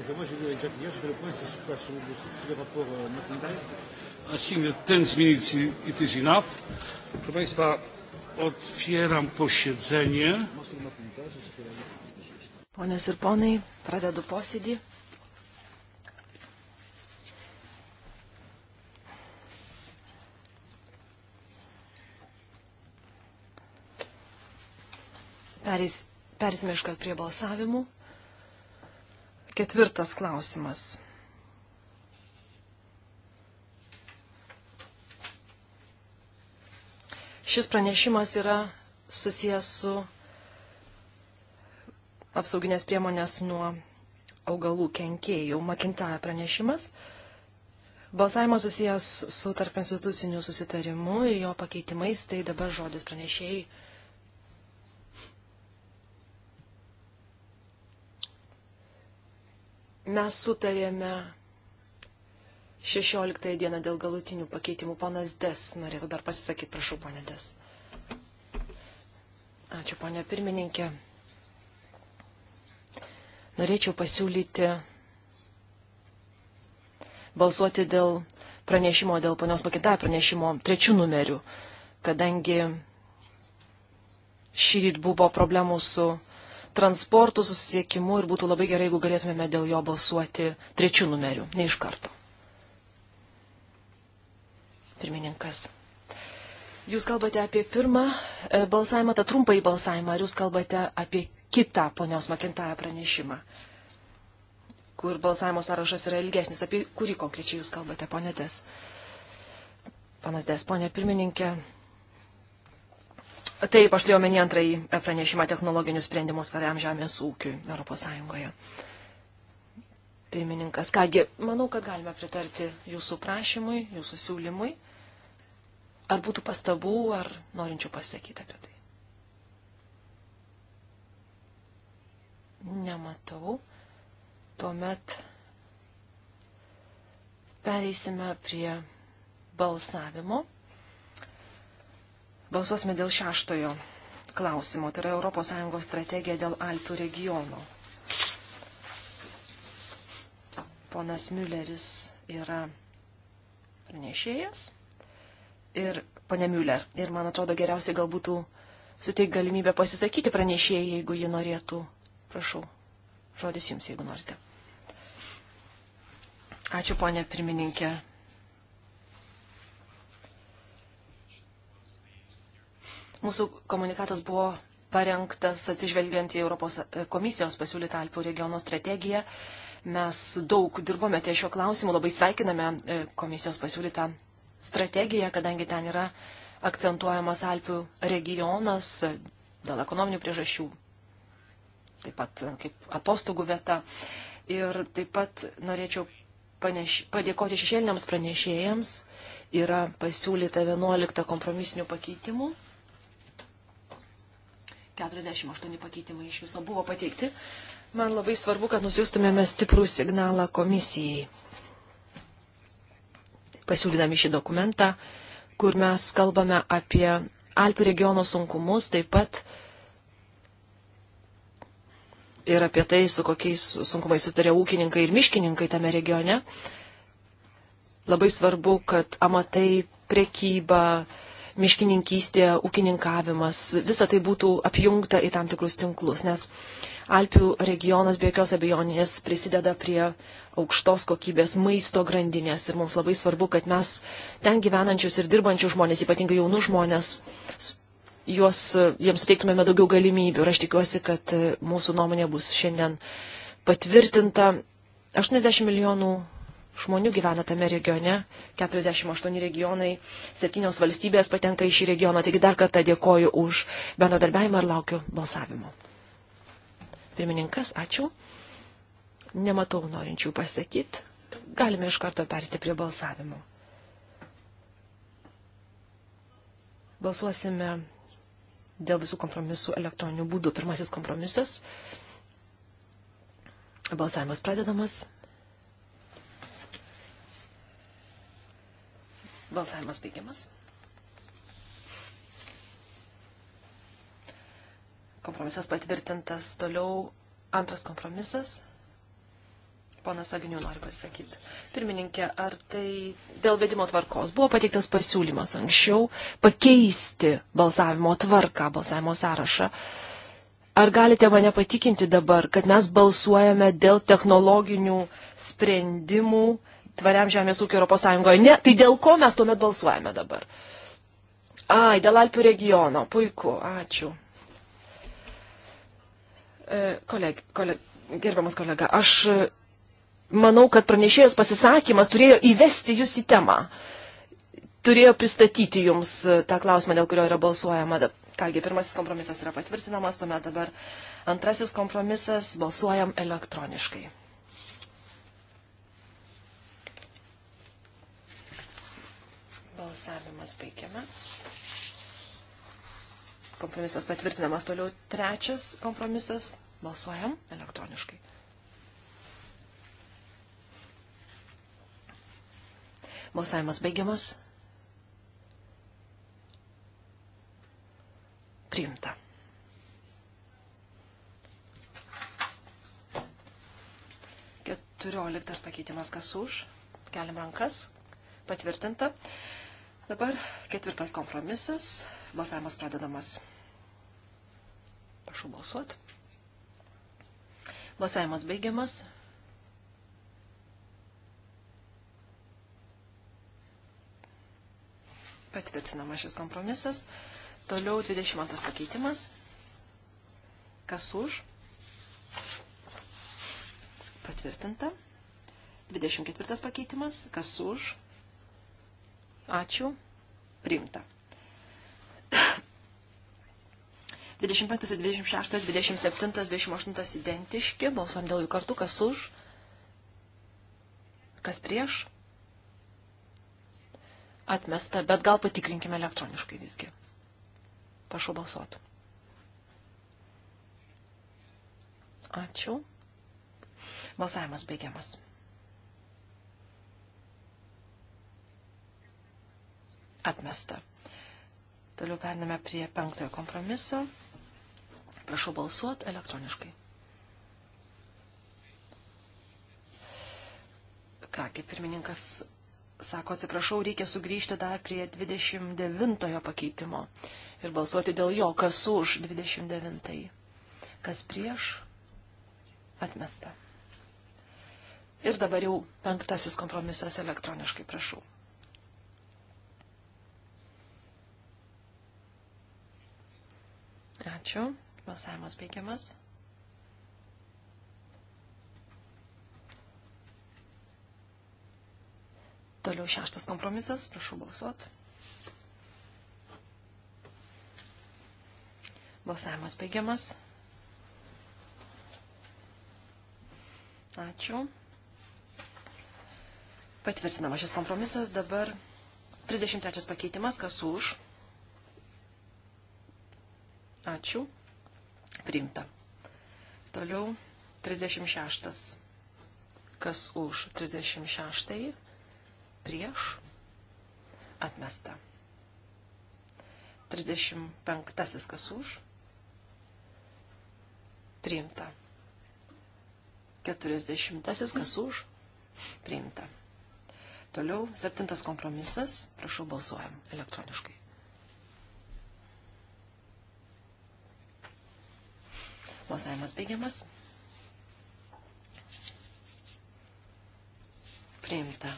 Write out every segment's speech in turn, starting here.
récemment, j'ai vu avec Jacques Millard, j'ai fait le point, c'est quoi sur le, sur le rapport euh, McIntyre I think that 10 minutes it is enough. Proszę Państwa, otwieram posiedzenie. Ponios ir ponai, pradedu posėdį. Perės, persime iškart prie balsavimų. Ketvirtas klausimas. Šis pranešimas yra susijęs su apsauginės priemonės nuo augalų kenkėjų. Makintaja pranešimas. Balsavimas susijęs su tarp instituciniu susitarimu ir jo pakeitimais, tai dabar žodis pranešėjai Mes sutarėme 16 dieną dėl galutinių pakeitimų. Ponas Des norėtų dar pasisakyti, prašau, ponė Des. Ačiū, ponė pirmininkė. Norėčiau pasiūlyti balsuoti dėl pranešimo, dėl ponios Makeda pranešimo trečių numerių, kadangi šį ryt buvo problemų su transportu, susisiekimu ir būtų labai gerai, jeigu galėtumėme dėl jo balsuoti trečių numerių, ne iš karto. Pirmininkas. Jūs kalbate apie pirmą e, balsavimą, tą trumpąjį balsavimą, ar jūs kalbate apie kitą ponios Makintają pranešimą, kur balsavimo sąrašas yra ilgesnis, apie kurį konkrečiai jūs kalbate, ponėtės? Panas Des, ponė pirmininkė, Taip, aš turiu omeny antrąjį pranešimą technologinius sprendimus tvariam žemės ūkiui ES. Pirmininkas, kągi, manau, kad galime pritarti jūsų prašymui, jūsų siūlymui. Ar būtų pastabų, ar norinčių pasakyti apie tai? Nematau. Tuomet pereisime prie balsavimo. Balsuosime dėl šeštojo klausimo, tai yra ES strategija dėl Alpių regiono. Ponas Mülleris yra pranešėjas ir ponė Müller. Ir man atrodo geriausiai gal būtų suteikti galimybę pasisakyti pranešėjai, jeigu ji norėtų. Prašau, žodis jums, jeigu norite. Ačiū, ponė pirmininkė. Mūsų komunikatas buvo parengtas atsižvelgiant į Europos komisijos pasiūlytą Alpių regiono strategiją. Mes daug dirbome ties šio klausimu, labai sveikiname e, komisijos pasiūlytą strategiją, kadangi ten yra akcentuojamas Alpių regionas dėl ekonominių priežasčių, taip pat e, kaip atostogų vieta. Ir taip pat norėčiau paneš, padėkoti šešėliniams pranešėjams. Yra pasiūlyta 11 kompromisinių pakeitimų 48 pakeitimai iš viso buvo pateikti. Man labai svarbu, kad nusiųstumėme stiprų signalą komisijai. Pasiūlydami šį dokumentą, kur mes kalbame apie Alpių regiono sunkumus, taip pat ir apie tai, su kokiais sunkumais sutarė ūkininkai ir miškininkai tame regione. Labai svarbu, kad amatai, prekyba, miškininkystė, ūkininkavimas, visa tai būtų apjungta į tam tikrus tinklus, nes Alpių regionas be jokios abejonės prisideda prie aukštos kokybės maisto grandinės ir mums labai svarbu, kad mes ten gyvenančius ir dirbančius žmonės, ypatingai jaunus žmonės, juos, jiems suteiktumėme daugiau galimybių ir aš tikiuosi, kad e, mūsų nuomonė bus šiandien patvirtinta. 80 milijonų žmonių gyvena tame regione, 48 regionai, 7 valstybės patenka į šį regioną, taigi dar kartą dėkoju už bendradarbiavimą ir laukiu balsavimo. Pirmininkas, ačiū. Nematau norinčių pasakyti. Galime iš karto perti prie balsavimo. Balsuosime dėl visų kompromisų elektroniniu būdu. Pirmasis kompromisas. Balsavimas pradedamas. Balsavimas baigiamas. Kompromisas patvirtintas. Toliau antras kompromisas. Ponas Agnių nori pasisakyti. Pirmininkė, ar tai dėl vedimo tvarkos buvo pateiktas pasiūlymas anksčiau pakeisti balsavimo tvarką, balsavimo sąrašą? Ar galite mane patikinti dabar, kad mes balsuojame dėl technologinių sprendimų, tvariam žemės ūkiu Europos Sąjungoje. Ne, tai dėl ko mes tuomet balsuojame dabar? Ai, dėl Alpių regiono. Puiku, ačiū. E, koleg, koleg, gerbiamas kolega, aš e, manau, kad pranešėjos pasisakymas turėjo įvesti jūs į temą. Turėjo pristatyti jums e, tą klausimą, dėl kurio yra balsuojama. Kągi, pirmasis kompromisas yra patvirtinamas, tuomet dabar antrasis kompromisas balsuojam elektroniškai. Balsavimas baigiamas. Kompromisas patvirtinamas. Toliau trečias kompromisas. Balsuojam elektroniškai. Balsavimas baigiamas. Priimta. Keturioliktas pakeitimas kas už. Keliam rankas. Patvirtinta. Dabar ketvirtas kompromisas. Balsavimas pradedamas. Prašau balsuot. Balsavimas baigiamas. Patvirtinamas šis kompromisas. Toliau 22 pakeitimas. Kas už? Patvirtinta. 24 pakeitimas. Kas už? Ačiū. Priimta. 25, 26, 27, 28 identiški. Balsuom dėl jų kartu. Kas už? Kas prieš? Atmesta, bet gal patikrinkime elektroniškai visgi. Prašau balsuotų. Ačiū. Balsavimas baigiamas. Atmesta. Toliau pername prie penktojo kompromiso. Prašau balsuoti elektroniškai. Kągi, pirmininkas sako, atsiprašau, reikia sugrįžti dar prie 29 pakeitimo ir balsuoti dėl jo, kas už 29. -ai. Kas prieš? Atmesta. Ir dabar jau penktasis kompromisas elektroniškai, prašau. Ačiū. Balsavimas baigiamas. Toliau šeštas kompromisas. Prašau balsuot. Balsavimas baigiamas. Ačiū. Patvirtinama šis kompromisas. Dabar 33 pakeitimas. Kas už? Kas už? Ačiū. Priimta. Toliau 36. Kas už 36? Prieš. Atmesta. 35. Kas už? Priimta. 40. Kas už? Priimta. Toliau 7. Kompromisas. Prašau balsuojam elektroniškai. Balsavimas baigiamas. Priimta.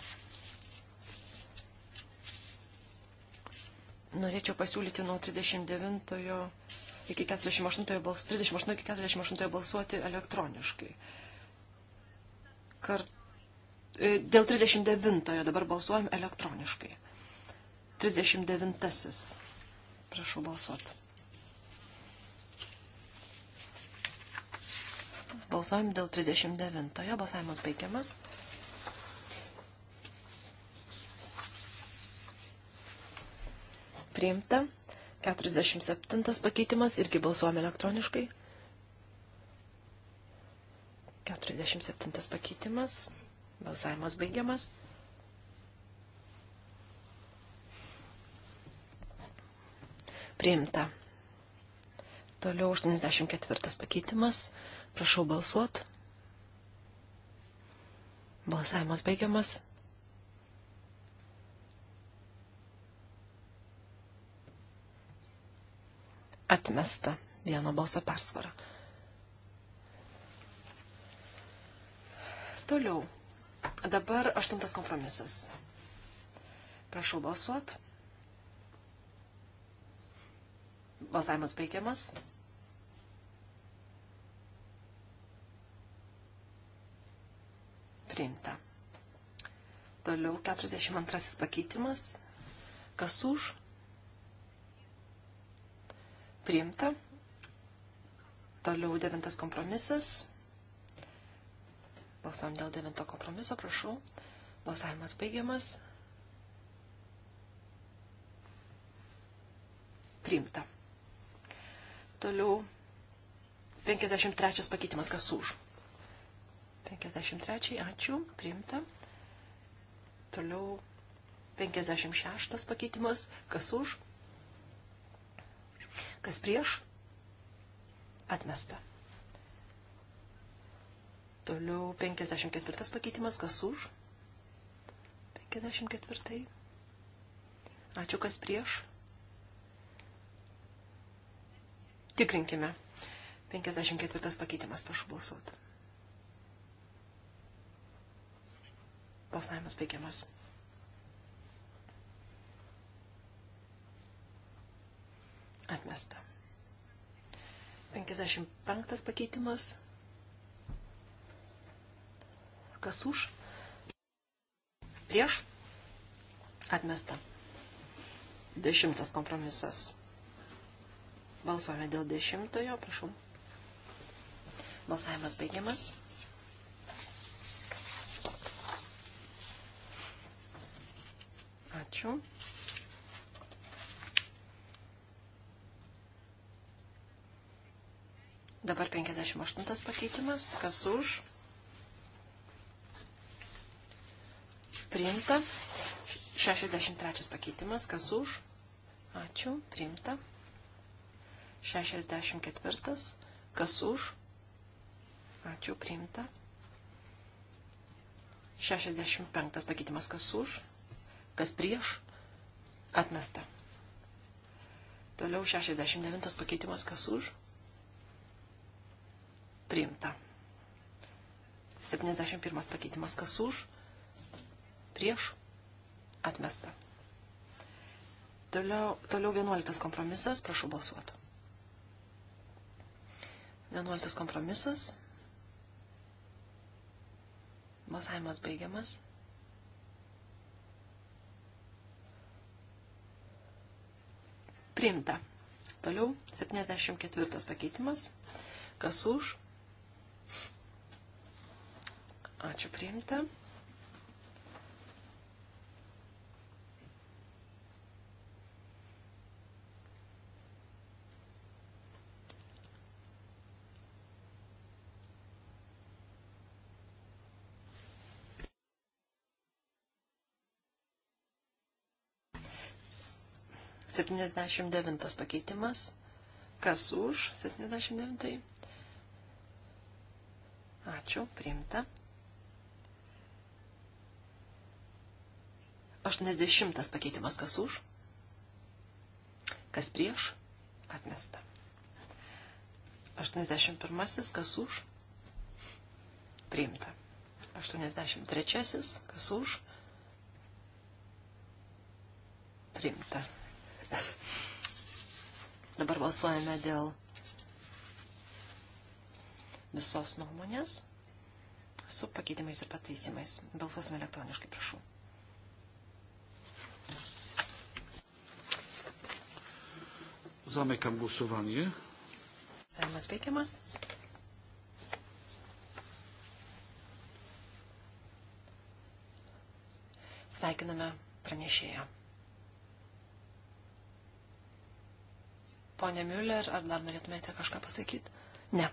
Norėčiau pasiūlyti nuo 39 iki 48 balsų, 38 iki 48 balsuoti elektroniškai. Kart, e, dėl 39 dabar balsuojam elektroniškai. 39. Prašau balsuoti. Balsuojam dėl 39. Balsavimas baigiamas. Priimta. 47 pakeitimas irgi balsuojam elektroniškai. 47 pakeitimas. Balsavimas baigiamas. Priimta. Toliau 84 pakeitimas. Prašau balsuot. Balsavimas baigiamas. Atmesta vieno balso persvara. Toliau. Dabar aštuntas kompromisas. Prašau balsuot. Balsavimas baigiamas. priimta. Toliau 42 pakeitimas. Kas už? Priimta. Toliau 9 kompromisas. Balsuojam dėl 9 kompromiso, prašau. Balsavimas baigiamas. Priimta. Toliau 53 pakeitimas, kas už. 53. Ačiū. Priimta. Toliau 56 pakeitimas. Kas už? Kas prieš? Atmesta. Toliau 54 pakeitimas. Kas už? 54. Ačiū, kas prieš. Tikrinkime. 54 pakeitimas, prašau balsuoti. Balsavimas baigiamas. Atmesta. 55 pakeitimas. Kas už? Prieš? Atmesta. 10 kompromisas. Balsuojame dėl 10, prašau. Balsavimas baigiamas. Ačiū. Dabar 58 pakeitimas. Kas už? Priimta. 63 pakeitimas. Kas už? Ačiū. Priimta. 64. Kas už? Ačiū. Priimta. 65 pakeitimas. Kas už? Kas prieš? Atmesta. Toliau 69 pakeitimas kas už? Priimta. 71 pakeitimas kas už? Prieš? Atmesta. Toliau, toliau 11 kompromisas, prašau balsuoti. 11 kompromisas. Balsavimas baigiamas. Priimta. Toliau 74 pakeitimas. Kas už? Ačiū priimta. 79 pakeitimas. Kas už 79? Ačiū, priimta. 80 pakeitimas kas už, kas prieš, atmesta. 81 kas už, priimta. 83 kas už, priimta. Dabar balsuojame dėl visos nuomonės su pakeitimais ir pataisimais. Balsuosime elektroniškai, prašau. Zamykam głosowanie. Saimas baigiamas. Sveikiname pranešėją. Pone Müller, ar dar norėtumėte kažką pasakyti? Ne.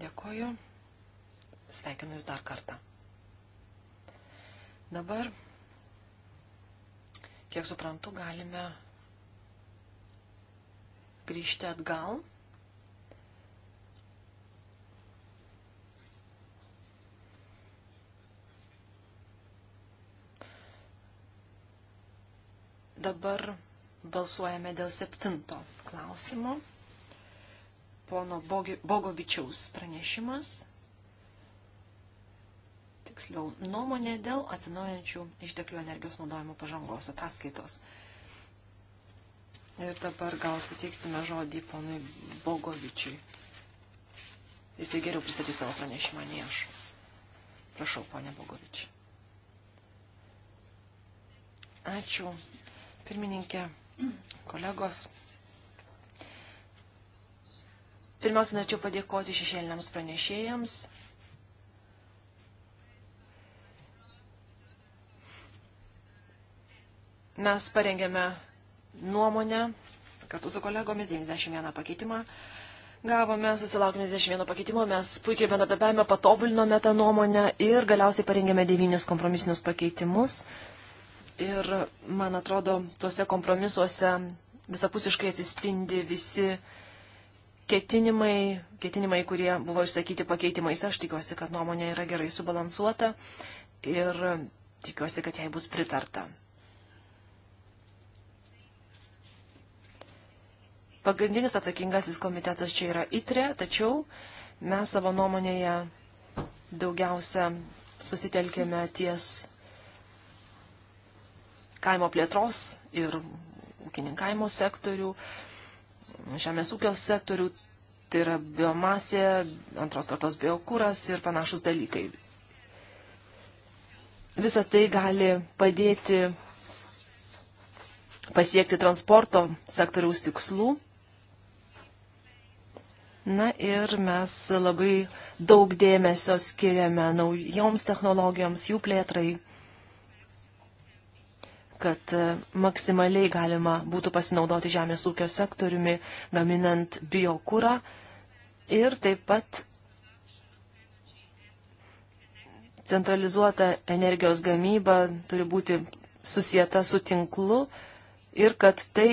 Dėkoju. Sveikinu Jūs dar kartą. Dabar, kiek suprantu, galime grįžti atgal. Dabar balsuojame dėl septinto klausimo. Pono Bogovičiaus pranešimas, tiksliau nuomonė dėl atsinaujančių išteklių energijos naudojimo pažangos ataskaitos. Ir dabar gal suteiksime žodį ponui Bogovičiui. Jis tai geriau pristatys savo pranešimą, nei aš. Prašau, ponė Bogovič. Ačiū, pirmininkė kolegos. Pirmiausia, norėčiau padėkoti šešėliniams pranešėjams. Mes parengėme nuomonę kartu su kolegomis 91 pakeitimą. Gavome, susilaukėme 21 pakeitimo, mes puikiai bendradarbiavome, patobulinome tą nuomonę ir galiausiai parengėme devynis kompromisinius pakeitimus ir, man atrodo, tuose kompromisuose visapusiškai atsispindi visi ketinimai, ketinimai, kurie buvo išsakyti pakeitimais. Aš tikiuosi, kad nuomonė yra gerai subalansuota ir tikiuosi, kad jai bus pritarta. Pagrindinis atsakingasis komitetas čia yra ITRE, tačiau mes savo nuomonėje daugiausia susitelkėme ties kaimo plėtros ir ūkininkavimo sektorių, žemės ūkio sektorių, tai yra biomasė, antros kartos biokūras ir panašus dalykai. Visa tai gali padėti pasiekti transporto sektoriaus tikslų. Na ir mes labai daug dėmesio skiriame naujoms technologijoms, jų plėtrai kad e, maksimaliai galima būtų pasinaudoti žemės ūkio sektoriumi, gaminant biokūrą ir taip pat centralizuota energijos gamyba turi būti susieta su tinklu ir kad tai,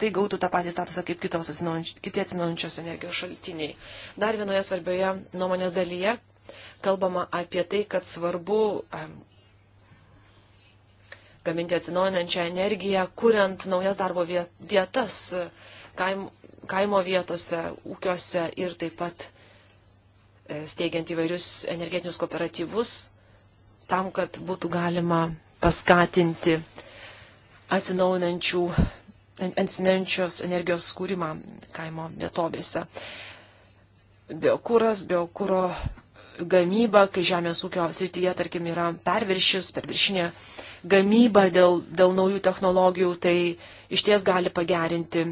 tai gautų tą patį statusą kaip kitos atsinaujančios, kiti atsinaujančios energijos šaltiniai. Dar vienoje svarbioje nuomonės dalyje kalbama apie tai, kad svarbu gaminti atsinaujinančią energiją, kuriant naujas darbo vietas kaimo vietose, ūkiuose ir taip pat e, steigiant įvairius energetinius kooperatyvus, tam, kad būtų galima paskatinti atsinaujinančių atsinaujančios energijos skūrimą kaimo vietovėse. Biokūras, biokūro gamyba, kai žemės ūkio srityje, tarkim, yra perviršis, perviršinė gamybą, dėl, dėl naujų technologijų, tai iš ties gali pagerinti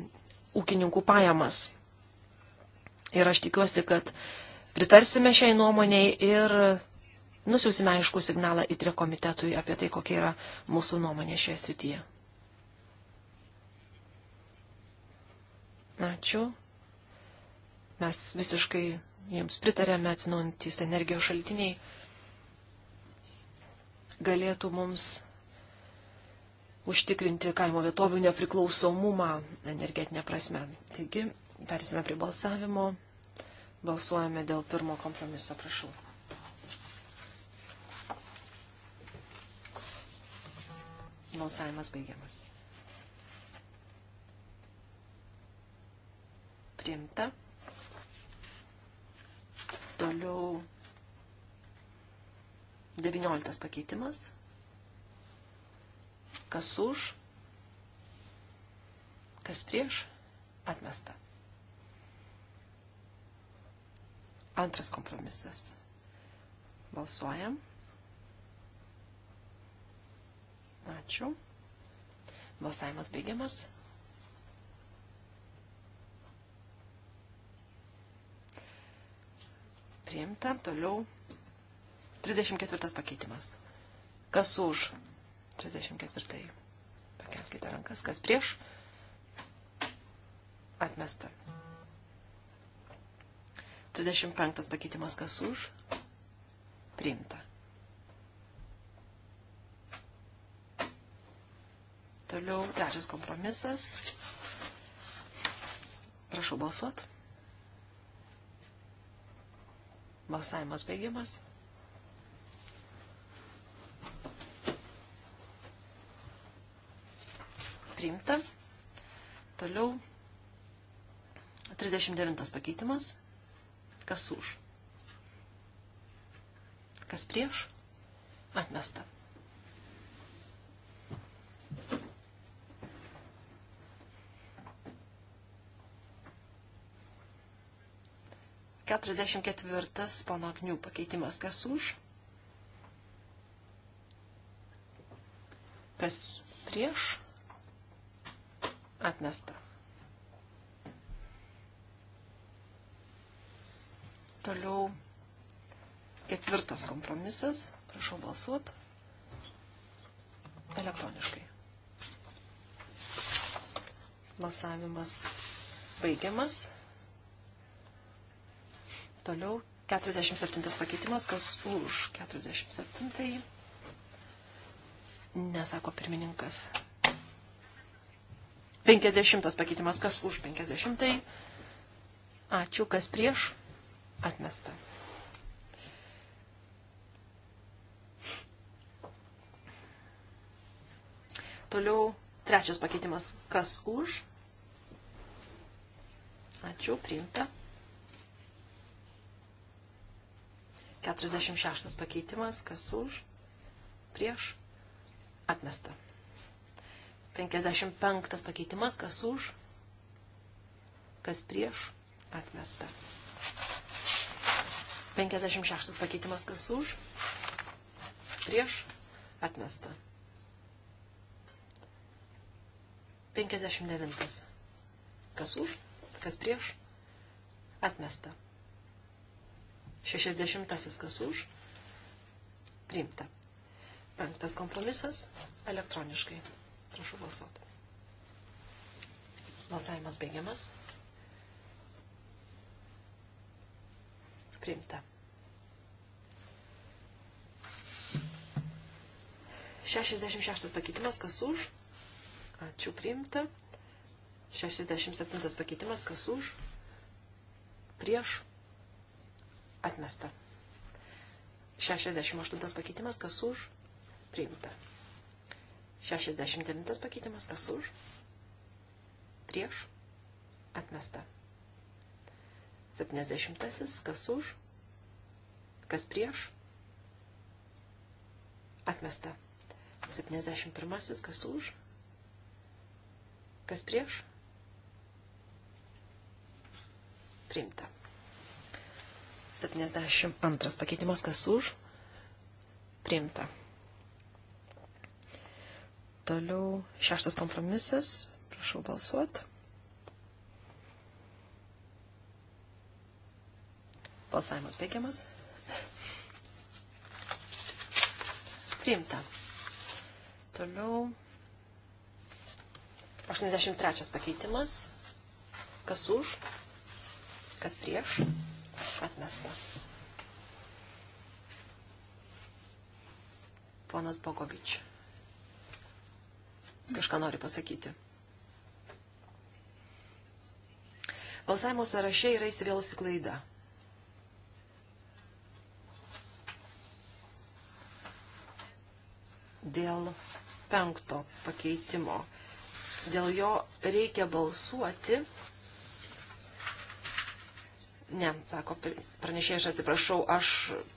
ūkininkų pajamas. Ir aš tikiuosi, kad pritarsime šiai nuomoniai ir nusiusime aišku signalą į trie komitetui apie tai, kokia yra mūsų nuomonė šioje srityje. Ačiū. Mes visiškai jums pritarėme atsinaujantys energijos šaltiniai galėtų mums užtikrinti kaimo vietovių nepriklausomumą energetinę prasme. Taigi, persime prie balsavimo. Balsuojame dėl pirmo kompromiso, prašau. Balsavimas baigiamas. Priimta. Toliau 19 pakeitimas. Kas už, kas prieš, atmesta. Antras kompromisas. Balsuojam. Ačiū. Balsavimas baigiamas. Priimta. Toliau. 34 pakeitimas. Kas už? 34. Pakelkite rankas, kas prieš. Atmesta. 35 pakeitimas, kas už. Priimta. Toliau trečias kompromisas. Prašau balsuot. Balsavimas baigiamas. priimta. Toliau 39 pakeitimas. Kas už? Kas prieš? Atmesta. Keturiasdešimt ketvirtas pono aknių pakeitimas. Kas už? Kas prieš? Atmesta. Toliau ketvirtas kompromisas. Prašau balsuoti elektroniškai. Balsavimas baigiamas. Toliau 47 pakeitimas, kas už 47. Nesako pirmininkas. 50 pakeitimas, kas už 50. -ai? Ačiū, kas prieš. Atmesta. Toliau trečias pakeitimas, kas už. Ačiū, priimta. 46 pakeitimas, kas už, prieš, atmesta. 55 pakeitimas, kas už, kas prieš, atmesta. 56 pakeitimas, kas už, prieš, atmesta. 59 kas už, kas prieš, atmesta. 60 kas už, priimta. Penktas kompromisas elektroniškai. Prašau balsuoti. Balsavimas baigiamas. Priimta. 66 pakeitimas, kas už. Ačiū, priimta. 67 pakeitimas, kas už. Prieš. Atmesta. 68 pakeitimas, kas už. Priimta. 69 pakeitimas, kas už, prieš, atmesta. 70 kas už, kas prieš, atmesta. 71 kas už, kas prieš, priimta. 72 pakeitimas, kas už, priimta. Toliau šeštas kompromisas. Prašau balsuoti. Balsavimas baigiamas. Priimta. Toliau 83 pakeitimas. Kas už, kas prieš, atmesta. Ponas Bogovičius kažką nori pasakyti. Balsavimo sąraše yra įsivėlusi klaida. Dėl penkto pakeitimo. Dėl jo reikia balsuoti Ne, sako pranešėjas, atsiprašau, aš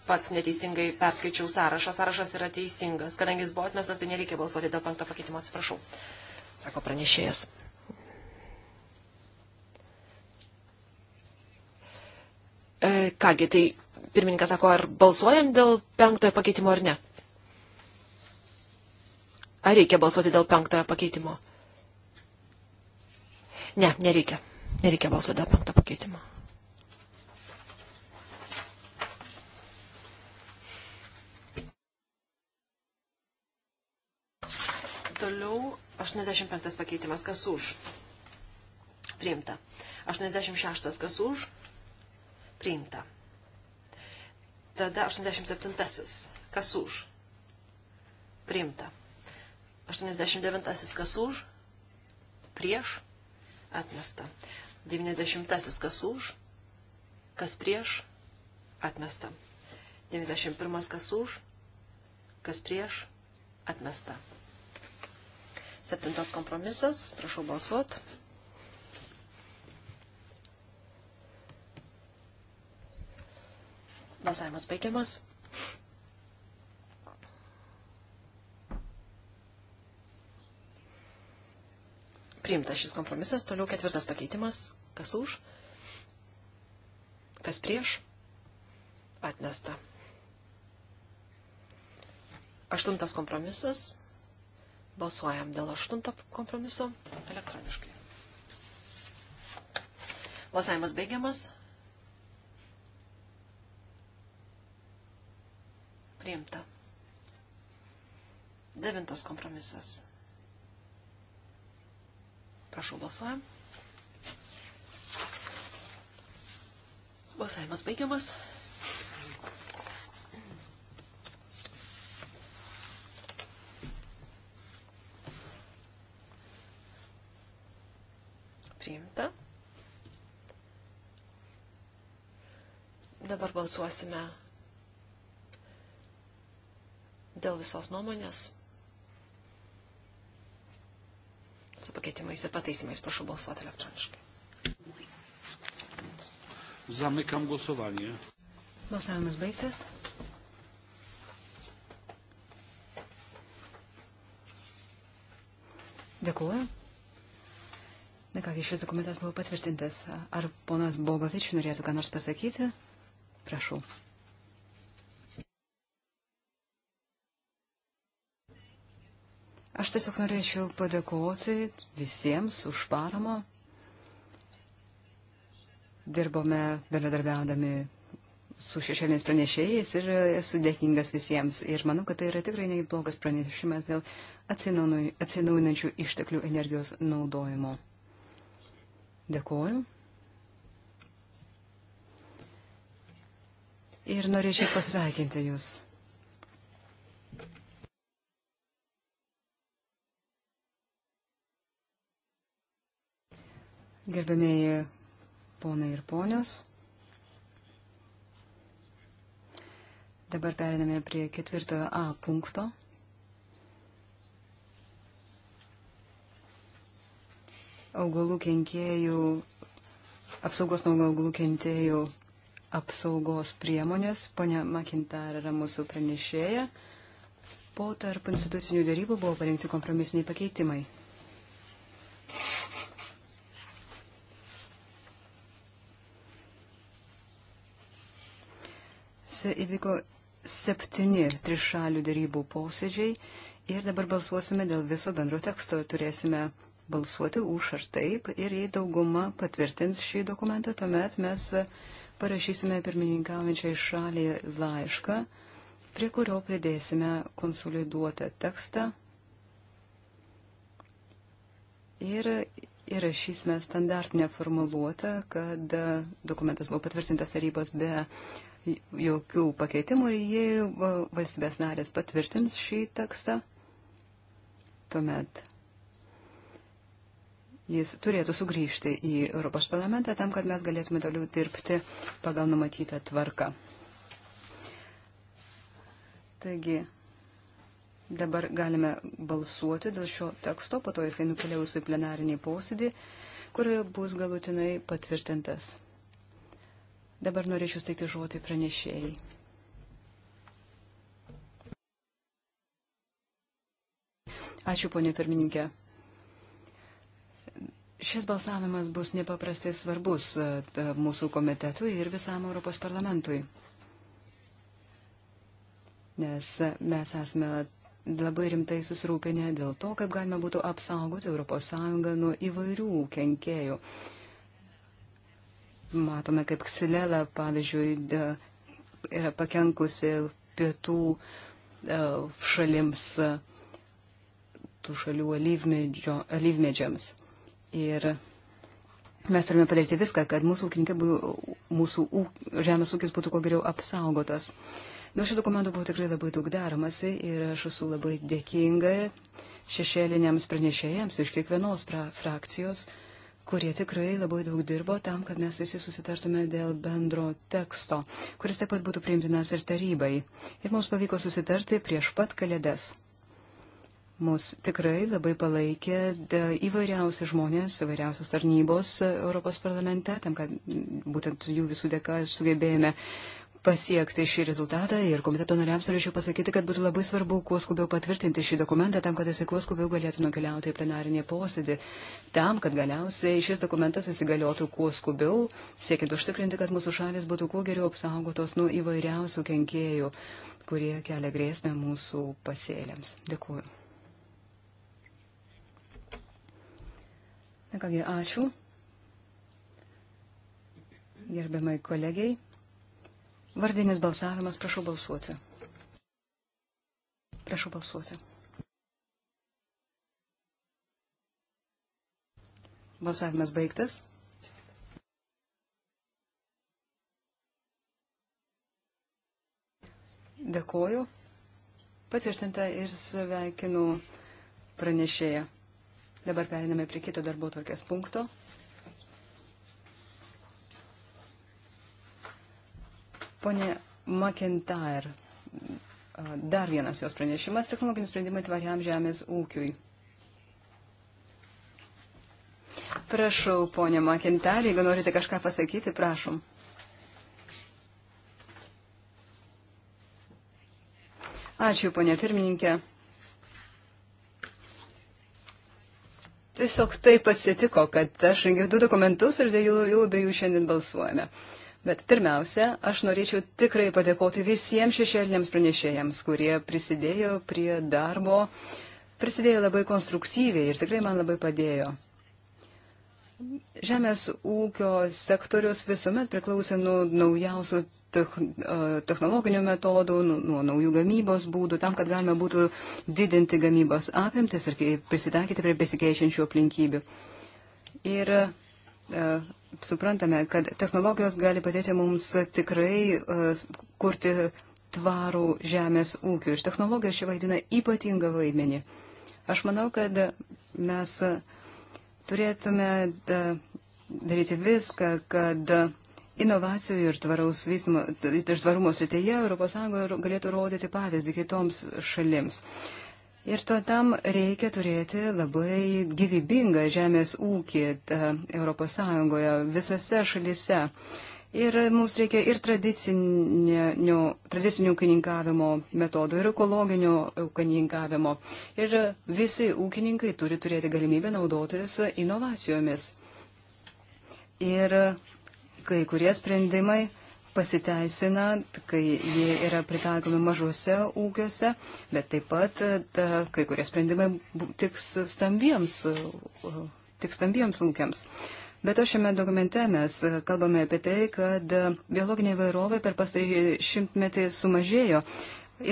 pats neteisingai perskaičiau sąrašą. Sąrašas yra teisingas. Kadangi jis buvo atmestas, tai nereikia balsuoti dėl penkto pakeitimo, atsiprašau, sako pranešėjas. E, kągi, tai pirmininkas sako, ar balsuojam dėl penktojo pakeitimo ar ne? Ar reikia balsuoti dėl penktojo pakeitimo? Ne, nereikia. Nereikia balsuoti dėl penkto pakeitimo. Toliau 85 pakeitimas, kas už. Priimta. 86 kas už. Priimta. Tada 87 kas už. Priimta. 89 kas už. Prieš. Atmesta. 90 kas už. Kas prieš. Atmesta. 91 kas už. Kas prieš. Atmesta. Septintas kompromisas. Prašau balsuot. Balsavimas baigiamas. Priimtas šis kompromisas. Toliau ketvirtas pakeitimas. Kas už? Kas prieš? Atmesta. Aštuntas kompromisas. Balsuojam dėl aštunto kompromiso elektroniškai. Balsavimas baigiamas. Priimta. Devintas kompromisas. Prašau, balsuojam. Balsavimas baigiamas. Dabar balsuosime dėl visos nuomonės. Su pakeitimais ir pataisimais prašau balsuoti elektroniškai. Zamykam głosowanie. Balsavimas baigtas. Dėkuoju. Na kągi, šis dokumentas buvo patvirtintas. Ar ponas Bogovič norėtų ką nors pasakyti? Prašau. Aš tiesiog norėčiau padėkoti visiems už paramą. Dirbome bendradarbiaudami su šešėliniais pranešėjais ir esu dėkingas visiems. Ir manau, kad tai yra tikrai neblogas pranešimas dėl atsinaujinančių išteklių energijos naudojimo. Dėkuoju. ir norėčiau pasveikinti Jūs. Gerbėmėjai ponai ir ponios. Dabar periname prie ketvirtojo A punkto. Augalų kenkėjų, apsaugos nuo augalų kenkėjų apsaugos priemonės. Pane Makintar yra mūsų pranešėja. Po tarp institucinių darybų buvo parengti kompromisiniai pakeitimai. Se įvyko septyni trišalių darybų posėdžiai ir dabar balsuosime dėl viso bendro teksto. Turėsime balsuoti už ar taip ir jei dauguma patvirtins šį dokumentą, tuomet mes uh, parašysime pirmininkaujančiai šaliai laišką, prie kurio pridėsime konsoliduotą tekstą ir įrašysime standartinę formuluotę, kad dokumentas buvo patvirtintas tarybos be jokių pakeitimų ir jei valstybės narės patvirtins šį tekstą, tuomet jis turėtų sugrįžti į Europos parlamentą tam, kad mes galėtume toliau dirbti pagal numatytą tvarką. Taigi, dabar galime balsuoti dėl šio teksto, po to jisai nukeliaus į plenarinį posėdį, kurioje bus galutinai patvirtintas. Dabar norėčiau steigti žodį pranešėjai. Ačiū, ponė pirmininkė. Šis balsavimas bus nepaprastai svarbus e, mūsų komitetui ir visam Europos parlamentui, nes e, mes esame labai rimtai susirūpinę dėl to, kaip galima būtų apsaugoti ES nuo įvairių kenkėjų. Matome, kaip ksilela, pavyzdžiui, yra pakenkusi pietų e, šalims, tų šalių alyvmedžiams. Ir mes turime padaryti viską, kad mūsų ūkininkai, mūsų ūk, žemės ūkis būtų kuo geriau apsaugotas. Dėl šio dokumento buvo tikrai labai daug daromasi ir aš esu labai dėkinga šešėliniams pranešėjams iš kiekvienos pra, frakcijos, kurie tikrai labai daug dirbo tam, kad mes visi susitartume dėl bendro teksto, kuris taip pat būtų priimtinas ir tarybai. Ir mums pavyko susitarti prieš pat kalėdas. Mus tikrai labai palaikė įvairiausi žmonės, įvairiausios tarnybos Europos parlamente, tam, kad būtent jų visų dėka sugebėjome pasiekti šį rezultatą ir komiteto nariams norėčiau pasakyti, kad būtų labai svarbu kuo skubiau patvirtinti šį dokumentą, tam, kad jisai kuo skubiau galėtų nukeliauti į plenarinį posėdį, tam, kad galiausiai šis dokumentas įsigaliotų kuo skubiau, siekiant užtikrinti, kad mūsų šalis būtų kuo geriau apsaugotos nuo įvairiausių kenkėjų, kurie kelia grėsmę mūsų pasėliams. Dėkuoju. Na kągi, ačiū. Gerbiamai kolegiai. Vardinis balsavimas, prašau balsuoti. Prašau balsuoti. Balsavimas baigtas. Dėkoju. Patvirtinta ir sveikinu pranešėją. Dabar periname prie kito darbo tvarkės punkto. Pone McIntyre, dar vienas jos pranešimas - technologinis sprendimai tvariam žemės ūkiui. Prašau, ponė McIntyre, jeigu norite kažką pasakyti, prašom. Ačiū, ponė pirmininkė. Tiesiog taip atsitiko, kad aš rengiau du dokumentus ir dėl jų abiejų šiandien balsuojame. Bet pirmiausia, aš norėčiau tikrai padėkoti visiems šešėliniams pranešėjams, kurie prisidėjo prie darbo, prisidėjo labai konstruktyviai ir tikrai man labai padėjo. Žemės ūkio sektorius visuomet priklausė nuo naujausių technologinių metodų, nu, nuo naujų gamybos būdų, tam, kad galima būtų didinti gamybos apimtis ir prisitaikyti prie besikeičiančių aplinkybių. Ir uh, suprantame, kad technologijos gali padėti mums tikrai uh, kurti tvarų žemės ūkių. Ir technologijos čia vaidina ypatingą vaidmenį. Aš manau, kad mes turėtume daryti viską, kad Inovacijų ir, vystimo, ir tvarumo srityje ES galėtų rodyti pavyzdį kitoms šalims. Ir to tam reikia turėti labai gyvybingą žemės ūkį ES visose šalise. Ir mums reikia ir tradicinio, tradicinio ūkininkavimo metodų, ir ekologinio ūkininkavimo. Ir visi ūkininkai turi turėti galimybę naudotis inovacijomis. Ir kai kurie sprendimai pasiteisina, kai jie yra pritaikomi mažose ūkiuose, bet taip pat e, ta, kai kurie sprendimai tiks stambiems, e, tik stambiems ūkiams. Bet aš šiame dokumente mes kalbame apie tai, kad biologinė įvairovė per pastarį šimtmetį sumažėjo.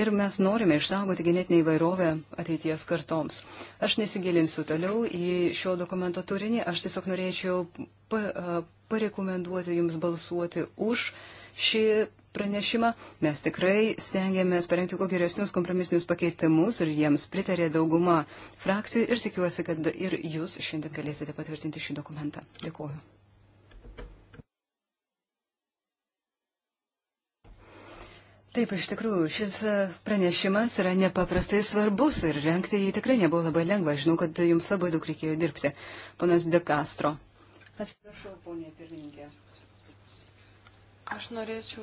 Ir mes norime išsaugoti genetinę įvairovę ateities kartoms. Aš nesigilinsiu toliau į šio dokumento turinį, aš tiesiog norėčiau pa, parekomenduoti jums balsuoti už šį pranešimą. Mes tikrai stengiamės parengti kuo geresnius kompromisinius pakeitimus ir jiems pritarė dauguma frakcijų ir tikiuosi, kad ir jūs šiandien galėsite patvirtinti šį dokumentą. Dėkuoju. Taip, iš tikrųjų, šis pranešimas yra nepaprastai svarbus ir renkti jį tikrai nebuvo labai lengva. Žinau, kad jums labai daug reikėjo dirbti. Ponas De Castro. Atsiprašau, ponė pirmininkė. Aš norėčiau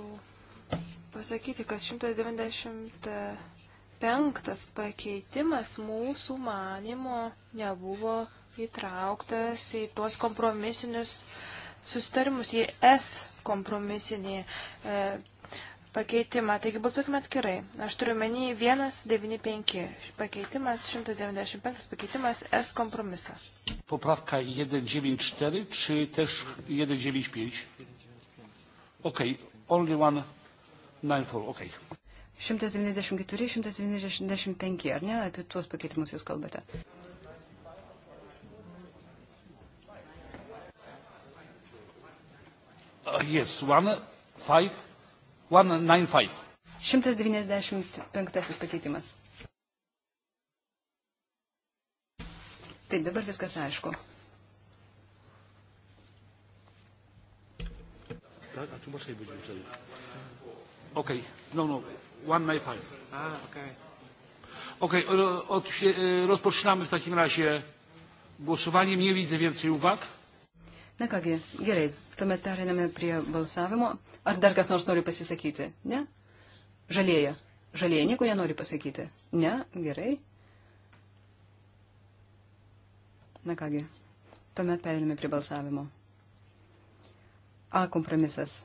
pasakyti, kad 195 pakeitimas mūsų manimo nebuvo įtrauktas į tuos kompromisinius sustarimus, į S kompromisinį e, pakeitimą. Taigi balsuokime atskirai. Aš turiu menį 195 pakeitimas, 195 pakeitimas S kompromisą. Poprawka 194 czy też 195? Ok, only one 94, ok. 194, 195, ar ne? Apie tuos pakeitimus jūs kalbate. Uh, yes, one, five, one, nine, five. 195 pakeitimas. Taip, dabar viskas aišku. Tak, a tu masz jej będziemy wtedy. Okej, okay. no, no, one May five. A, ah, okej. Okay. Okej, okay, od, e, rozpoczynamy w takim razie głosowanie. Nie widzę więcej uwag. Na kągi, gerai, tuomet pereiname prie balsavimo. Ar dar kas nors nori pasisakyti? Ne? Žalėja. Žalėja nieko nenori pasakyti. Ne? Gerai. Na kągi, tuomet periname prie balsavimo. A kompromisas.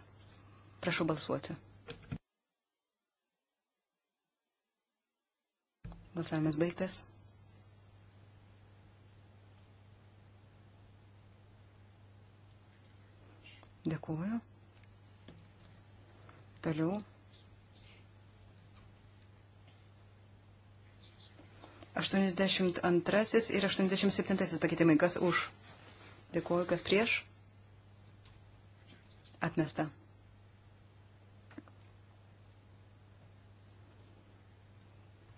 Prašau balsuoti. Balsavimas baigtas. Dėkuoju. Toliau 82 ir 87 pakeitimai. Kas už? Dėkuoju, kas prieš? Atmesta.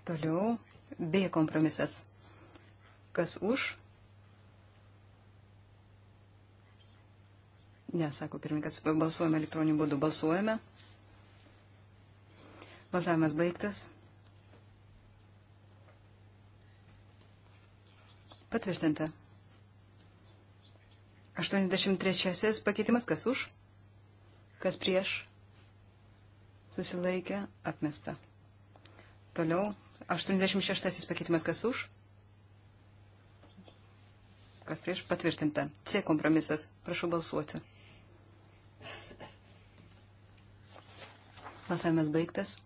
Toliau B kompromisas. Kas už? Ne, sako pirmininkas, balsuojame elektroniniu būdu, balsuojame. Balsavimas baigtas. Patvirtinta. 83 pakeitimas kas už, kas prieš, susilaikė, atmesta. Toliau 86 pakeitimas kas už, kas prieš, patvirtinta. C kompromisas, prašau balsuoti. Balsavimas baigtas.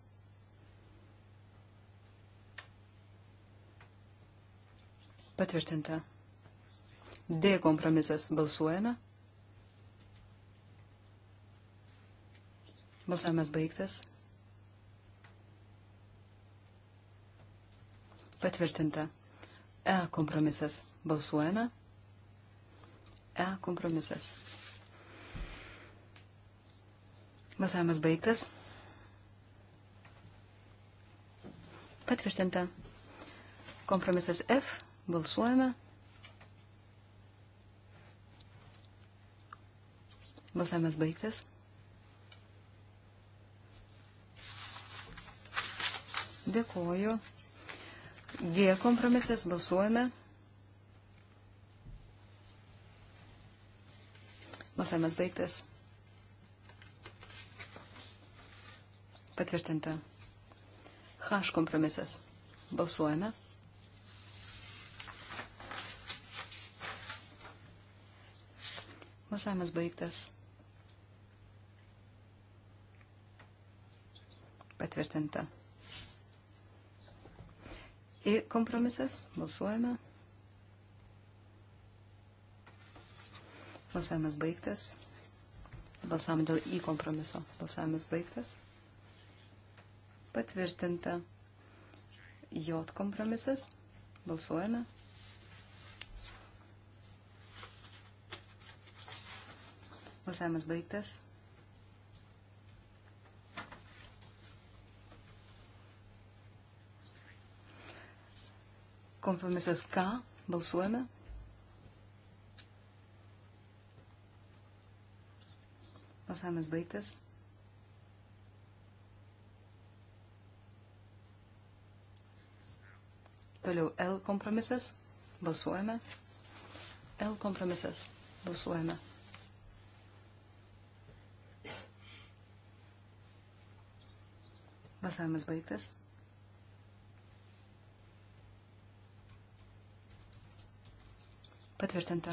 Patvirtinta. D kompromisas. Balsuojame. Balsavimas baigtas. Patvirtinta. E kompromisas. Balsuojame. E kompromisas. Balsavimas baigtas. Patvirtinta. Kompromisas F. Balsuojame. Balsavimas baigtas. Dėkoju. G kompromisas balsuojame. Balsavimas baigtas. Patvirtinta. H kompromisas. Balsuojame. Balsavimas baigtas. Patvirtinta. Į kompromisas balsuojame. Balsavimas baigtas. Balsavimas dėl į kompromiso. Balsavimas baigtas. Patvirtinta. J kompromisas. Balsuojame. Balsuojame. Balsavimas baigtas. Kompromisas ką? Balsuojame. Balsavimas baigtas. Toliau L kompromisas. Balsuojame. L kompromisas. Balsuojame. Balsavimas baigtas. Patvirtinta.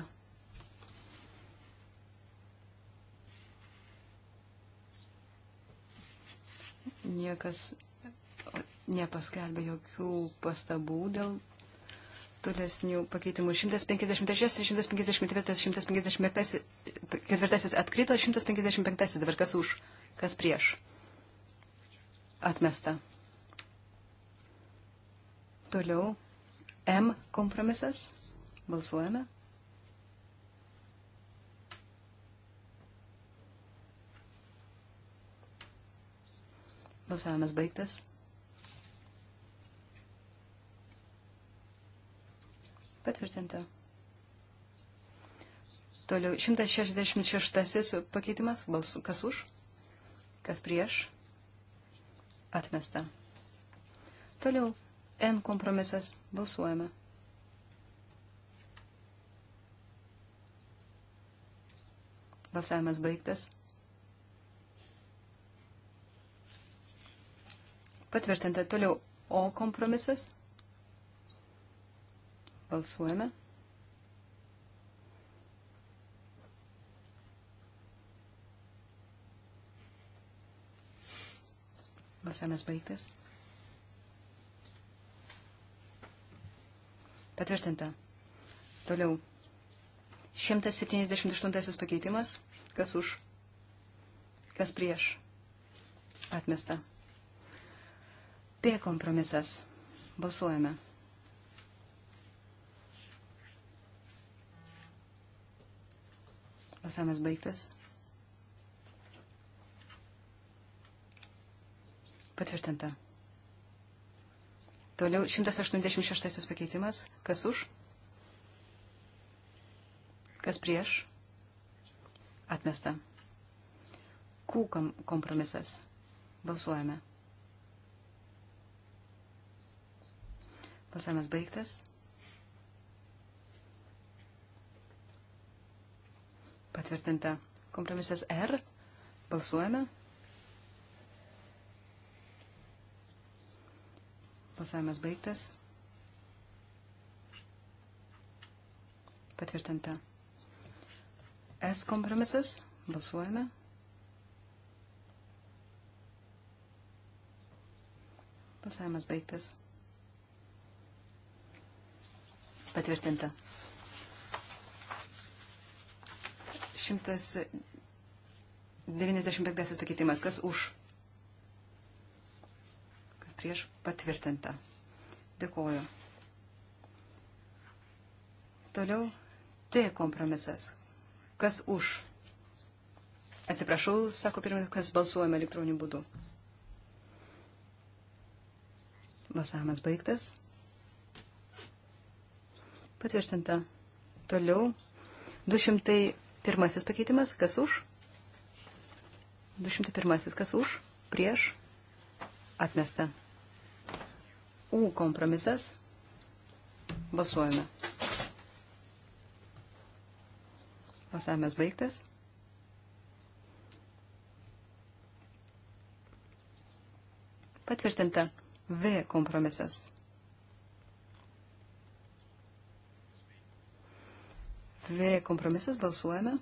Niekas nepaskelbė jokių pastabų dėl tolesnių pakeitimų. 156, 159, 154 atkrito, 155 dabar kas už, kas prieš. Atmesta. Toliau M kompromisas. Balsuojame. Balsavimas baigtas. Patvirtinta. Toliau 166 pakeitimas. Balsu, kas už? Kas prieš? Atmesta. Toliau N kompromisas. Balsuojame. Balsavimas baigtas. Patvirtinta toliau O kompromisas. Balsuojame. Balsavimas baigtas. Patvirtinta. Toliau. 178 pakeitimas. Kas už? Kas prieš? Atmesta. P kompromisas. Balsuojame. Balsavimas baigtas. Patvirtinta. Toliau 186 pakeitimas. Kas už? Kas prieš? Atmesta. Q kompromisas. Balsuojame. Balsavimas baigtas. Patvirtinta. Kompromisas R. Balsuojame. Balsavimas baigtas. Patvirtinta. S kompromisas. Balsuojame. Balsavimas baigtas. Patvirtinta. 195 pakeitimas. Kas už? prieš patvirtinta. Dėkuoju. Toliau T kompromisas. Kas už? Atsiprašau, sako pirmininkas, balsuojame elektroniniu būdu. Balsavimas baigtas. Patvirtinta. Toliau 201 pakeitimas. Kas už? 201 kas už? Prieš? Atmesta. U kompromisas. Balsuojame. Balsavimas baigtas. Patvirtinta V kompromisas. V kompromisas balsuojame.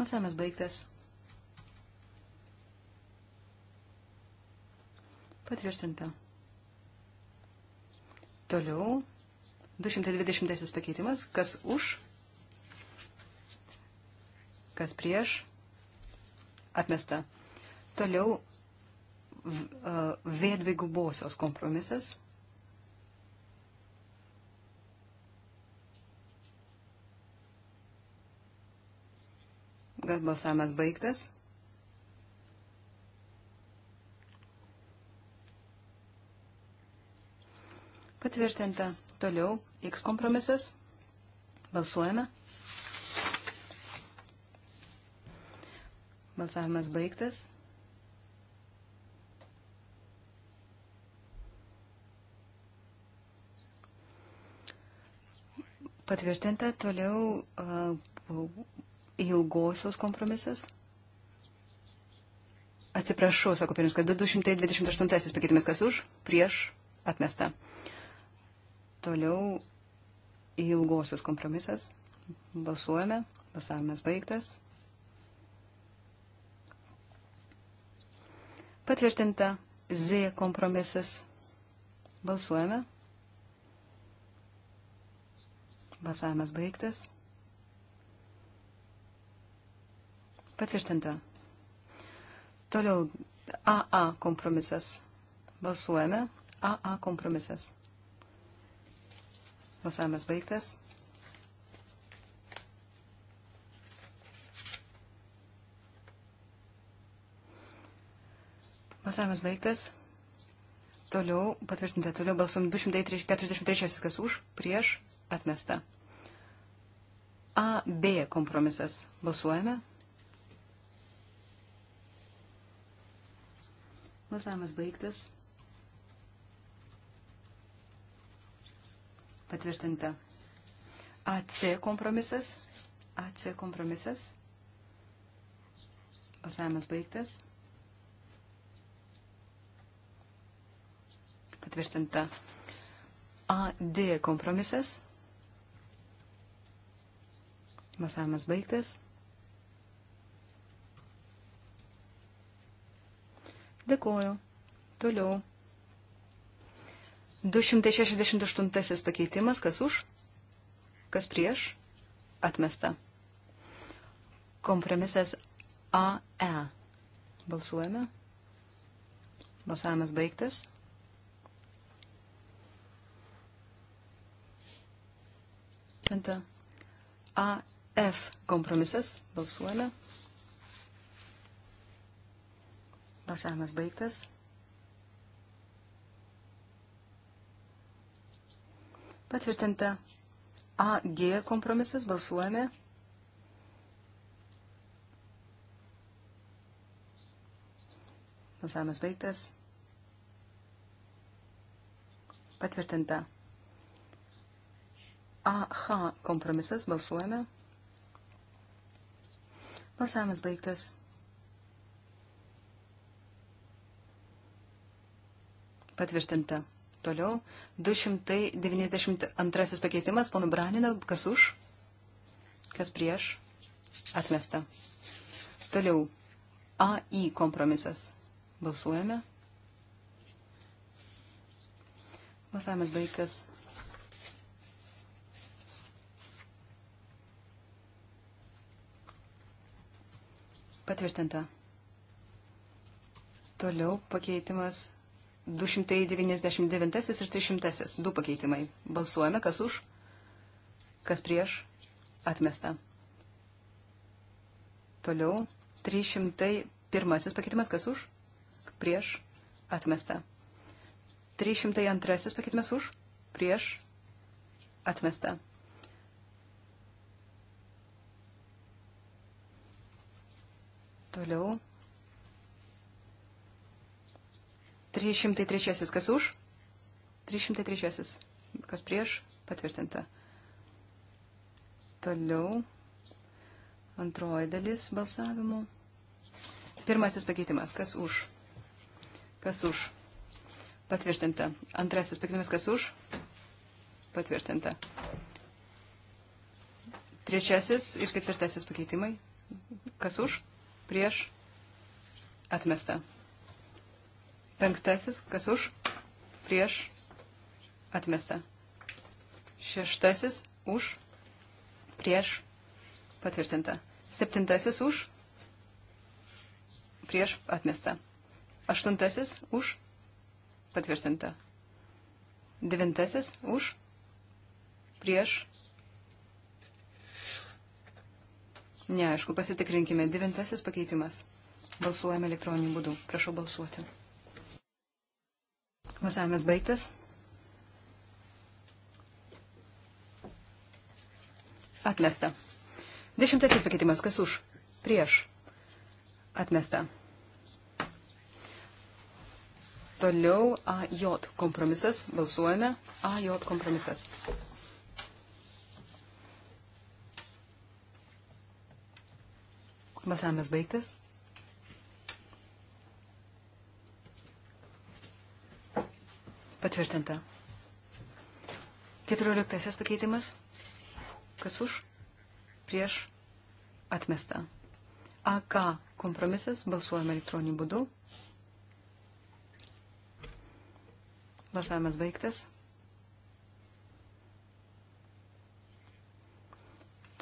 Balsavimas baigtas. Patvirtinta. Toliau 220 pakeitimas. Kas už? Kas prieš? Atmesta. Toliau V dvigubosios kompromisas. balsavimas baigtas. Patvirtinta. Toliau X kompromisas. Balsuojame. Balsavimas baigtas. Patvirtinta toliau uh, ilgosios kompromisas. Atsiprašau, sako Pirinis, kad 228 pakeitimas kas už, prieš, atmesta. Toliau ilgosios kompromisas. Balsuojame, balsavimas baigtas. Patvirtinta Z kompromisas. Balsuojame. Balsavimas baigtas. Patvirtinta. Toliau AA kompromisas. Balsuojame. AA kompromisas. Balsavimas baigtas. Balsavimas baigtas. Toliau patvirtinta. Toliau balsuom 243, kas už, prieš, atmesta. AB kompromisas. Balsuojame. Balsavimas baigtas. Patvirtinta. AC kompromisas. AC kompromisas. Balsavimas baigtas. Patvirtinta. AD kompromisas. Balsavimas baigtas. Dėkuoju. Toliau. 268 pakeitimas, kas už, kas prieš, atmesta. Kompromisas AE. Balsuojame. Balsavimas baigtas. Senta. AF kompromisas. Balsuojame. Balsavimas baigtas. Patvirtinta AG kompromisas. Balsuojame. Balsavimas baigtas. Patvirtinta. AH kompromisas. Balsuojame. Balsavimas baigtas. Patvirtinta. Toliau 292 pakeitimas, pono Branino, kas už, kas prieš, atmesta. Toliau AI kompromisas. Balsuojame. Balsavimas baigtas. Patvirtinta. Toliau pakeitimas 299 ir 300. Du pakeitimai. Balsuojame, kas už, kas prieš, atmesta. Toliau 301 pakeitimas, kas už, prieš, atmesta. 302 pakeitimas už, prieš, atmesta. Toliau 303 kas už, 303 kas prieš, patvirtinta. Toliau antroji dalis balsavimų. Pirmasis pakeitimas, kas už, kas už, patvirtinta. Antrasis pakeitimas, kas už, patvirtinta. Trečiasis ir ketvirtasis pakeitimai, kas už, prieš, atmesta. Penktasis, kas už, prieš, atmesta. Šeštasis, už, prieš, patvirtinta. Septintasis, už, prieš, atmesta. Aštuntasis, už, patvirtinta. Devintasis, už, prieš, Neaišku, pasitikrinkime. Devintasis pakeitimas. Balsuojame elektroniniu būdu. Prašau balsuoti. Balsavimas baigtas. Atmesta. Dešimtasis pakeitimas. Kas už? Prieš. Atmesta. Toliau AJ kompromisas. Balsuojame. AJ kompromisas. Balsavimas baigtas. Patvirtinta. Keturioliktasis pakeitimas. Kas už? Prieš. Atmesta. AK kompromisas. Balsuojame elektroniniu būdu. Balsavimas baigtas.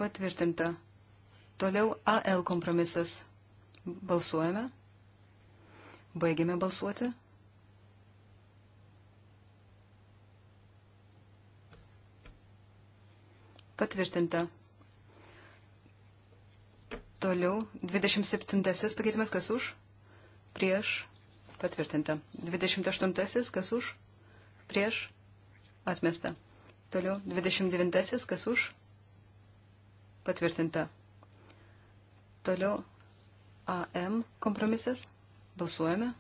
Patvirtinta. Toliau AL kompromisas. Balsuojame. Baigiame balsuoti. Patvirtinta. Toliau 27 pakeitimas kas už? Prieš. Patvirtinta. 28 kas už? Prieš. Atmesta. Toliau 29 kas už? Patvirtinta. Toliau AM kompromisas. Balsuojame.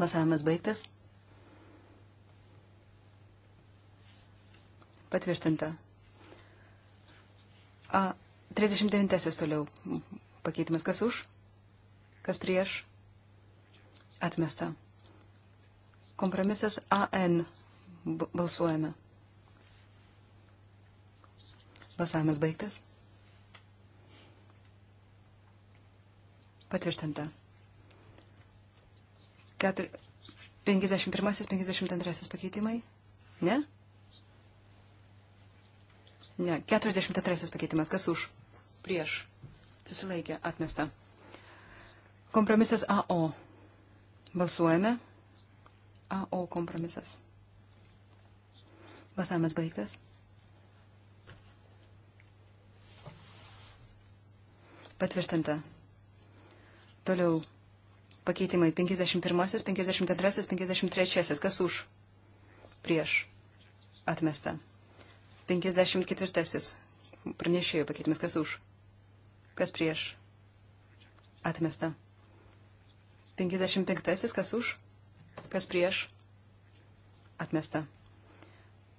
Balsavimas baigtas. Patvirtinta. A, 39 toliau pakeitimas. Kas už? Kas prieš? Atmesta. Kompromisas AN. Balsuojame. Balsavimas baigtas. Patvirtinta. 4... 51-52 pakeitimai? Ne? Ne, 42 pakeitimas. Kas už? Prieš. Susilaikė. Atmesta. Kompromisas AO. Balsuojame. AO kompromisas. Balsavimas baigtas. Patvirtinta. Toliau. Pakeitimai 51, 52, 53. Kas už? Prieš. Atmesta. 54. Pranešėjų pakeitimas. Kas už? Kas prieš? Atmesta. 55. Kas už? Kas prieš? Atmesta.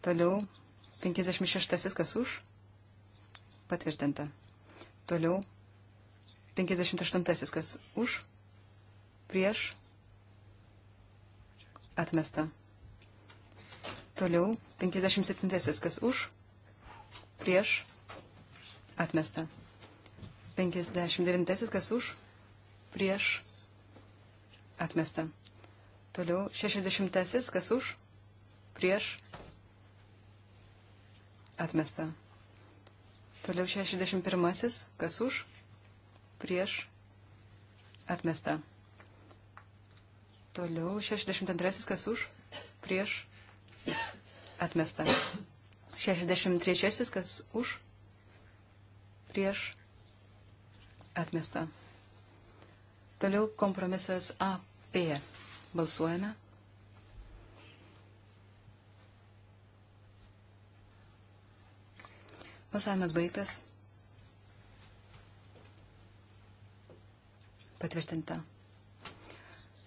Toliau 56. Kas už? Patvirtinta. Toliau 58. Kas už? Prieš? Atmesta. Toliau 57. Kas už? prieš, atmesta. 59 kas už, prieš, atmesta. Toliau 60 kas už, prieš, atmesta. Toliau 61 kas už, prieš, atmesta. Toliau 62 kas už, prieš, atmesta. 63, kas už, prieš, atmesta. Toliau kompromisas AP. Balsuojame. Balsavimas baigtas. Patvirtinta.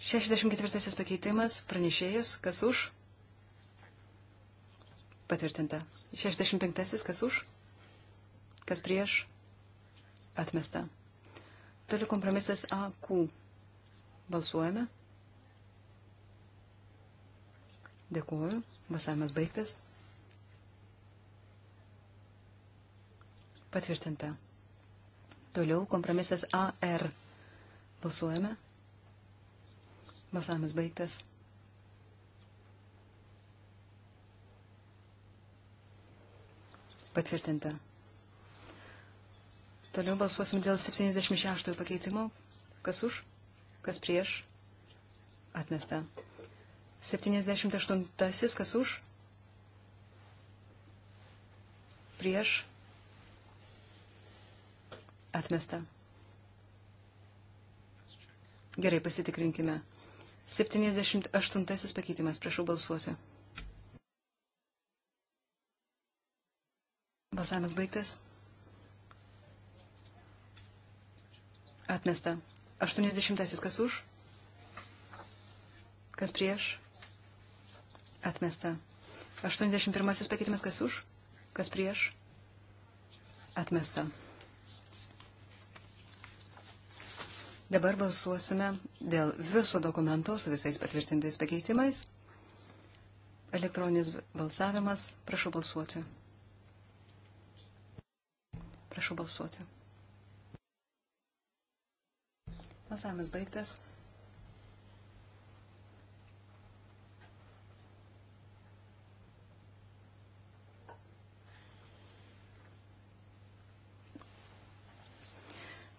64 pakeitimas pranešėjus, kas už, Patvirtinta. 65. Kas už? Kas prieš? Atmesta. Toliau kompromisas AQ. Balsuojame. Dėkuoju. Balsavimas baigtas. Patvirtinta. Toliau kompromisas AR. Balsuojame. Balsavimas baigtas. Patvirtinta. Toliau balsuosim dėl 76 pakeitimo. Kas už, kas prieš. Atmesta. 78 kas už, prieš. Atmesta. Gerai, pasitikrinkime. 78 pakeitimas, prašau balsuoti. Balsavimas baigtas. Atmesta. 80. Kas už? Kas prieš? Atmesta. 81. Pakeitimas. Kas už? Kas prieš? Atmesta. Dabar balsuosime dėl viso dokumento su visais patvirtintais pakeitimais. Elektroninis balsavimas. Prašau balsuoti. Prašau balsuoti. Balsavimas baigtas.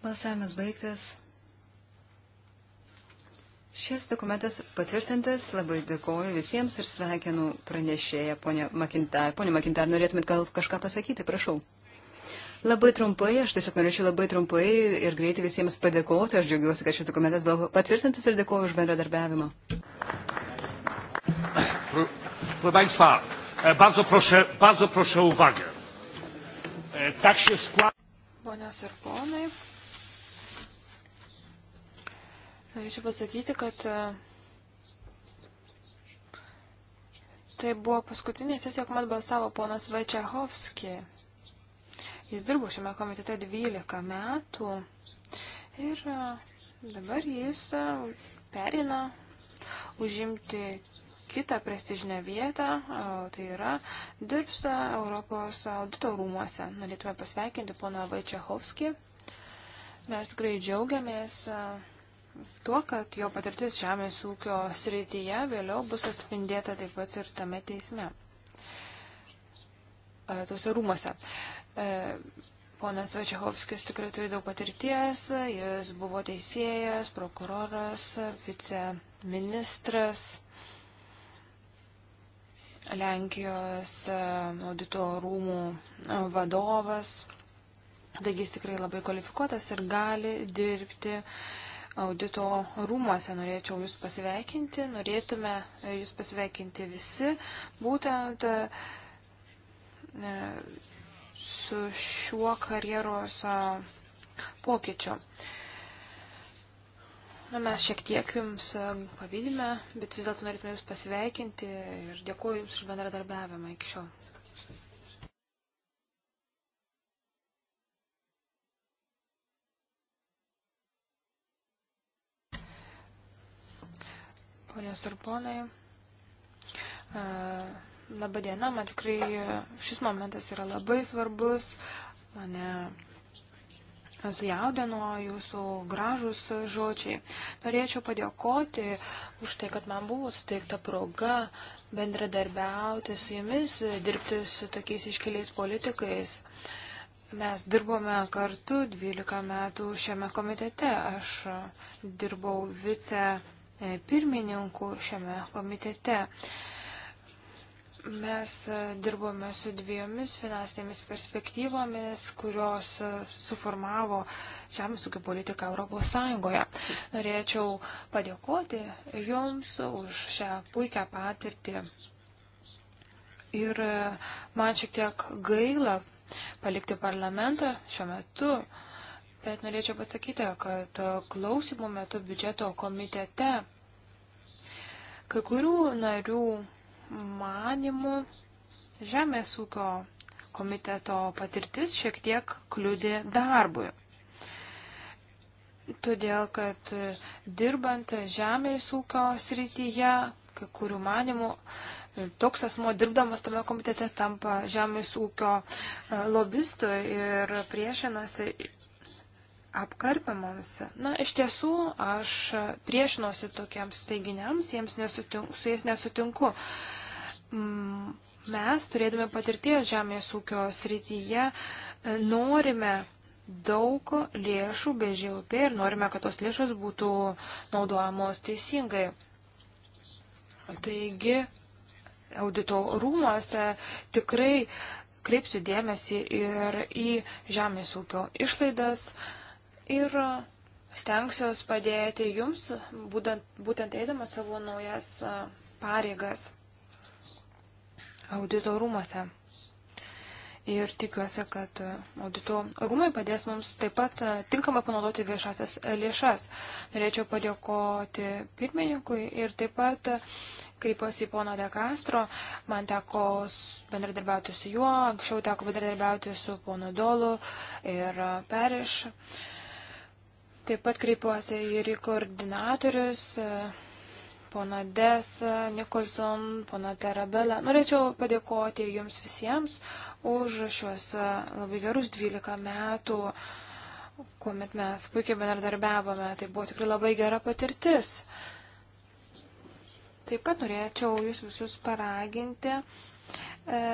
Balsavimas baigtas. Šis dokumentas patvirtintas, labai dėkoju visiems ir sveikinu pranešėją, ponė Makintar. Ponė Makintar, norėtumėt gal kažką pasakyti, prašau. Labai trumpai, aš tiesiog norėčiau labai trumpai ir greitai visiems padėkoti. Aš džiaugiuosi, kad šis dokumentas buvo patvirtintas ir dėkuoju už bendradarbiavimą. Proszę Państwa, e, bardzo proszę, bardzo proszę o uwagę. E, tak się składa. Ponios ir ponai, norėčiau pasakyti, kad e, tai buvo paskutinė sesija, kuomet balsavo ponas Vaičiachovski. Jis dirbo šiame komitete 12 metų ir e, dabar jis e, perina užimti kitą prestižinę vietą, tai yra dirbs e, Europos audito rūmuose. Norėtume pasveikinti poną Vaičiachovskį. Mes tikrai džiaugiamės tuo, kad jo patirtis žemės ūkio srityje vėliau bus atspindėta taip pat ir tame teisme. Tuose rūmuose. E, ponas Vačiachovskis tikrai turi daug patirties, jis buvo teisėjas, prokuroras, viceministras Lenkijos e, audito rūmų e, vadovas. Taigi jis tikrai labai kvalifikuotas ir gali dirbti audito rūmuose. Norėčiau Jūs pasveikinti, norėtume Jūs pasveikinti visi, būtent su šiuo karjeros pokyčiu. Na, mes šiek tiek jums pavydime, bet vis dėlto norėtume jūs pasveikinti ir dėkuoju jums už bendradarbiavimą iki šiol. Ponios ir ponai, Labadiena, man tikrai e, šis momentas yra labai svarbus. Mane sujaudino jūsų gražus žodžiai. Norėčiau padėkoti už tai, kad man buvo suteikta proga bendradarbiauti su jumis, dirbti su tokiais iškeliais politikais. Mes dirbome kartu 12 metų šiame komitete. Aš dirbau vice pirmininku šiame komitete. Uh, Mes e, dirbome su dviejomis finansinėmis perspektyvomis, kurios e, suformavo žemės ūkio politiką Europos Sąjungoje. Norėčiau padėkoti Jums už šią puikią patirtį. Ir e, man šiek tiek gaila palikti parlamentą šiuo metu, bet norėčiau pasakyti, kad klausimų metu biudžeto komitete kai kurių narių manimu Žemės ūkio komiteto patirtis šiek tiek kliūdė darbui. Todėl, kad dirbant žemės ūkio srityje, kai kurių manimų, toks asmo dirbdamas tame komitete tampa žemės ūkio e, lobistu ir priešinasi apkarpiamams. Na, iš tiesų, aš priešinosi tokiems teiginiams, jiems nesutinku, su jais nesutinku. Uh, Mm, mes turėdami patirties žemės ūkio srityje norime daug lėšų be ŽUP ir norime, kad tos lėšos būtų naudojamos teisingai. Taigi, audito rūmuose tikrai kreipsiu dėmesį ir į žemės ūkio išlaidas ir stengsiuos padėti jums, būtent, būtent eidamas savo naujas pareigas audito rūmose. Ir tikiuosi, kad audito rūmai padės mums taip pat e, tinkamai panaudoti viešasias lėšas. Norėčiau padėkoti pirmininkui ir taip pat kreipiuosi į pono De Castro. Man teko bendradarbiauti su juo, anksčiau teko bendradarbiauti su ponu Dolu ir e, Periš. Taip pat kreipiuosi ir į koordinatorius. E, pono Desa, Nikolson, pono Terabela. Norėčiau padėkoti jums visiems už šiuos e, labai gerus 12 metų, kuomet mes puikiai bendradarbiavome. Tai buvo tikrai labai gera patirtis. Taip pat norėčiau jūs visus paraginti e,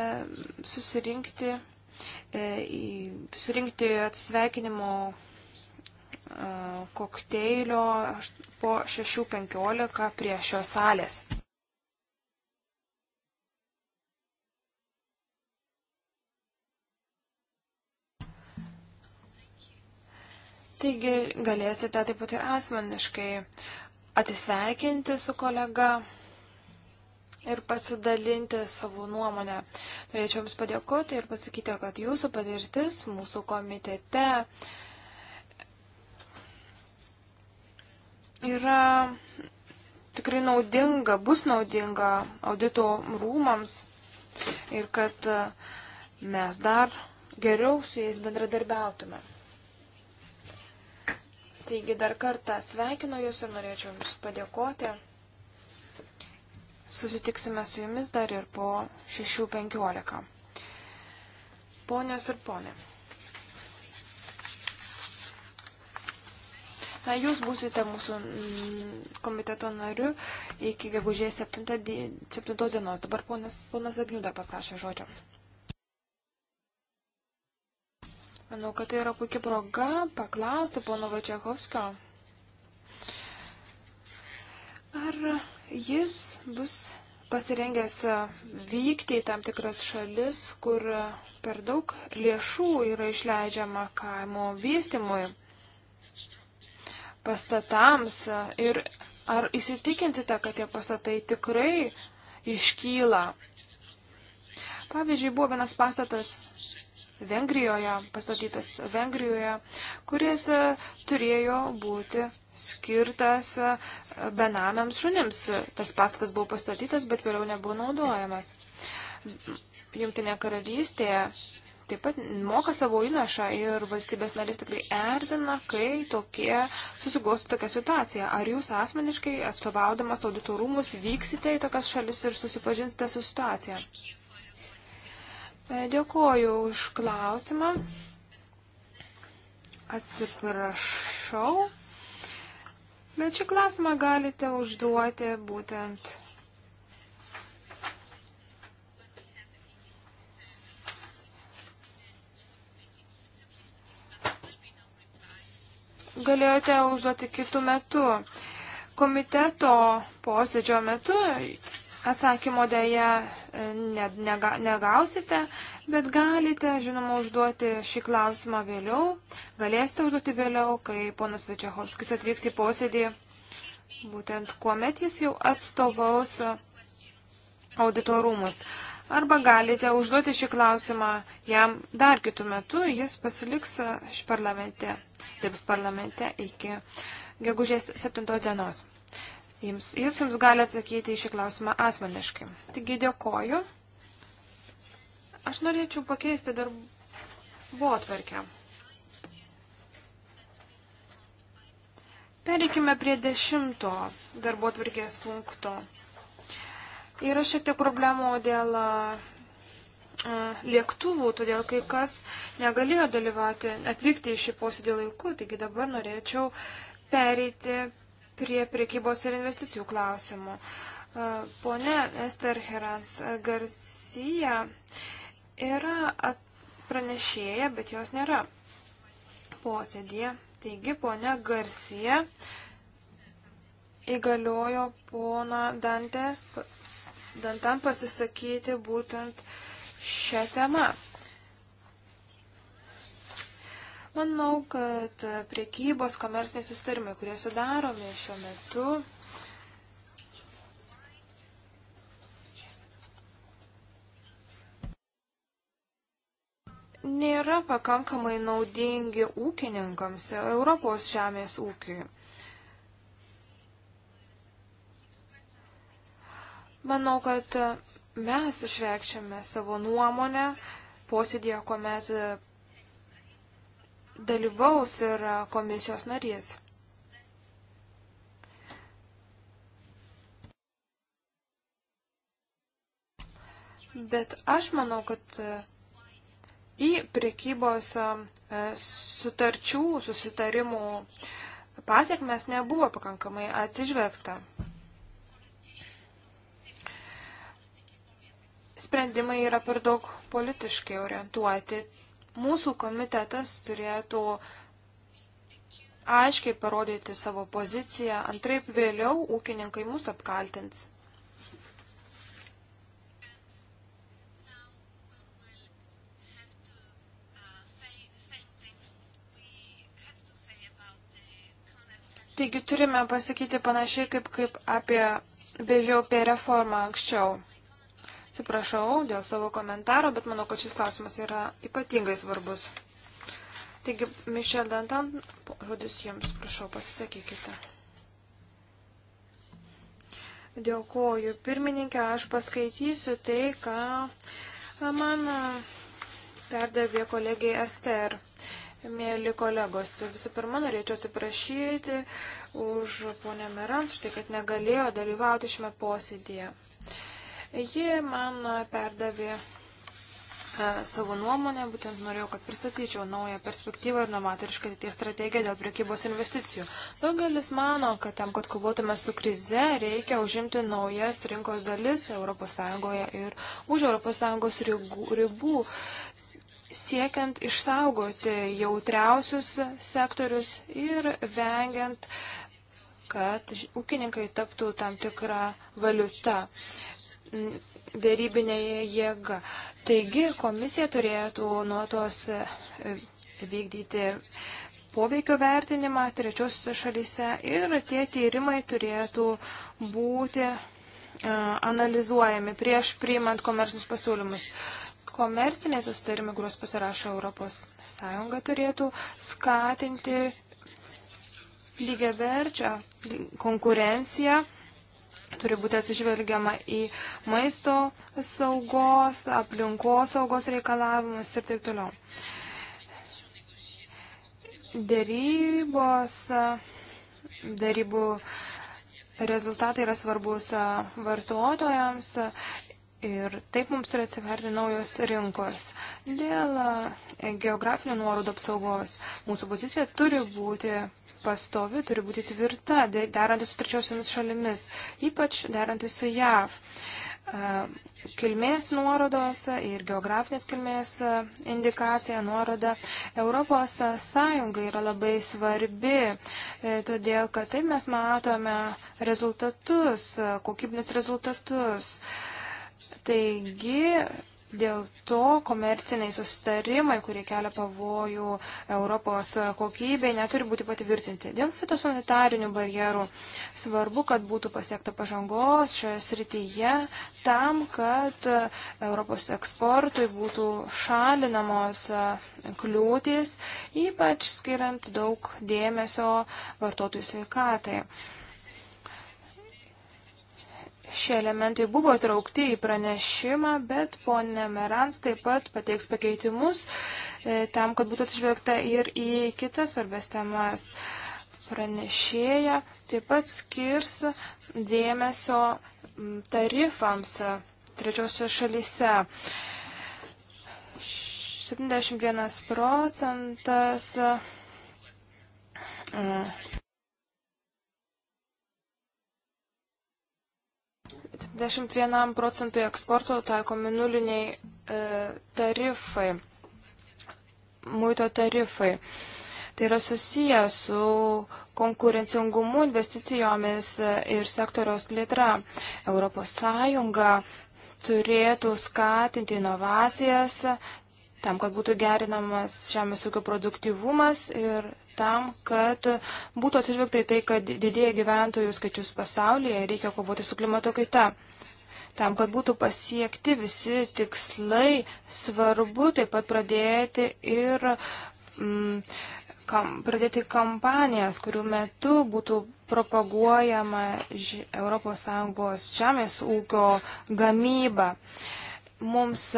susirinkti, e, į, susirinkti atsisveikinimo kokteilio po 6.15 prie šios salės. Taigi galėsite taip pat ir asmeniškai atsisveikinti su kolega ir pasidalinti savo nuomonę. Norėčiau Jums padėkoti ir pasakyti, kad Jūsų patirtis mūsų komitete yra tikrai naudinga, bus naudinga audito rūmams ir kad e, mes dar geriau su jais bendradarbiautume. Taigi dar kartą sveikinu Jūs ir norėčiau Jums padėkoti. Susitiksime su Jumis dar ir po 6.15. Ponios ir ponai. Na, jūs būsite mūsų mm, komiteto nariu iki gegužės 7 dienos. Dabar ponas, ponas Agniuda paprašė žodžio. Manau, kad tai yra puikia proga paklausti pono Vačiachovskio. Ar jis bus pasirengęs vykti į tam tikras šalis, kur per daug lėšų yra išleidžiama kaimo vystimui pastatams e, ir ar įsitikintite, kad tie pastatai tikrai iškyla. Pavyzdžiui, buvo vienas pastatas Vengrijoje, pastatytas Vengrijoje, kuris e, turėjo būti skirtas e, benamiams šunims. Tas pastatas buvo pastatytas, bet vėliau nebuvo naudojamas. Jungtinė karalystėje taip pat moka savo įnašą ir valstybės narys tikrai erzina, kai tokie susiglosto tokia situacija. Ar jūs asmeniškai atstovaudamas auditorumus vyksite į tokias šalis ir susipažinsite su situacija? E, Dėkuoju už klausimą. Atsiprašau. Bet šį klausimą galite užduoti būtent galėjote užduoti kitų metų. Komiteto posėdžio metu atsakymo dėja e, ne, nega, negausite, bet galite, žinoma, užduoti šį klausimą vėliau. Galėsite užduoti vėliau, kai ponas Večiachovskis atvyks į posėdį, būtent kuomet jis jau atstovaus auditorumus. Arba galite užduoti šį klausimą jam dar kitų metų, jis pasiliks e, parlamente dirbs parlamente iki gegužės 7 dienos. Jums, jis jums gali atsakyti į šį klausimą asmeniškai. Taigi dėkoju. Aš norėčiau pakeisti darbo atvarkę. Pereikime prie dešimto darbo atvarkės punkto. Yra šiek tiek problemų dėl lėktuvų, todėl kai kas negalėjo dalyvauti, atvykti į šį posėdį laiku. Taigi dabar norėčiau pereiti prie priekybos ir investicijų klausimų. Pone Ester Herans Garcia yra pranešėja, bet jos nėra posėdėje. Taigi, ponia Garcia įgaliojo poną Dantę, Dantam pasisakyti būtent uh, šią temą. Manau, kad priekybos komersiniai sustarimai, kurie sudaromi šiuo metu, nėra pakankamai naudingi ūkininkams, Europos žemės ūkiui. Manau, kad Mes išreikšėme savo nuomonę posėdėje, kuomet dalyvaus ir komisijos narys. Bet aš manau, kad į prekybos e, sutarčių, susitarimų pasiekmes nebuvo pakankamai atsižvelgta. sprendimai yra per daug politiškai orientuoti. Mūsų komitetas turėtų aiškiai parodyti savo poziciją, antraip vėliau ūkininkai mus apkaltins. Taigi turime pasakyti panašiai kaip, kaip apie BŽP reformą anksčiau. Atsiprašau dėl savo komentaro, bet manau, kad šis klausimas yra ypatingai svarbus. Taigi, Mišel Dantan, žodis jums, prašau, pasisakykite. Dėkuoju. Pirmininkė, aš paskaitysiu tai, ką man perdavė kolegiai Ester. Mėly kolegos, visų pirma, norėčiau atsiprašyti už ponę Merans, štai kad negalėjo dalyvauti šiame posėdėje. Ji man perdavė savo nuomonę, būtent norėjau, kad pristatyčiau naują perspektyvą ir novatorišką ateities strategiją dėl priekybos investicijų. Daugelis mano, kad tam, kad kovotume su krize, reikia užimti naujas rinkos dalis ES ir už ES ribų siekiant išsaugoti jautriausius sektorius ir vengiant, kad ūkininkai taptų tam tikrą valiutą dėrybinė jėga. Taigi komisija turėtų nuotos e, vykdyti poveikio vertinimą trečiosiuose šalyse ir tie tyrimai turėtų būti e, analizuojami prieš priimant komercinius pasiūlymus komerciniai sustarimai, kuriuos pasirašo Europos Sąjunga, turėtų skatinti lygiaverčią konkurenciją Turi būti atsižvelgiama į maisto saugos, aplinkos saugos reikalavimus ir taip toliau. Dėrybos, dėrybų rezultatai yra svarbus vartotojams ir taip mums turi atsiverti naujos rinkos. Dėl geografinių nuorodų apsaugos mūsų pozicija turi būti pastovi, turi būti tvirta, derantis su trečiosiomis šalimis, ypač derantis su JAV. Kilmės nuorodos ir geografinės kilmės indikacija, nuoroda Europos Sąjunga yra labai svarbi, e, todėl kad taip mes matome rezultatus, kokybinius rezultatus. Taigi, Dėl to komerciniai sustarimai, kurie kelia pavojų Europos kokybei, neturi būti patvirtinti. Dėl fitosanitarinių barjerų svarbu, kad būtų pasiekta pažangos šioje srityje tam, kad Europos eksportui būtų šalinamos kliūtis, ypač skiriant daug dėmesio vartotojų sveikatai šie elementai buvo įtraukti į pranešimą, bet ponė Merans taip pat pateiks pakeitimus e, tam, kad būtų atžvelgta ir į kitas svarbės temas. Pranešėja taip pat skirs dėmesio tarifams trečiosios šalyse. 71 procentas. Mm 71 procentui eksporto taikomi nuliniai e, tarifai, muito tarifai. Tai yra susiję su konkurencingumu, investicijomis e, ir sektoriaus plėtra. ES turėtų skatinti inovacijas tam, kad būtų gerinamas žemės ūkio produktyvumas ir tam, kad būtų atsižvelgta į tai, kad didėja gyventojų skaičius pasaulyje ir reikia kovoti su klimato kaita. Tam, kad būtų pasiekti visi tikslai, svarbu taip pat pradėti ir mm, kam, pradėti kampanijas, kurių metu būtų propaguojama ž, ES žemės ūkio gamyba. Mums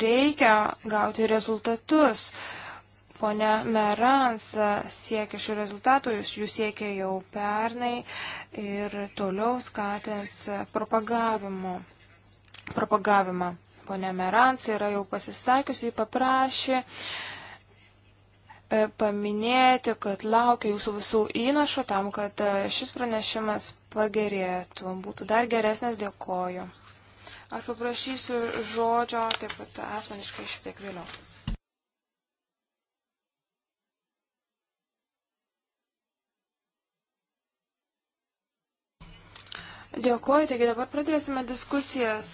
reikia gauti rezultatus. Uh, Pone Merans siekia šių rezultatų, jų siekia jau pernai ir toliau skatins propagavimu. propagavimą. Pone Merans yra jau pasisakiusi, paprašė e, paminėti, kad laukia jūsų visų įnašų tam, kad e, šis pranešimas pagerėtų, būtų dar geresnis, dėkoju. Aš paprašysiu žodžio taip pat asmeniškai šiek tiek vėliau. Dėkuoju, taigi dabar pradėsime diskusijas.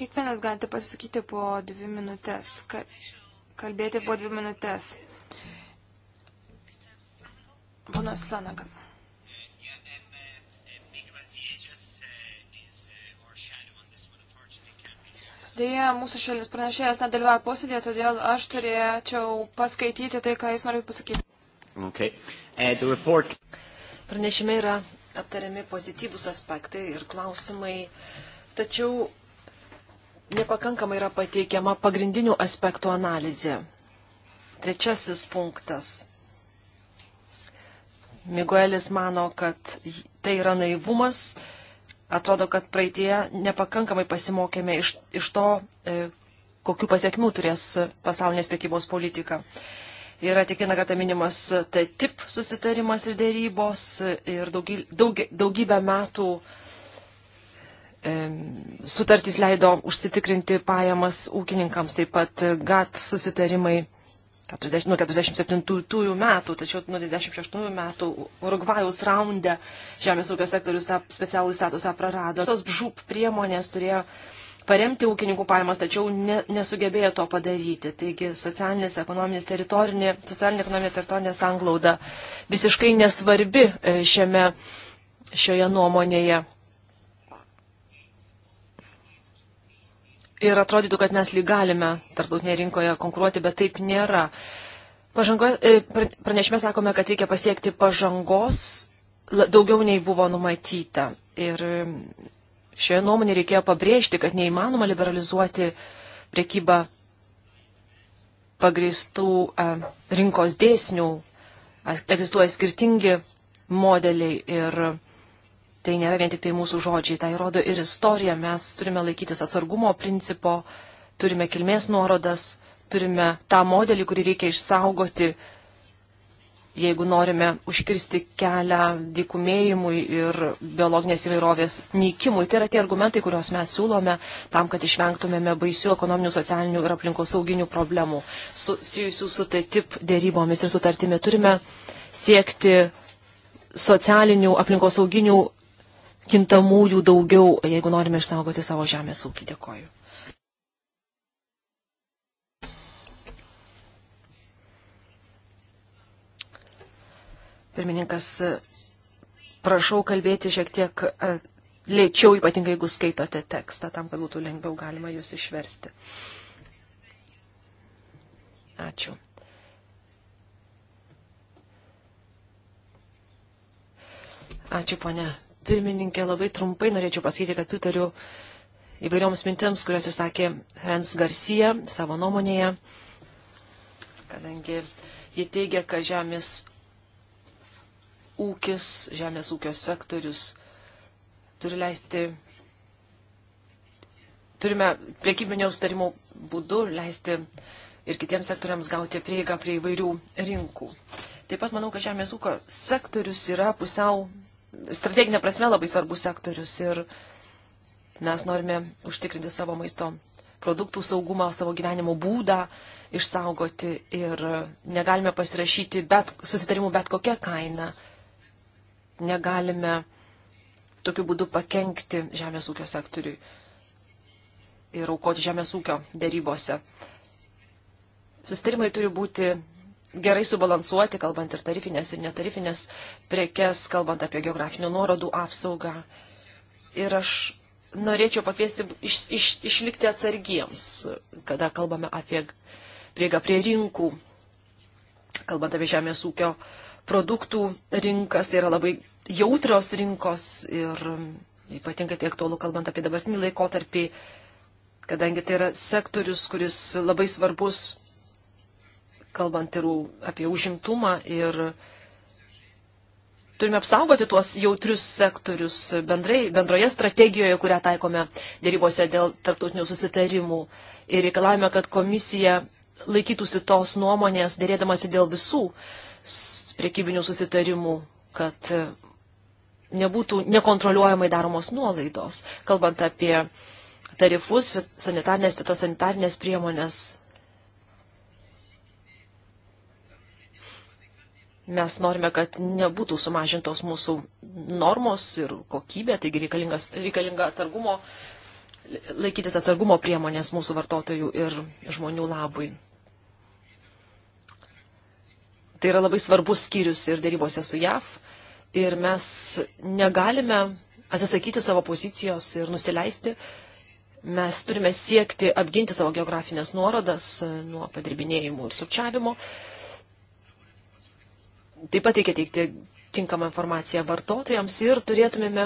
Kiekvienas galite pasisakyti po dvi minutės, kalbėti po dvi minutės. Ponas Flanagan. Deja, mūsų šalis pranešėjas nedalyvavo posėdėje, todėl aš turėčiau paskaityti tai, ką jis nori pasakyti. Okay. Uh, report... Pranešime yra aptariami pozityvus aspektai ir klausimai, tačiau nepakankamai yra pateikiama pagrindinių aspektų analizė. Trečiasis punktas. Miguelis mano, kad tai yra naivumas. Atrodo, kad praeitie nepakankamai pasimokėme iš, iš to, e, kokiu pasiekmių turės pasaulinės priekybos politika. Yra tikina, kad minimas TTIP susitarimas ir dėrybos ir daugy, daug, daugybę metų e, sutartys leido užsitikrinti pajamas ūkininkams, taip pat GAT susitarimai 40, nuo 47 metų, tačiau nuo 96 metų Urugvajaus raunde žemės ūkio sektorius tą specialų statusą prarado. Tos žūp priemonės turėjo paremti ūkininkų pajamas, tačiau ne, nesugebėjo to padaryti. Taigi socialinės, ekonominės, teritorinė, socialinė, ekonominė, teritorinė sanglauda visiškai nesvarbi e, šiame, šioje nuomonėje. Ir atrodytų, kad mes lyg galime tarptautinėje rinkoje konkuruoti, bet taip nėra. Pažango, e, pranešime sakome, kad reikia pasiekti pažangos daugiau nei buvo numatyta. Ir Šioje nuomonė reikėjo pabrėžti, kad neįmanoma liberalizuoti priekybą pagristų rinkos dėsnių. Egzistuoja skirtingi modeliai ir tai nėra vien tik tai mūsų žodžiai, tai rodo ir istorija. Mes turime laikytis atsargumo principo, turime kilmės nuorodas, turime tą modelį, kurį reikia išsaugoti jeigu norime užkirsti kelią dikumėjimui ir biologinės įvairovės nykimui. Tai yra tie argumentai, kuriuos mes siūlome tam, kad išvengtumėme baisių ekonominių, socialinių ir aplinkosauginių problemų susijusių su TTIP dėrybomis ir sutartimi. Turime siekti socialinių, aplinkosauginių kintamųjų daugiau, jeigu norime išsaugoti savo žemės ūkį. Dėkoju. Pirmininkas, prašau kalbėti šiek tiek e, lėčiau, ypatingai jeigu skaitote tekstą, tam, kad būtų lengviau galima jūs išversti. Ačiū. Ačiū, ponia. Pirmininkė, labai trumpai norėčiau pasakyti, kad pritariu įvairioms mintims, kurias išsakė Hens Garcia savo nuomonėje, kadangi ji teigia, kad žemės ūkis, žemės ūkio sektorius turi leisti, turime priekybinio užtarimo būdu leisti ir kitiems sektoriams gauti prieigą prie įvairių rinkų. Taip pat manau, kad žemės ūkio sektorius yra pusiau, strateginė prasme labai svarbus sektorius ir mes norime užtikrinti savo maisto produktų saugumą, savo gyvenimo būdą išsaugoti ir negalime pasirašyti bet, susitarimų bet kokią kainą, negalime tokiu būdu pakengti žemės ūkio sektoriui ir aukoti žemės ūkio dėrybose. Sustarimai turi būti gerai subalansuoti, kalbant ir tarifinės, ir netarifinės prekes, kalbant apie geografinių nuorodų apsaugą. Ir aš norėčiau pakviesti iš, iš, išlikti atsargiems, kada kalbame apie prieigą prie rinkų, kalbant apie žemės ūkio uh, produktų rinkas, tai yra labai jautrios rinkos ir ypatingai tai aktualu kalbant apie dabartinį laikotarpį, kadangi tai yra sektorius, kuris labai svarbus, kalbant ir apie užimtumą ir turime apsaugoti tuos jautrius sektorius bendrai, bendroje strategijoje, kurią taikome dėrybose dėl tarptautinių susitarimų ir reikalavime, kad komisija laikytųsi tos nuomonės dėrėdamasi dėl visų priekybinių susitarimų, kad e, nebūtų nekontroliuojamai daromos nuolaidos, kalbant apie tarifus, sanitarnės, fitosanitarnės priemonės. Mes norime, kad nebūtų sumažintos mūsų normos ir kokybė, taigi reikalinga atsargumo, laikytis atsargumo priemonės mūsų vartotojų ir žmonių labui. Tai yra labai svarbus skyrius ir dėrybose su JAV. Ir mes negalime atsisakyti savo pozicijos ir nusileisti. Mes turime siekti apginti savo geografinės nuorodas e, nuo padirbinėjimų ir sukčiavimo. Taip pat reikia teikti tinkamą informaciją vartotojams ir turėtumėme,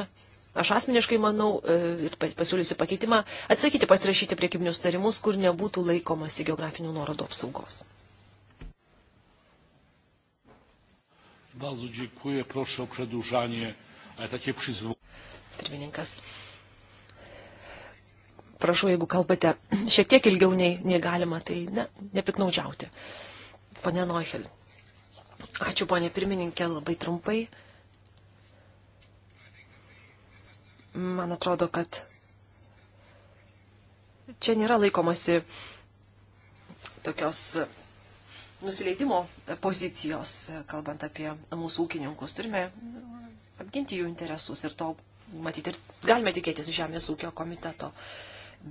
aš asmeniškai manau, e, ir pasiūlysiu pakeitimą, atsakyti pasirašyti priekybinius tarimus, kur nebūtų laikomasi geografinių nuorodų apsaugos. Bardzo dziękuję. Proszę o przedłużanie, ale takie przyzwolenie. Pirmininkas. Prašau, jeigu kalbate šiek tiek ilgiau nei, nei galima, tai ne, nepiknaudžiauti. Pone Noichel. Ačiū, ponė pirmininkė, labai trumpai. Man atrodo, kad čia nėra laikomasi tokios nusileidimo pozicijos, kalbant apie mūsų ūkininkus. Turime apginti jų interesus ir to matyti ir galime tikėtis Žemės ūkio komiteto.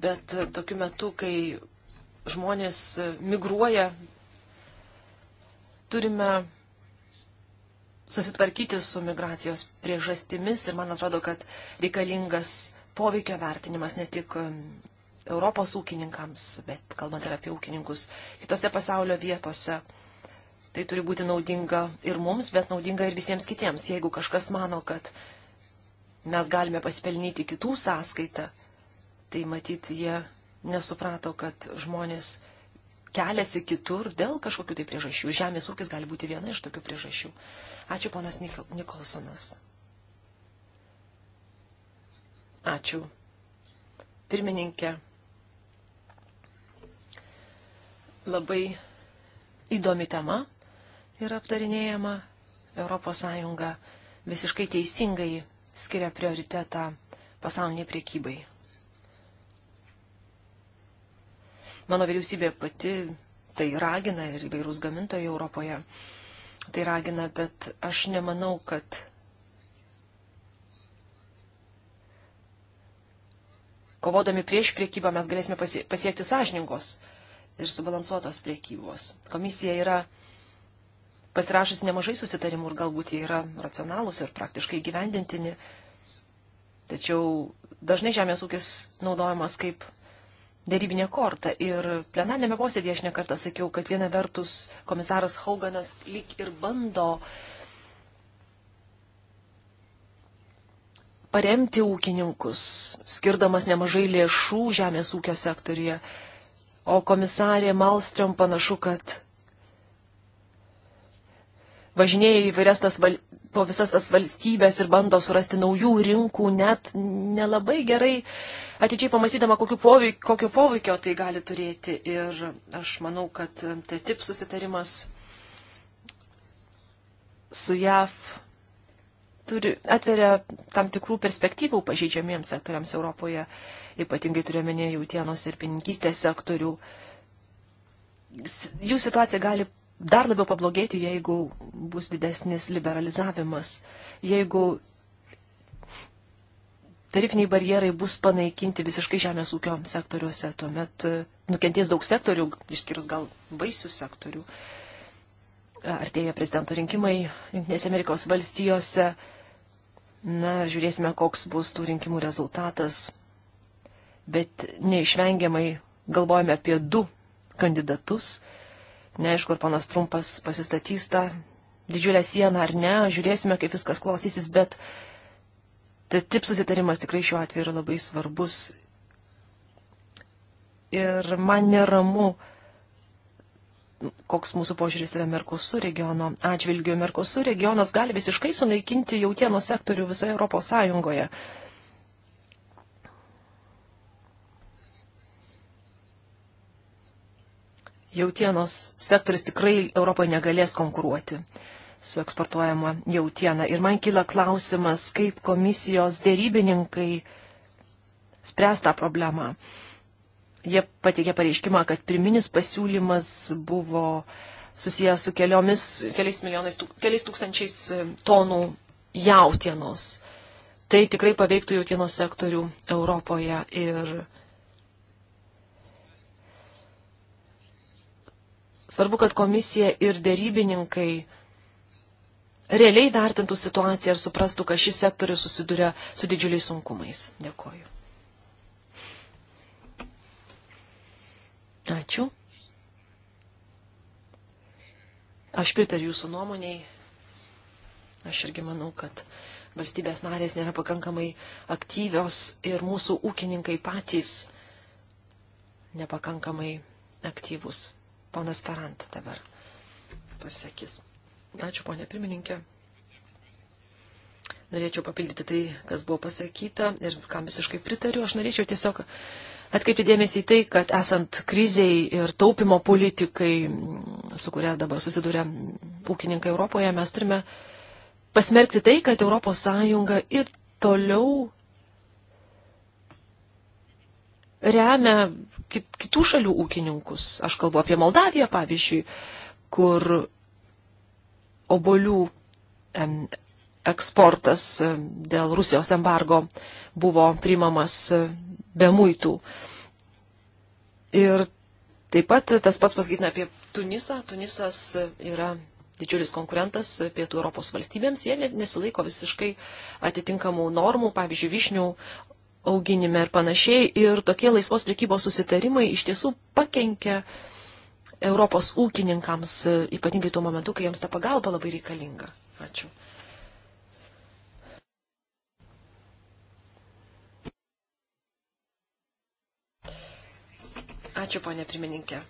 Bet tokiu metu, kai žmonės migruoja, turime susitvarkyti su migracijos priežastimis ir man atrodo, kad reikalingas poveikio vertinimas ne tik Europos ūkininkams, bet kalbant ir apie ūkininkus kitose pasaulio vietose. Tai turi būti naudinga ir mums, bet naudinga ir visiems kitiems. Jeigu kažkas mano, kad mes galime pasipelnyti kitų sąskaitą, tai matyt, jie nesuprato, kad žmonės keliasi kitur dėl kažkokių tai priežasčių. Žemės ūkis gali būti viena iš tokių priežasčių. Ačiū, ponas Nikol Nikolsonas. Ačiū. Pirmininkė, Labai įdomi tema yra aptarinėjama. ES visiškai teisingai skiria prioritetą pasauliniai priekybai. Mano vyriausybė pati tai ragina ir įvairūs gamintojai Europoje tai ragina, bet aš nemanau, kad kovodami prieš priekybą mes galėsime pasiekti sąžiningos ir subalansuotos priekybos. Komisija yra pasirašusi nemažai susitarimų ir galbūt jie yra racionalūs ir praktiškai gyvendintini. Tačiau dažnai žemės ūkis naudojamas kaip dėrybinė korta. Ir plenarnėme posėdėje aš nekartą sakiau, kad viena vertus komisaras Hauganas lyg ir bando paremti ūkininkus, skirdamas nemažai lėšų žemės ūkio sektoriuje o komisarė Malstrom panašu, kad važinėja įvairias tas val... po visas tas valstybės ir bando surasti naujų rinkų, net nelabai gerai ateičiai pamastydama, kokiu poveik, kokio poveikio tai gali turėti. Ir aš manau, kad tai tip susitarimas su JAV turi, atveria tam tikrų perspektyvų pažeidžiamiems sektoriams Europoje. Uh, ypatingai turiuomenė jautienos ir pininkystės sektorių. Jų situacija gali dar labiau pablogėti, jeigu bus didesnis liberalizavimas, jeigu tarifiniai barjerai bus panaikinti visiškai žemės ūkio sektoriuose, tuomet e, nukentės daug sektorių, išskyrus gal vaisių sektorių. Artėja prezidento rinkimai Junktinėse Amerikos valstijose. Na, žiūrėsime, koks bus tų rinkimų rezultatas bet neišvengiamai galvojame apie du kandidatus. Neaišku, ar panas Trumpas pasistatys tą didžiulę sieną ar ne, žiūrėsime, kaip viskas klostysis, bet TTIP susitarimas tikrai šiuo atveju yra labai svarbus. Ir man neramu, koks mūsų požiūris yra Merkosų regiono atžvilgiu. Merkosų regionas gali visiškai sunaikinti jautieno sektorių visoje Europos Sąjungoje. Uh, jautienos sektoris tikrai Europoje negalės konkuruoti su eksportuojama jautiena. Ir man kyla klausimas, kaip komisijos dėrybininkai spręs tą problemą. Jie pateikė pareiškimą, kad pirminis pasiūlymas buvo susijęs su keliomis, keliais milijonais, keliais tūkstančiais e, tonų jautienos. Tai tikrai paveiktų jautienos sektorių Europoje ir Svarbu, kad komisija ir dėrybininkai realiai vertintų situaciją ir suprastų, kad šis sektorius susiduria su didžiuliais sunkumais. Dėkoju. Ačiū. Aš pritariu jūsų nuomoniai. Aš irgi manau, kad valstybės narės nėra pakankamai aktyvios ir mūsų ūkininkai patys nepakankamai aktyvus. Ponas Parant dabar pasakys. Ačiū, ponė pirmininkė. Norėčiau papildyti tai, kas buvo pasakyta ir kam visiškai pritariu. Aš norėčiau tiesiog atkreipti dėmesį į tai, kad esant kriziai ir taupimo politikai, su kuria dabar susiduria ūkininkai Europoje, mes turime pasmerkti tai, kad ES ir toliau remia kit, kitų šalių ūkininkus. Aš kalbu apie Moldaviją, pavyzdžiui, kur obolių eksportas dėl Rusijos embargo buvo primamas e, be muitų. Ir taip pat tas pats pasakytina apie Tunisą. Tunisas e, yra didžiulis konkurentas e, pietų Europos valstybėms, jie nesilaiko visiškai atitinkamų normų, pavyzdžiui, vyšnių auginime ir panašiai. Ir tokie laisvos priekybos susitarimai iš tiesų pakenkia Europos ūkininkams, ypatingai tuo momentu, kai jiems ta pagalba labai reikalinga. Ačiū. Ačiū, ponė pirmininkė.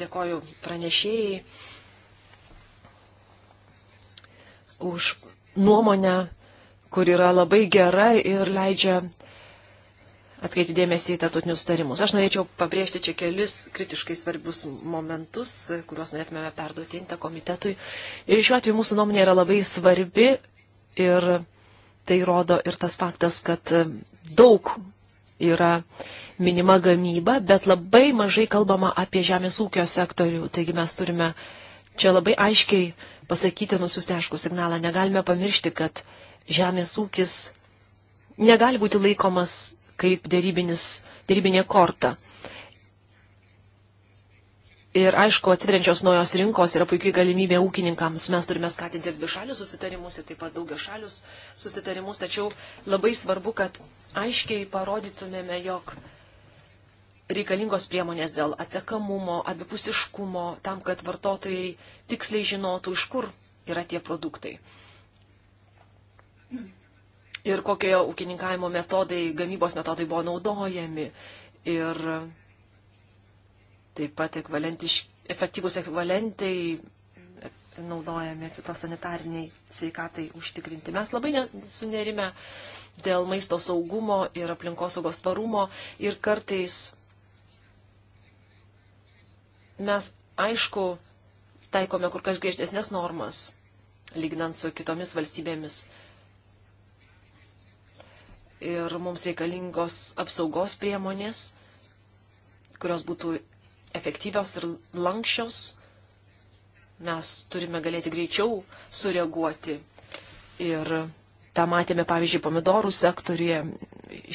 Dėkoju pranešėjai už nuomonę, kur yra labai gera ir leidžia uh, atkreipti dėmesį į tarptautinius tarimus. Aš norėčiau pabrėžti čia kelis kritiškai svarbius momentus, kuriuos norėtumėme perduoti intą komitetui. Ir šiuo atveju mūsų nuomonė yra labai svarbi ir tai rodo ir tas faktas, kad daug yra minima gamyba, bet labai mažai kalbama apie žemės ūkio sektorių. Taigi mes turime čia labai aiškiai pasakyti nusiusteškų signalą. Negalime pamiršti, kad žemės ūkis negali būti laikomas kaip dėrybinė korta. Ir aišku, atsiveriančios naujos rinkos yra puikiai galimybė ūkininkams. Mes turime skatinti ir dvišalius susitarimus, ir taip pat daugia šalius susitarimus, tačiau labai svarbu, kad aiškiai parodytumėme, jog reikalingos priemonės dėl atsekamumo, abipusiškumo, tam, kad vartotojai tiksliai žinotų, iš kur yra tie produktai. Mm ir kokie ūkininkavimo metodai, gamybos metodai buvo naudojami. Ir taip pat efektyvus ekvivalentai naudojami fitosanitariniai sveikatai užtikrinti. Mes labai sunerime dėl maisto saugumo ir aplinkosaugos tvarumo ir kartais mes, aišku, taikome kur kas griežtesnės normas, lygnant su kitomis valstybėmis ir mums reikalingos apsaugos priemonės, kurios būtų efektyvios ir lankščios. Mes turime galėti greičiau sureaguoti. Ir tą matėme, pavyzdžiui, pomidorų sektorėje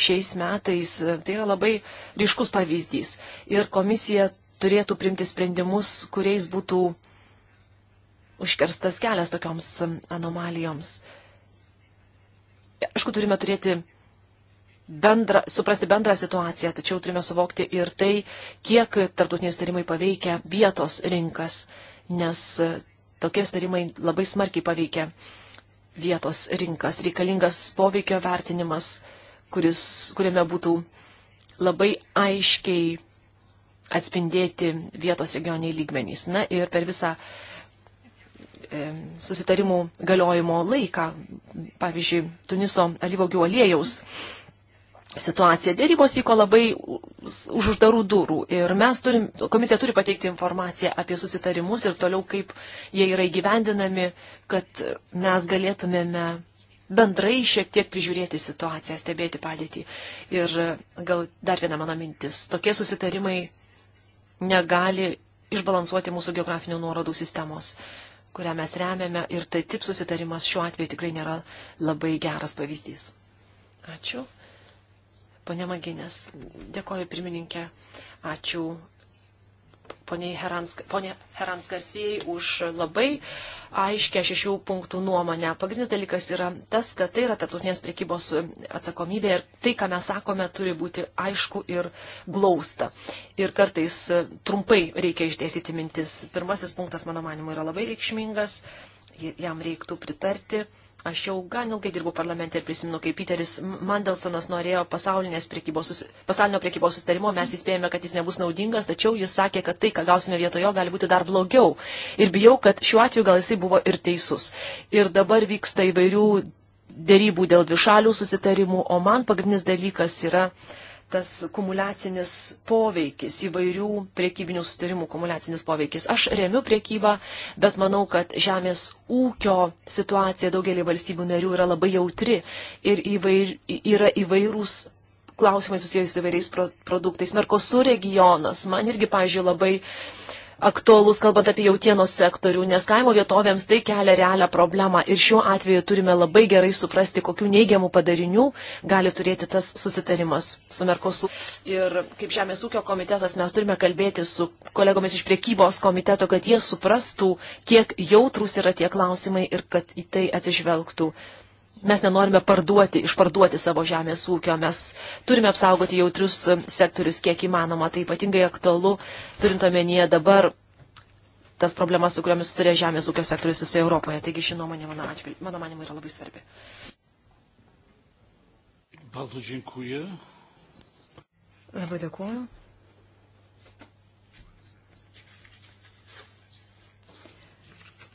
šiais metais. Tai yra labai ryškus pavyzdys. Ir komisija turėtų primti sprendimus, kuriais būtų užkirstas kelias tokioms anomalijoms. Aišku, turime turėti bendra, suprasti bendrą situaciją, tačiau turime suvokti ir tai, kiek tarptautiniai sutarimai paveikia vietos rinkas, nes tokie sutarimai labai smarkiai paveikia vietos rinkas. Reikalingas poveikio vertinimas, kuris, kuriame būtų labai aiškiai atspindėti vietos regioniai lygmenys. Na ir per visą e, susitarimų galiojimo laiką, pavyzdžiui, Tuniso alyvogių aliejaus situacija. Dėrybos vyko labai už uždarų durų ir mes turim, komisija turi pateikti informaciją apie susitarimus ir toliau, kaip jie yra įgyvendinami, kad mes galėtumėme bendrai šiek tiek prižiūrėti situaciją, stebėti padėtį. Ir gal dar viena mano mintis. Tokie susitarimai negali išbalansuoti mūsų geografinių nuorodų sistemos kurią mes remiame ir tai tip susitarimas šiuo atveju tikrai nėra labai geras pavyzdys. Ačiū. Pone Maginės, dėkoju pirmininkė. Ačiū poniai Herans, ponė Herans Garsijai už labai aiškę šešių punktų nuomonę. Pagrindinis dalykas yra tas, kad tai yra tarptautinės priekybos atsakomybė ir tai, ką mes sakome, turi būti aišku ir glausta. Ir kartais trumpai reikia išdėstyti mintis. Pirmasis punktas, mano manimu, yra labai reikšmingas, jam reiktų pritarti. Aš jau gan ilgai dirbu parlamente ir prisimenu, kaip Peteris Mandelsonas norėjo priekybos, pasaulinio priekybos sustarimo, mes įspėjome, kad jis nebus naudingas, tačiau jis sakė, kad tai, ką gausime vietojo, gali būti dar blogiau. Ir bijau, kad šiuo atveju gal jisai buvo ir teisus. Ir dabar vyksta įvairių dėrybų dėl dvišalių susitarimų, o man pagrindinis dalykas yra uh, tas kumulacinis poveikis, įvairių priekybinių sutarimų kumulacinis poveikis. Aš remiu priekybą, bet manau, kad žemės ūkio situacija daugelį valstybių narių yra labai jautri ir įvair, yra įvairūs klausimai susijęs su įvairiais produktais. Merkosų regionas man irgi, pažiūrėjau, labai uh, aktuolus, kalbant apie jautienos sektorių, nes kaimo vietovėms tai kelia realią problemą ir šiuo atveju turime labai gerai suprasti, kokių neigiamų padarinių gali turėti tas susitarimas su Merkosu. Ir kaip Žemės ūkio komitetas mes turime kalbėti su kolegomis iš priekybos komiteto, kad jie suprastų, kiek jautrus yra tie klausimai ir kad į tai atsižvelgtų mes nenorime parduoti, išparduoti savo žemės ūkio, mes turime apsaugoti jautrius um, sektorius kiek įmanoma. Tai ypatingai aktualu, turint omenyje dabar tas problemas, su kuriomis sutarė žemės ūkio sektorius visoje Europoje. Taigi ši nuomonė mano, atžvilg, mano manimo yra labai svarbi. Bardzo dziękuję. Labai dėkuoju.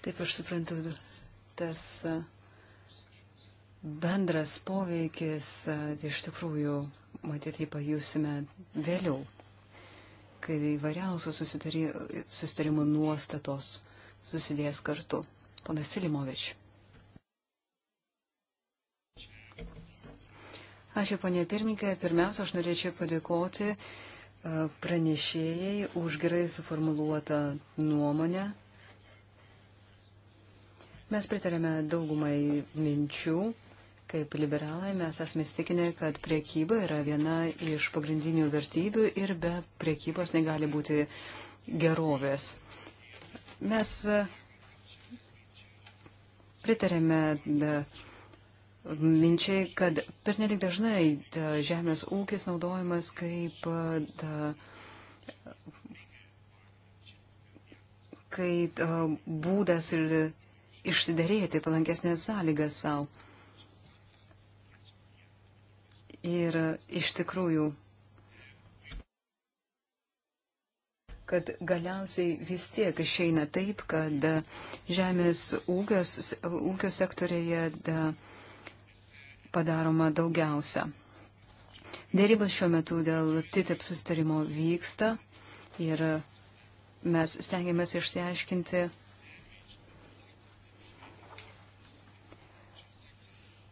Taip aš suprantu, tas. Uh bendras poveikis iš tikrųjų, matyt, jį pajusime vėliau, kai įvairiausių susitarimų nuostatos susidės kartu. Ponas Silimovič. Ačiū, ponė pirmininkė. Pirmiausia, aš norėčiau padėkoti pranešėjai už gerai suformuluotą nuomonę. Mes pritarėme daugumai minčių, Kaip liberalai mes esame įstikinę, kad priekyba yra viena iš pagrindinių vertybių ir be priekybos negali būti gerovės. Mes e, pritarėme minčiai, kad pernelik dažnai da, žemės ūkis naudojamas kaip, e, da, kaip da, e, būdas ir išsiderėti palankesnės sąlygas savo. Ir iš tikrųjų, kad galiausiai vis tiek išeina taip, kad žemės ūkios, ūkio sektorėje da, padaroma daugiausia. Dėrybas šiuo metu dėl TTIP sustarimo vyksta ir mes stengiamės išsiaiškinti,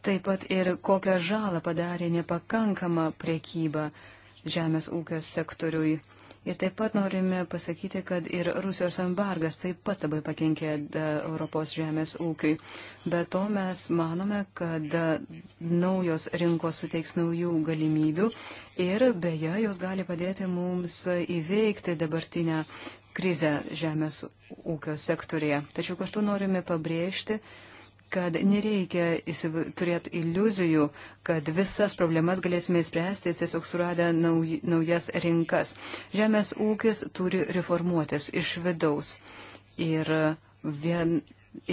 taip pat ir kokią žalą padarė nepakankama priekyba žemės ūkio sektoriui. Ir taip pat norime pasakyti, kad ir Rusijos embargas taip pat labai pakenkė e, Europos žemės ūkiui. Be to mes manome, kad e, naujos rinkos suteiks naujų galimybių ir beje, jos gali padėti mums įveikti dabartinę krizę žemės ūkio sektorėje. Tačiau kartu norime pabrėžti, kad nereikia turėti iliuzijų, kad visas problemas galėsime įspręsti tiesiog suradę nauj, naujas rinkas. Žemės ūkis turi reformuotis iš vidaus. Ir, vien,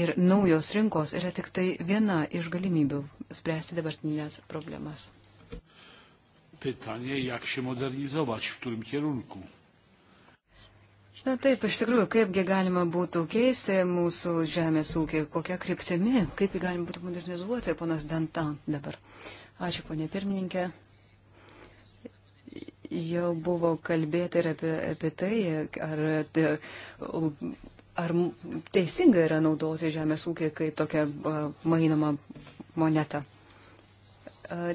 ir naujos rinkos yra tik tai viena iš galimybių spręsti dabartinės problemas. Pytanie, jak się modernizować, w którym kierunku? Na taip, iš tikrųjų, kaipgi galima būtų keisti mūsų žemės ūkį, kokia kryptimi, kaip jį galima būtų modernizuoti, ponas Dantan dabar. Ačiū, ponė pirmininkė. Jau buvo kalbėta ir apie, apie tai, ar, ar teisinga yra naudoti žemės ūkį kaip tokią mainomą monetą.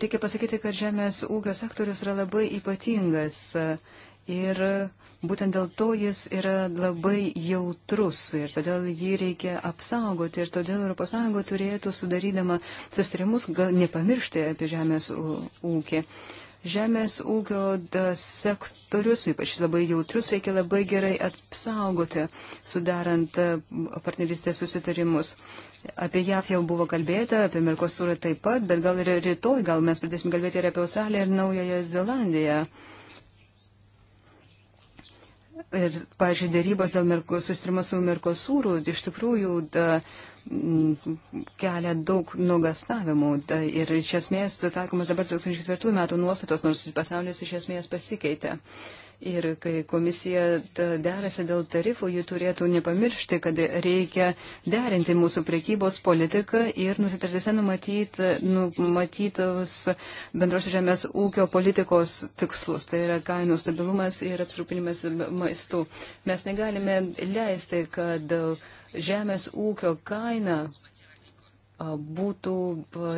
Reikia pasakyti, kad žemės ūkio sektorius yra labai ypatingas ir Būtent dėl to jis yra labai jautrus ir todėl jį reikia apsaugoti ir todėl ES turėtų sudarydama sustarimus nepamiršti apie žemės ūkį. Žemės ūkio sektorius, ypač labai jautrus, reikia labai gerai apsaugoti, sudarant partnerystės susitarimus. Apie JAF jau buvo kalbėta, apie Merkosūrą taip pat, bet gal ir rytoj, gal mes pradėsim kalbėti ir apie Australiją ir Naująją Zelandiją. Uh, Ir, pažiūrėjau, dėrybos dėl Mirko, sustrimo su Mirkosūrų iš tikrųjų da, kelia daug nugastavimų. Da, ir iš esmės taikomas dabar 2004 metų nuostatos, nors pasaulis iš esmės pasikeitė. Uh, Ir kai komisija derasi dėl tarifų, ji turėtų nepamiršti, kad reikia derinti mūsų priekybos politiką ir nusitartise numatyt, numatytos bendros žemės ūkio politikos tikslus. Tai yra kainų stabilumas ir apsrūpinimas maistu. Mes negalime leisti, kad žemės ūkio kaina būtų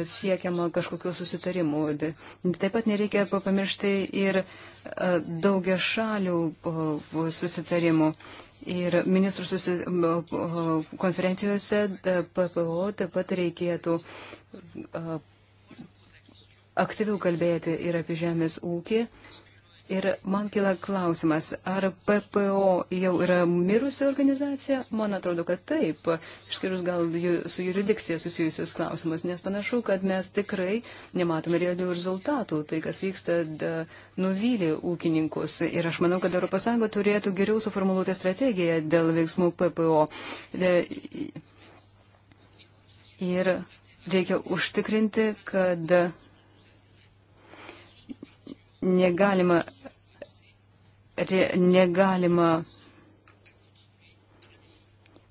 siekiama kažkokiu susitarimu. Taip pat nereikia pamiršti ir daugia šalių susitarimų. Ir ministrų susi... konferencijose PPO taip pat reikėtų aktyviau kalbėti ir apie žemės ūkį, Ir man kila klausimas, ar PPO jau yra mirusi organizacija? Man atrodo, kad taip, išskyrus gal su juridikcija susijusius klausimus, nes panašu, kad mes tikrai nematome realių rezultatų. Tai, kas vyksta, da, nuvylė ūkininkus. Ir aš manau, kad ES turėtų geriau suformuluoti strategiją dėl veiksmų PPO. De, ir reikia užtikrinti, kad negalima, re, negalima,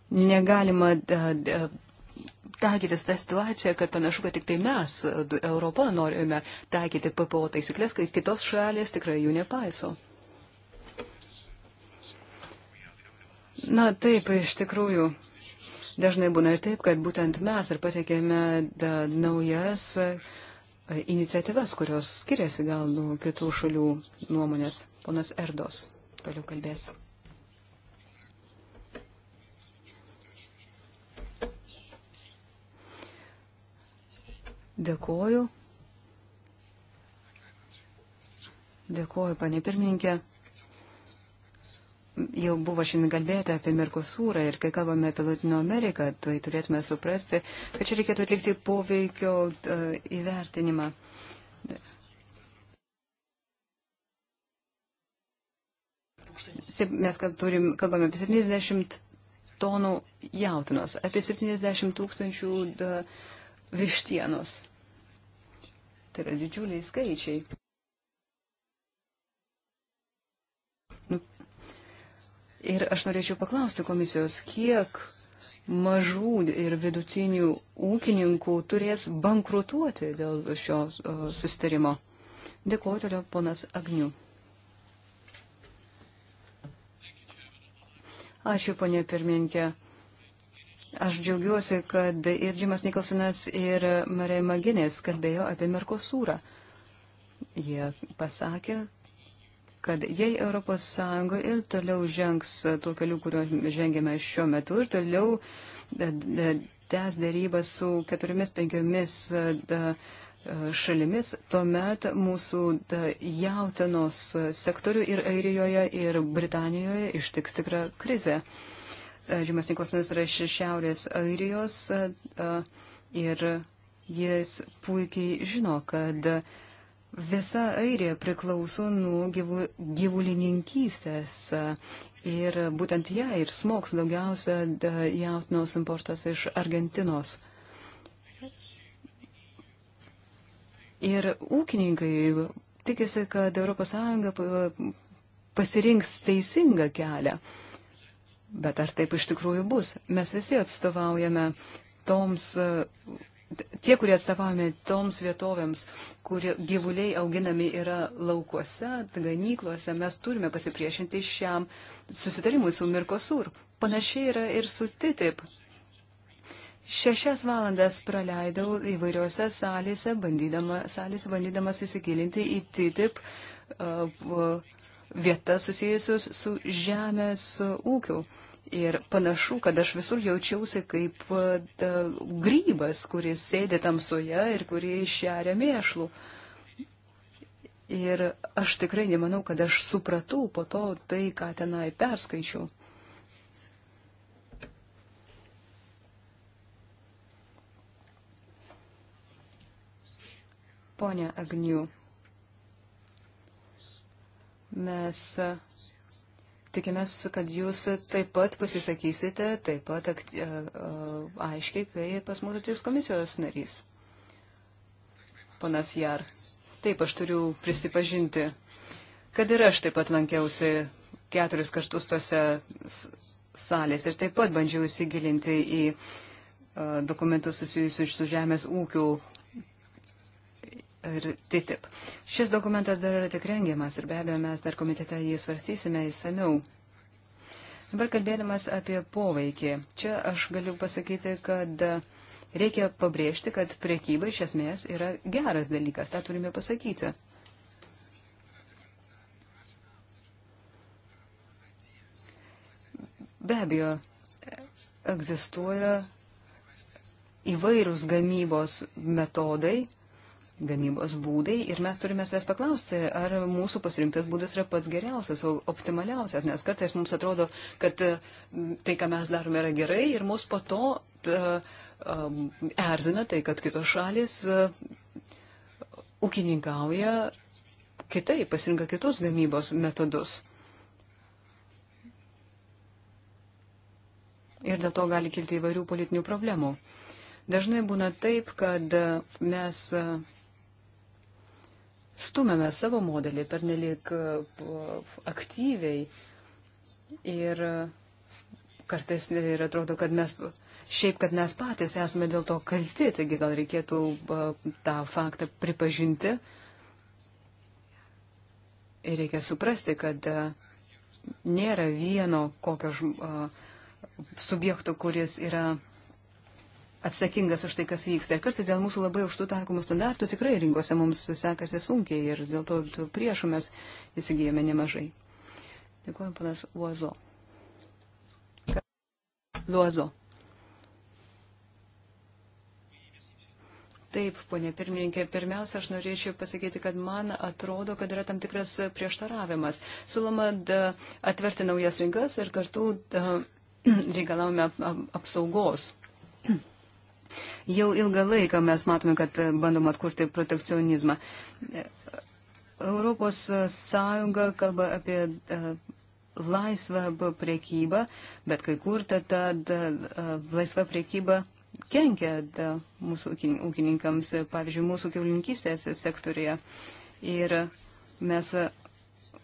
negalima da, da, taikytis tą situaciją, kad panašu, kad tik tai mes, Europa, norime taikyti PPO taisyklės, kai kitos šalės tikrai jų nepaiso. Na taip, iš tikrųjų. Dažnai būna ir taip, kad būtent mes ir pasiekėme naujas uh, iniciatyvas, kurios skiriasi gal nuo kitų šalių nuomonės. Ponas Erdos toliau kalbės. Dėkoju. Dėkoju, panė pirmininkė jau buvo šiandien kalbėta apie Merkosūrą ir kai kalbame apie Latino Ameriką, tai turėtume suprasti, kad čia reikėtų atlikti poveikio e, įvertinimą. Mes turim, kalbame apie 70 tonų jautinos, apie 70 tūkstančių e, vištienos. Tai yra didžiuliai skaičiai. Ir aš norėčiau paklausti komisijos, kiek mažų ir vidutinių ūkininkų turės bankrutuoti dėl šio susitarimo. Dėkuoju toliau, ponas Agniu. Ačiū, ponė pirmininkė. Aš džiaugiuosi, kad ir Džimas Nikolsonas, ir Marija Maginės kalbėjo apie Merkosūrą. Jie pasakė, kad jei ES ir toliau žengs tuo keliu, kuriuo žengėme šiuo metu ir toliau e, e, tęs dėrybą su keturiomis, penkiomis e, šalimis, tuomet mūsų jautinos sektorių ir Airijoje, ir Britanijoje ištiks tikra krizė. Žymas Niklasonas yra iš Šiaurės Airijos ir jis puikiai žino, kad Visa Airija priklauso nuo gyvu, gyvulininkystės ir būtent ją ir smoks daugiausia jautinos importas iš Argentinos. Ir ūkininkai tikisi, kad ES pasirinks teisingą kelią. Bet ar taip iš tikrųjų bus? Mes visi atstovaujame toms tie, kurie atstovavome toms vietovėms, kur gyvuliai auginami yra laukuose, ganyklose, mes turime pasipriešinti šiam susitarimui su Mirkosur. Panašiai yra ir su TTIP. Šešias valandas praleidau įvairiose salėse, bandydama, salėse bandydamas įsigilinti į TTIP uh, vietas susijusius su žemės uh, ūkiu. Uh, Ir panašu, kad aš visur jaučiausi kaip e, da, grybas, kuris sėdė tamsoje ir kurį šeria mėšlų. Ir aš tikrai nemanau, kad aš supratau po to tai, ką tenai perskaičiau. Pone Agniu, mes Tikimės, kad jūs taip pat pasisakysite, taip pat akti, aiškiai, kai pas mūsų trys komisijos narys. Ponas Jar. Taip, aš turiu prisipažinti, kad ir aš taip pat lankiausi keturis kartus tose salės ir taip pat bandžiau įsigilinti į dokumentus susijusius su žemės ūkių ir TTIP. Šis dokumentas dar yra tik rengiamas ir be abejo mes dar komitete jį svarstysime įsamiau. Dabar kalbėdamas apie poveikį. Čia aš galiu pasakyti, kad reikia pabrėžti, kad priekyba iš esmės yra geras dalykas. Ta turime pasakyti. Be abejo, egzistuoja įvairūs gamybos metodai, gamybos būdai ir mes turime savęs paklausti, ar mūsų pasirinktas būdas yra pats geriausias, optimaliausias, nes kartais mums atrodo, kad e, tai, ką mes darome, yra gerai ir mus po to e, e, erzina tai, kad kitos šalis ūkininkauja kitaip, pasirinka kitus gamybos metodus. Ir dėl to gali kilti įvairių politinių problemų. Dažnai būna taip, kad mes stumėme savo modelį pernelik uh, aktyviai ir kartais ir atrodo, kad mes šiaip, kad mes patys esame dėl to kalti, taigi gal reikėtų uh, tą faktą pripažinti ir reikia suprasti, kad uh, nėra vieno kokio subjekto, kuris yra atsakingas už tai, kas vyksta. Ir kartais dėl mūsų labai aukštų taikomų standartų tikrai rinkose mums sekasi sunkiai ir dėl to priešų mes įsigijame nemažai. Dėkuoju, panas Uozo. Luozo. Taip, ponė pirmininkė, pirmiausia, aš norėčiau pasakyti, kad man atrodo, kad yra tam tikras prieštaravimas. Suloma atverti naujas rinkas ir kartu reikalavome apsaugos. Jau ilgą laiką mes matome, kad bandom atkurti protekcionizmą. Europos Sąjunga kalba apie e, laisvą priekybą, bet kai kur ta, ta e, laisva priekyba kenkia da, mūsų ūkininkams, pavyzdžiui, mūsų kiaulinkystės sektorija. Ir mes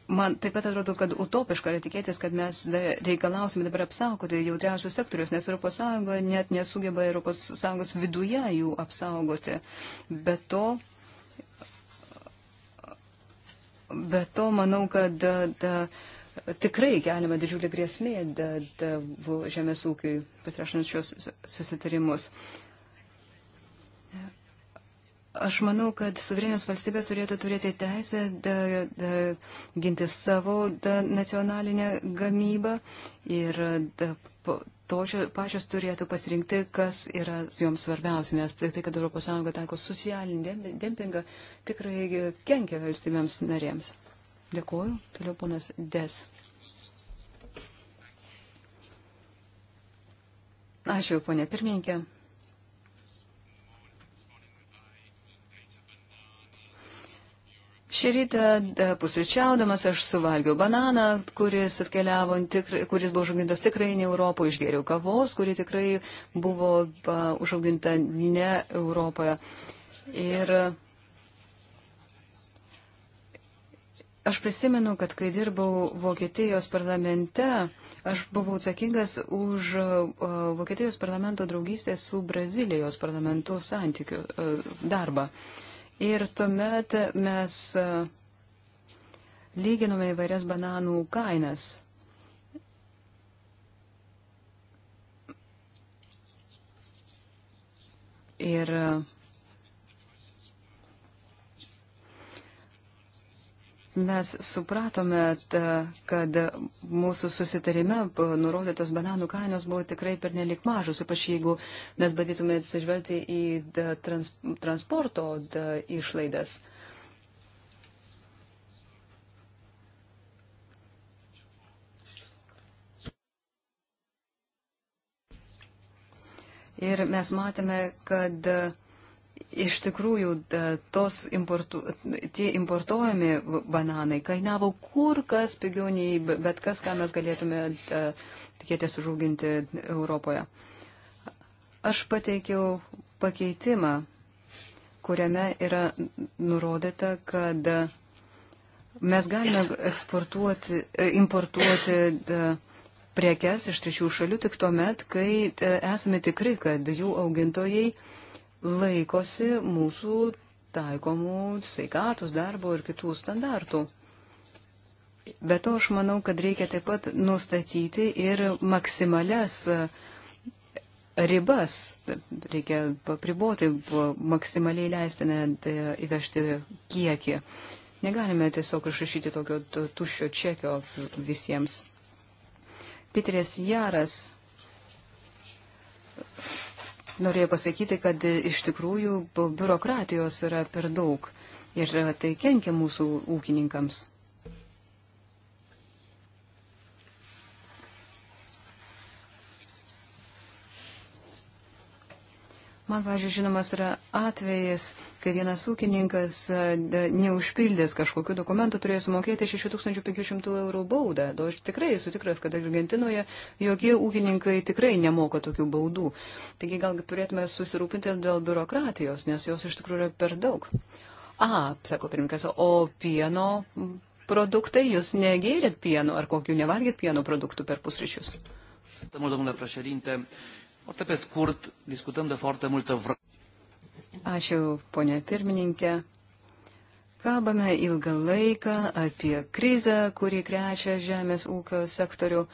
Man taip pat atrodo, kad utopiška yra tikėtis, kad mes reikalausime dabar apsaugoti jautriausius sektorius, nes ES net nesugeba ES viduje jų apsaugoti. Be to, be to manau, kad da, da, tikrai keliama didžiulė grėsmė da, da, žemės ūkiui pasirašant šios susitarimus. Uh, Aš manau, kad suverenios valstybės turėtų turėti teisę da, da, ginti savo da, nacionalinę gamybą ir da, po, to pačios turėtų pasirinkti, kas yra joms svarbiausia, nes tai, tai kad ES taiko socialinį dempingą, tikrai kenkia valstybėms narėms. Dėkuoju. Toliau ponas Des. Ačiū, ponė pirmininkė. Šį rytą e, pusryčiaudamas aš suvalgiau bananą, kuris, atkeliavo, tikrai, kuris buvo užaugintas tikrai ne Europoje, išgėriau kavos, kuri tikrai buvo užauginta ne Europoje. Ir e, aš prisimenu, kad kai dirbau Vokietijos parlamente, aš buvau atsakingas už e, Vokietijos parlamento draugystės su Brazilijos parlamentu santykių darbą. Ir tuomet mes e, lyginome įvairias bananų kainas. Ir uh, Mes supratome, kad mūsų susitarime nurodytos bananų kainos buvo tikrai pernelik mažos, ypač jeigu mes bandytume atsižvelgti į trans, transporto išlaidas. Ir mes matėme, kad uh, Iš tikrųjų, tos importu, tie importuojami bananai kainavo kur kas pigiau nei bet kas, ką mes galėtume tikėtis užauginti Europoje. Aš pateikiau pakeitimą, kuriame yra nurodyta, kad mes galime eksportuoti, importuoti. Da, prekes iš trečių šalių tik tuo met, kai esame tikri, kad jų augintojai laikosi mūsų taikomų sveikatos, darbo ir kitų standartų. Bet to aš manau, kad reikia taip pat nustatyti ir maksimales e, ribas. Reikia papriboti maksimaliai leistiną e, įvežti kiekį. Negalime tiesiog išrašyti tokio tuščio čekio visiems. Piteris Jaras norėjo pasakyti, kad iš tikrųjų biurokratijos yra per daug ir e, tai kenkia mūsų ūkininkams. Man, važiuoju, žinomas yra atvejis, kai vienas ūkininkas e, neužpildęs kažkokiu dokumentu turėjo sumokėti 6500 eurų baudą. O aš tikrai esu tikras, kad Argentinoje jokie ūkininkai tikrai nemoka tokių baudų. Taigi gal turėtume susirūpinti dėl biurokratijos, nes jos iš tikrųjų yra per daug. A, sako pirmininkas, o pieno produktai, jūs negėrėt pieno ar kokių nevalgėt pieno produktų per pusryčius? Domnule președinte, Foarte pe scurt, discutăm de foarte multă vreme. Ačiū, ponė pirmininkė. Kalbame ilgą laiką apie krizę, kuri krečia žemės ūkio sektorių,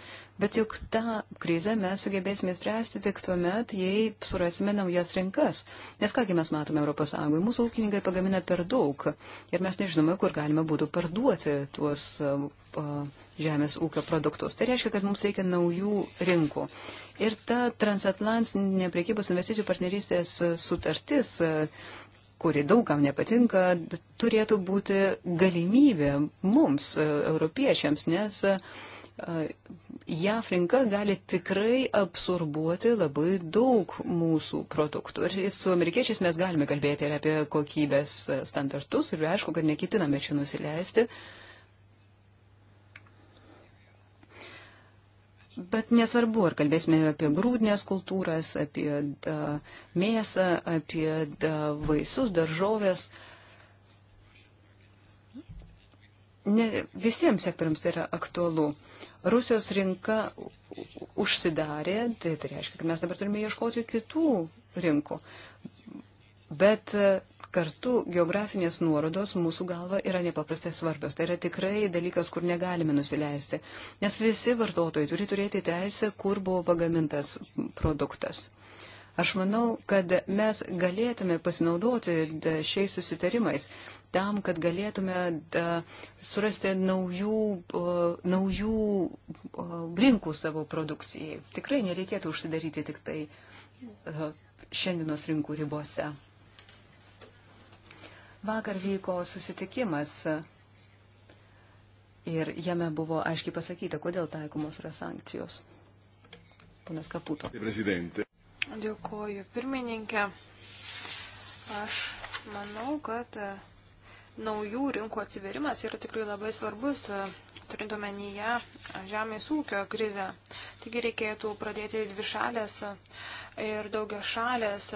bet juk tą krizę mes sugebėsime spręsti tik tuo met, jei surasime naujas rinkas. Nes kągi mes matome Europos Sąjungoje, mūsų ūkininkai pagamina per daug ir mes nežinome, kur galima būtų parduoti tuos uh, žemės ūkio produktus. Tai reiškia, kad mums reikia naujų rinkų. Uh, Ir ta transatlantinė priekybos investicijų partnerystės sutartis, kuri daugam nepatinka, turėtų būti galimybė mums, europiečiams, nes e, JAF rinka gali tikrai absorbuoti labai daug mūsų produktų. Ir su amerikiečiais mes galime kalbėti ir apie kokybės standartus ir aišku, kad neketiname čia nusileisti. Uh, Bet nesvarbu, ar kalbėsime apie grūdinės kultūras, apie da, mėsą, apie da, vaisius, daržovės. Ne, visiems sektoriams tai yra aktualu. Rusijos rinka užsidarė, tai, tai reiškia, kad mes dabar turime ieškoti kitų rinkų bet e, kartu geografinės nuorodos mūsų galva yra nepaprastai svarbios. Tai yra tikrai dalykas, kur negalime nusileisti, nes visi vartotojai turi turėti teisę, kur buvo pagamintas produktas. Aš manau, kad mes galėtume pasinaudoti e, šiais susitarimais tam, kad galėtume da, e, surasti naujų, o, naujų o, rinkų savo produkcijai. Tikrai nereikėtų užsidaryti tik tai o, šiandienos rinkų ribose. Vakar vyko susitikimas ir jame buvo aiškiai pasakyta, kodėl taikomos yra sankcijos. Ponas Kaputo. Dėkuoju, pirmininkė. Aš manau, kad e, naujų rinkų atsiverimas yra tikrai labai svarbus e, turint omenyje žemės ūkio krizę. Taigi reikėtų pradėti dvišalės ir daugia šalės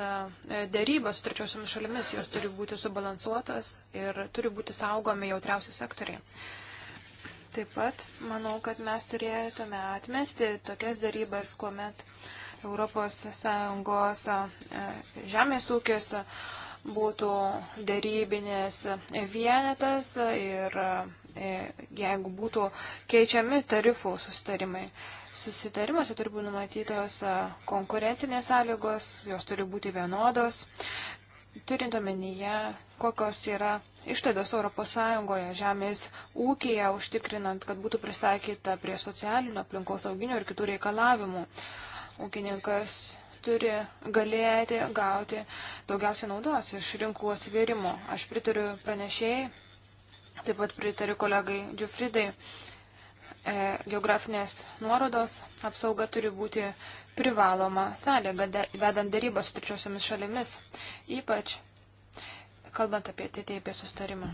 dėrybas su trečiosiomis šalimis, jos turi būti subalansuotas ir turi būti saugomi jautriausi sektoriai. Taip pat manau, kad mes turėtume atmesti tokias dėrybas, kuomet ES e, žemės ūkis būtų dėrybinis vienetas ir E, jeigu būtų keičiami tarifų susitarimai. Susitarimuose turi būti numatytos e, konkurencinės sąlygos, jos turi būti vienodos, turint omenyje, kokios yra išlaidos ES žemės ūkija, užtikrinant, kad būtų pristaikyta prie socialinių, aplinkos auginių ir kitų reikalavimų. Ūkininkas turi galėti gauti daugiausiai naudos iš rinkų atsivėrimo. Aš pritariu pranešėjai Taip pat pritariu kolegai Džiufridai. E, geografinės nuorodos apsauga turi būti privaloma sąlyga, vedant dėrybą su trečiosiomis šalimis, ypač kalbant apie TTIP sustarimą.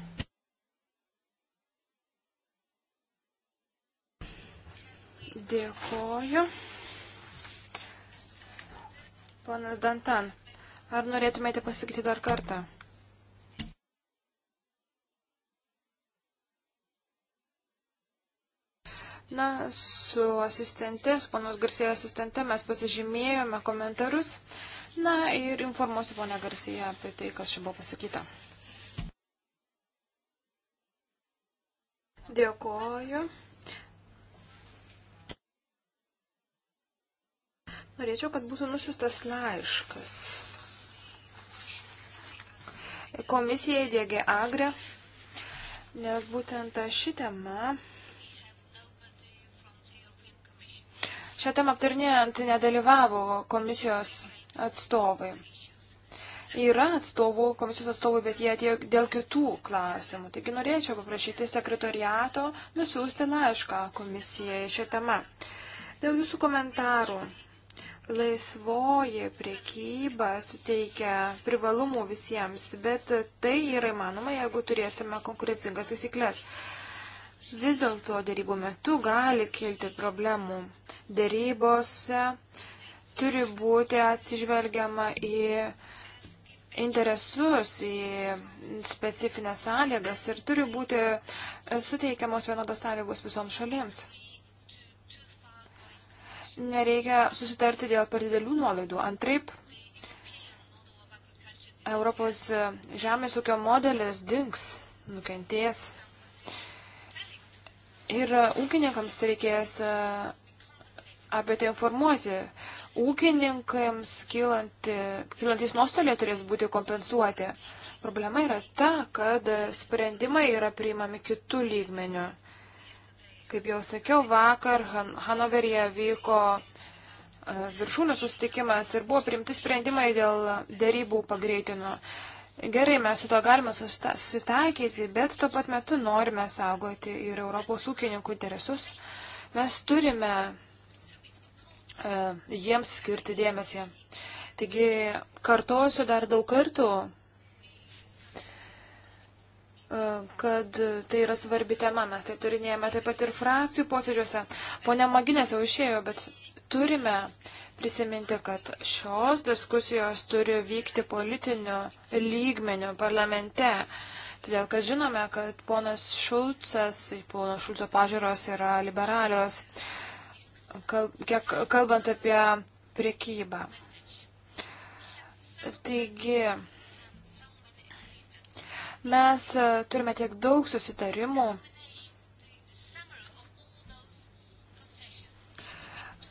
Dėkoju. Ponas Dantan, ar norėtumėte pasakyti dar kartą? Na, su asistente, su panos Garsėjo asistente mes pasižymėjome komentarus. Na ir informuosiu ponę Garsiją apie tai, kas čia buvo pasakyta. Dėkoju. Norėčiau, kad būtų nusiustas laiškas. Komisija įdėgė agrę, nes būtent ši tema Šią temą aptarnėjant nedalyvavo komisijos atstovai. Yra atstovų, komisijos atstovų, bet jie atėjo dėl kitų klausimų. Taigi norėčiau paprašyti sekretoriato nusiųsti laišką komisijai šią temą. Dėl jūsų komentarų. Laisvoji priekyba suteikia privalumų visiems, bet tai yra įmanoma, jeigu turėsime konkurencingas taisyklės vis dėlto dėrybų metu gali kilti problemų. Dėrybose turi būti atsižvelgiama į interesus, į specifines sąlygas ir turi būti suteikiamos vienodos sąlygos visoms šalims. Nereikia susitarti dėl per didelių nuolaidų. Antraip, Europos žemės ūkio modelis dinks, nukentės. Ir e, ūkininkams tai reikės e, apie tai informuoti. Ūkininkams kylanti, kylantys nuostoliai turės būti kompensuoti. Problema yra ta, kad e, sprendimai yra priimami kitų lygmenių. Kaip jau sakiau, vakar Han Hanoveryje vyko viršūnių susitikimas ir buvo priimti sprendimai dėl dėrybų pagreitino. Gerai, mes su to galime susitaikyti, bet tuo pat metu norime saugoti ir Europos ūkininkų interesus. Mes turime uh, jiems skirti dėmesį. Taigi, kartosiu dar daug kartų, e, kad tai yra svarbi tema. Mes tai turinėjame taip pat ir frakcijų posėdžiuose. Pone Maginės jau išėjo, bet turime prisiminti, kad šios diskusijos turi vykti politiniu lygmeniu parlamente. Todėl, kad žinome, kad ponas Šulcas, pono Šulco pažiūros yra liberalios, kal, kiek, kalbant apie priekybą. Taigi, mes turime tiek daug susitarimų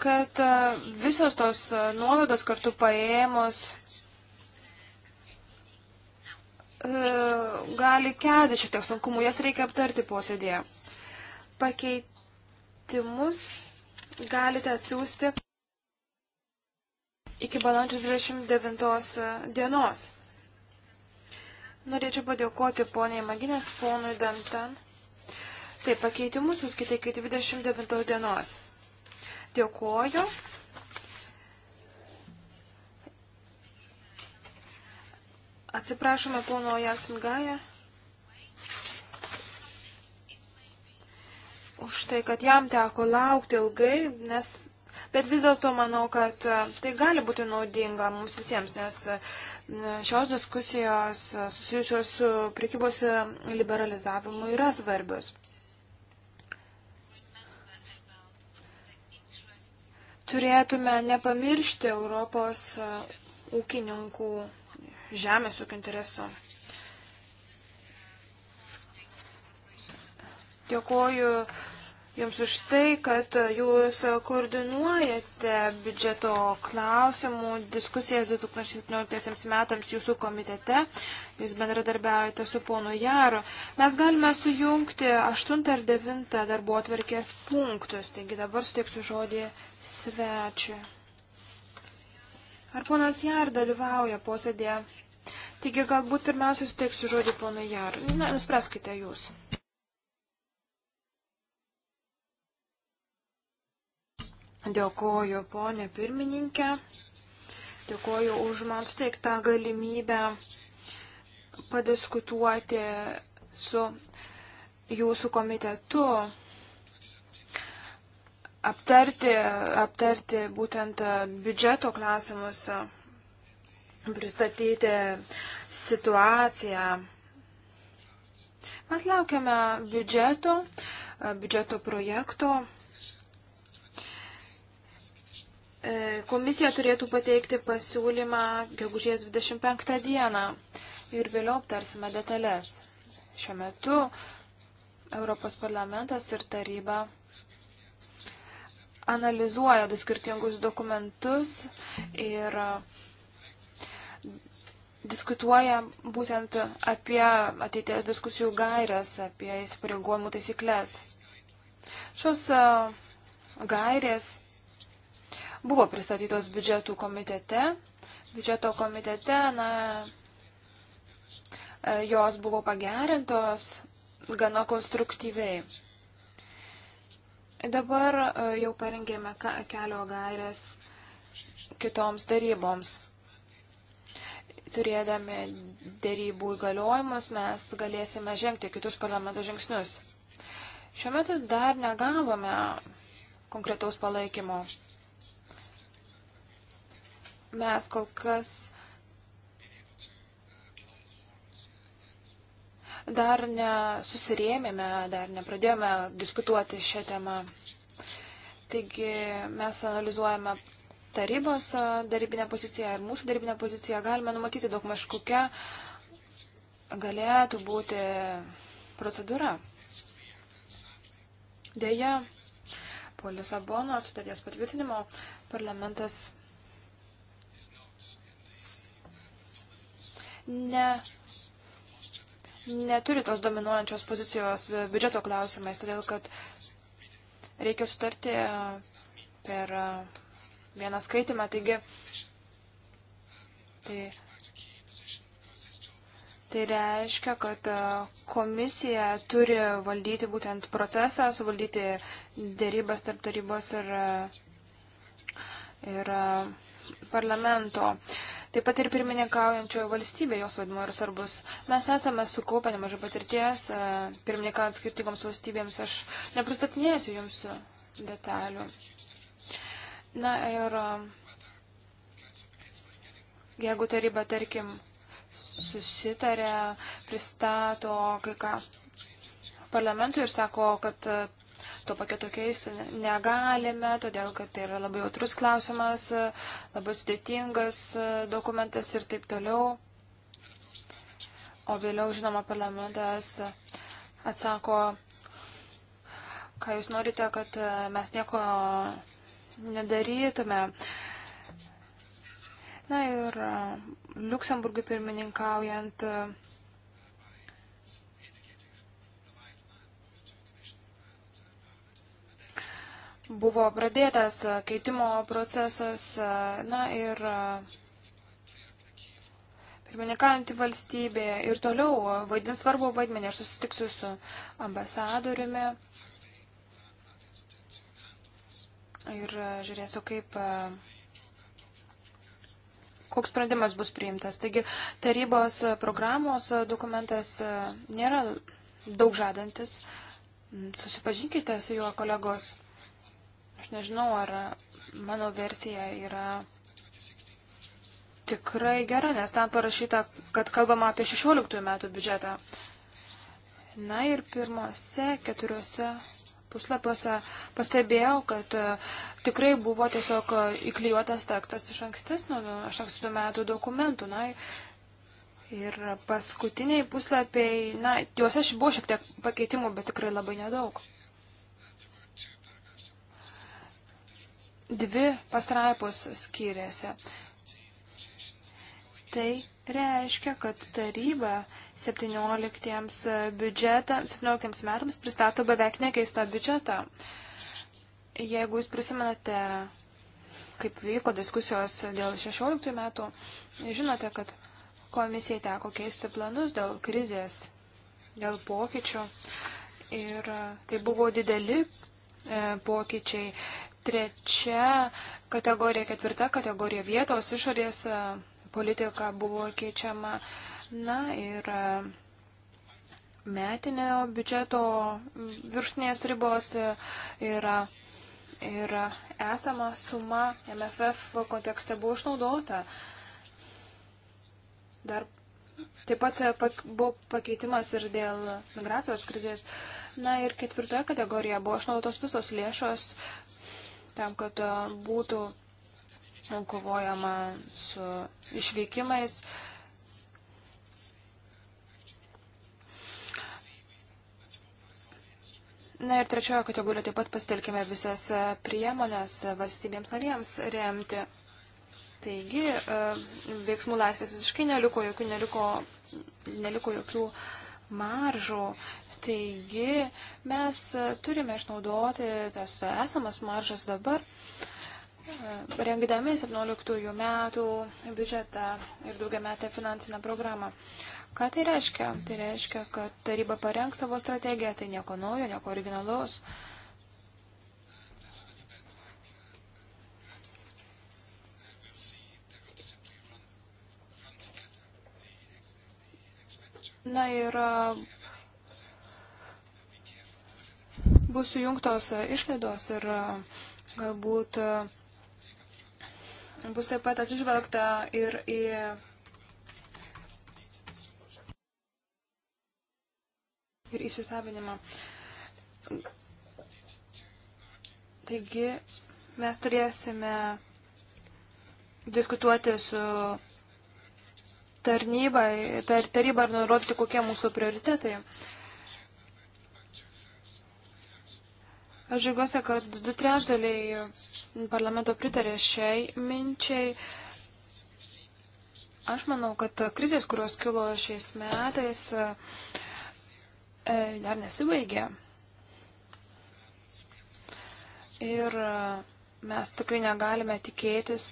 kad e, visos tos e, nuolaidos kartu paėmus e, gali kelti šiek tiek sunkumų, jas reikia aptarti posėdėje. Pakeitimus galite atsiųsti iki balandžio 29 dienos. Norėčiau padėkoti poniai Maginės, ponui Dantan. Taip, pakeitimus suskite iki 29 dienos. Dėkoju. Atsiprašome pono Jasingaja už tai, kad jam teko laukti ilgai, nes, bet vis dėlto manau, kad e, tai gali būti naudinga mums visiems, nes e, šios diskusijos e, susijusios su prekybos liberalizavimu yra svarbios. turėtume nepamiršti Europos e, ūkininkų žemės ūkio interesų. Dėkoju Jums už tai, kad jūs koordinuojate biudžeto klausimų diskusijas 2017 metams jūsų komitete. Jūs bendradarbiaujate su ponu Jaru. Mes galime sujungti 8 ar 9 darbo atverkės punktus. Taigi dabar suteiksiu žodį svečiui. Ar ponas Jar dalyvauja posėdėje? Taigi galbūt pirmiausia suteiksiu žodį ponui Jar. Na, nuspręskite jūs. Dėkoju, ponė pirmininkė. Dėkoju už man suteiktą galimybę padiskutuoti su jūsų komitetu, aptarti, aptarti būtent biudžeto klausimus, pristatyti situaciją. Mes laukiame biudžeto, biudžeto projekto E, komisija turėtų pateikti pasiūlymą gegužės 25 dieną ir vėliau aptarsime detalės. Šiuo metu Europos parlamentas ir taryba analizuoja du skirtingus dokumentus ir diskutuoja būtent apie ateities diskusijų gairias, apie įsipareigojimų taisyklės. Šios e, gairės buvo pristatytos biudžetų komitete. Biudžeto komitete, na, e, jos buvo pagerintos gana konstruktyviai. Dabar e, jau parengėme kelio gairės kitoms daryboms. Turėdami darybų įgaliojimus mes galėsime žengti kitus parlamento žingsnius. Šiuo metu dar negavome konkretaus palaikymo mes kol kas dar nesusirėmėme, dar nepradėjome diskutuoti šią temą. Taigi mes analizuojame tarybos darybinę poziciją ir mūsų darybinę poziciją. Galime numatyti daug maž kokia galėtų būti procedūra. Deja, po Lisabono sutarties patvirtinimo parlamentas ne, neturi tos dominuojančios pozicijos biudžeto klausimais, todėl kad reikia sutarti e, per e, vieną skaitimą, taigi tai, tai reiškia, kad e, komisija turi valdyti būtent procesą, suvaldyti dėrybas tarp tarybos ir, ir parlamento. Uh, Taip pat ir pirmininkaujančioje valstybė jos vaidmuo yra svarbus. Mes esame sukaupę nemažai patirties, e, pirmininkaujant skirtingoms valstybėms, aš nepristatinėsiu jums detalių. Na ir e, jeigu taryba, tarkim, susitarė, pristato kai ką parlamentui ir sako, kad to paketo keisti negalime, todėl kad tai yra labai jautrus klausimas, labai sudėtingas e, dokumentas ir taip toliau. O vėliau, žinoma, parlamentas atsako, ką jūs norite, kad e, mes nieko nedarytume. Na ir e, Luksemburgui pirmininkaujant buvo pradėtas keitimo procesas, na ir pirmininkaujantį valstybė ir toliau vaidins svarbu vaidmenį. Aš susitiksiu su ambasadoriumi ir žiūrėsiu, kaip koks sprendimas bus priimtas. Taigi tarybos programos dokumentas nėra daug žadantis. Mm, susipažinkite su juo kolegos. Aš nežinau, ar mano versija yra tikrai gera, nes ten parašyta, kad kalbama apie 16 metų biudžetą. Na ir pirmose keturiose puslapiuose pastebėjau, kad e, tikrai buvo tiesiog e, įklijuotas tekstas iš ankstesnių, nu, iš ankstesnių metų dokumentų. Na, ir paskutiniai puslapiai, na, juose buvo šiek tiek pakeitimų, bet tikrai labai nedaug. dvi pastraipos skiriasi. Tai reiškia, kad taryba 17 biudžetą, 17 metams pristato beveik nekeistą biudžetą. Jeigu jūs prisimenate, kaip vyko diskusijos dėl 16 metų, žinote, kad komisijai teko keisti planus dėl krizės, dėl pokyčių. Ir tai buvo dideli e, pokyčiai trečia kategorija, ketvirta kategorija vietos išorės e, politika buvo keičiama. Na ir e, metinio biudžeto virštinės ribos e, yra ir esama suma MFF kontekste buvo išnaudota. Dar taip pat pak, buvo pakeitimas ir dėl migracijos krizės. Na ir ketvirtoje kategorijoje buvo išnaudotos visos lėšos tam, kad e, būtų kovojama su išvykimais. Na ir trečiojo kategorijoje taip pat pasitelkime visas e, priemonės valstybėms narėms remti. Taigi, e, veiksmų laisvės visiškai neliko, jokių, neliko, neliko jokių uh, maržų. Taigi mes turime išnaudoti tas esamas maržas dabar, rengdami 17 metų biudžetą ir daugiametę finansinę programą. Ką tai reiškia? Tai reiškia, kad taryba parengs savo strategiją, tai nieko naujo, nieko originalaus. Na ir e, bus sujungtos e, išlaidos ir e, galbūt bus taip pat atsižvelgta ir į. Ir įsisavinimą. Taigi mes turėsime diskutuoti su tarnybą, tar, tarybą ir nurodyti, kokie mūsų prioritetai. Aš žiūrėsiu, kad du trešdaliai parlamento pritarė šiai minčiai. Aš manau, kad krizės, kurios kilo šiais metais, e, dar nesibaigė. Ir e, mes tikrai negalime tikėtis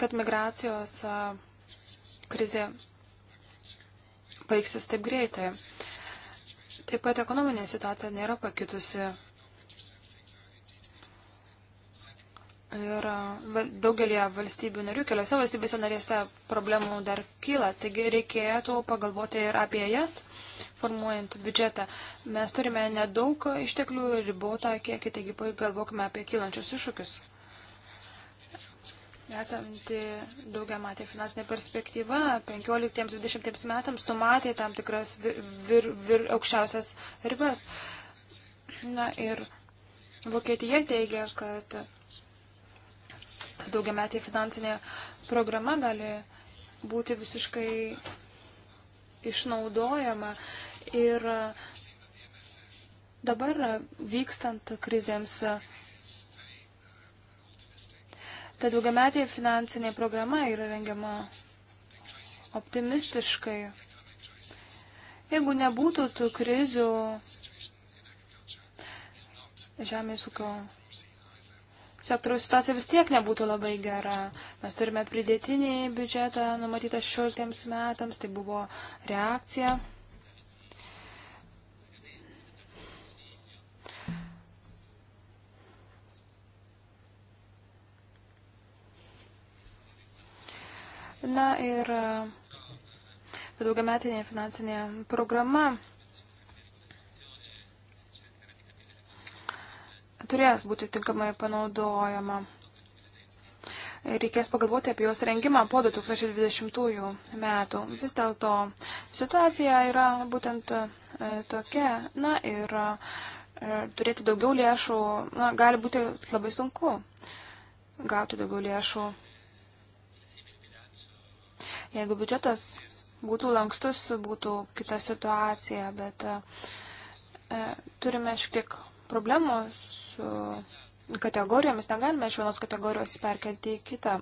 kad migracijos krizė baigsis taip greitai. Taip pat ekonominė situacija nėra pakitusi. Ir daugelie valstybių narių, keliose valstybėse narėse problemų dar kyla, taigi reikėtų pagalvoti ir apie jas, formuojant biudžetą. Mes turime nedaug išteklių ir ribotą kiekį, taigi pagalvokime apie kylančius iššūkius esanti daugiamatė finansinė perspektyva 15-20 metams numatė tam tikras vir, vir, vir aukščiausias ribas. Na ir Vokietija teigia, kad daugiametė finansinė programa gali būti visiškai išnaudojama ir dabar vykstant krizėms Ta daugiametė finansinė programa yra rengiama optimistiškai. Jeigu nebūtų tų krizių žemės ūkio sektoriaus situacija vis tiek nebūtų labai gera. Mes turime pridėtinį biudžetą numatytą šioltiems metams, tai buvo reakcija Na ir e, daugiametinė finansinė programa turės būti tinkamai panaudojama. Reikės pagalvoti apie jos rengimą po 2020 metų. Vis dėlto situacija yra būtent e, tokia. Na ir e, turėti daugiau lėšų na, gali būti labai sunku gauti daugiau lėšų Jeigu biudžetas būtų lankstus, būtų kita situacija, bet e, turime šiek tiek problemų su kategorijomis, negalime iš vienos kategorijos perkelti į kitą.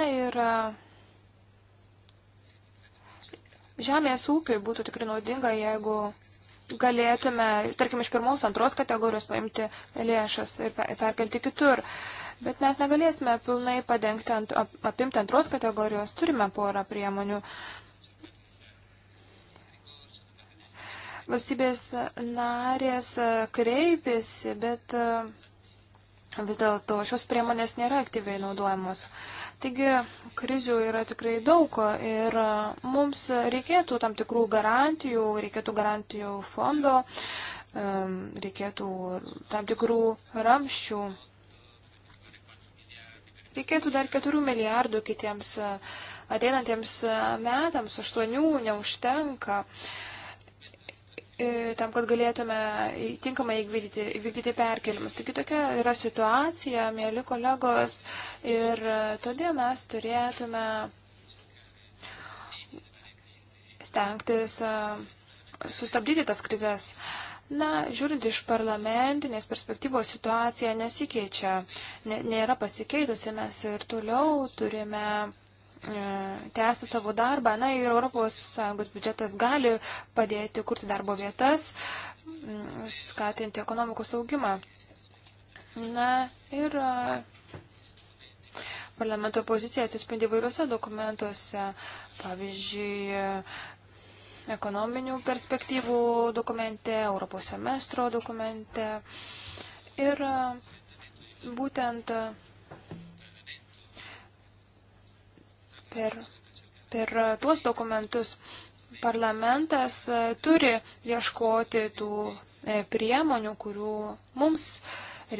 Na ir e, žemės ūkiui būtų tikrai naudinga, jeigu galėtume, tarkim, iš pirmos, antros kategorijos paimti lėšas ir perkelti kitur. E, Bet mes negalėsime pilnai padengti ant, ap, apimti antros kategorijos, turime porą priemonių. Valstybės narės kreipėsi, bet e, vis dėlto šios priemonės nėra aktyviai naudojamos. Taigi krizių yra tikrai daug ir e, mums reikėtų tam tikrų garantijų, reikėtų garantijų fondo, e, reikėtų tam tikrų ramščių Reikėtų dar 4 milijardų kitiems e, ateinantiems e, metams, 8 neužtenka e, tam, kad galėtume tinkamai įvykdyti, įvykdyti perkelimus. Taigi tokia yra situacija, mėly kolegos, ir todėl mes turėtume stengtis sustabdyti tas krizės. Uh, Na, žiūrint iš parlamentinės perspektyvos situacija nesikeičia, nėra pasikeitusi, mes ir toliau turime e, tęsti savo darbą. Na ir ES biudžetas gali padėti kurti darbo vietas, skatinti ekonomikos augimą. Na ir e, parlamento pozicija atsispindi vairiuose dokumentuose. Pavyzdžiui, ekonominių perspektyvų dokumente, Europos semestro dokumente. Ir e, būtent e, per, per tuos dokumentus parlamentas e, turi ieškoti tų priemonių, kurių mums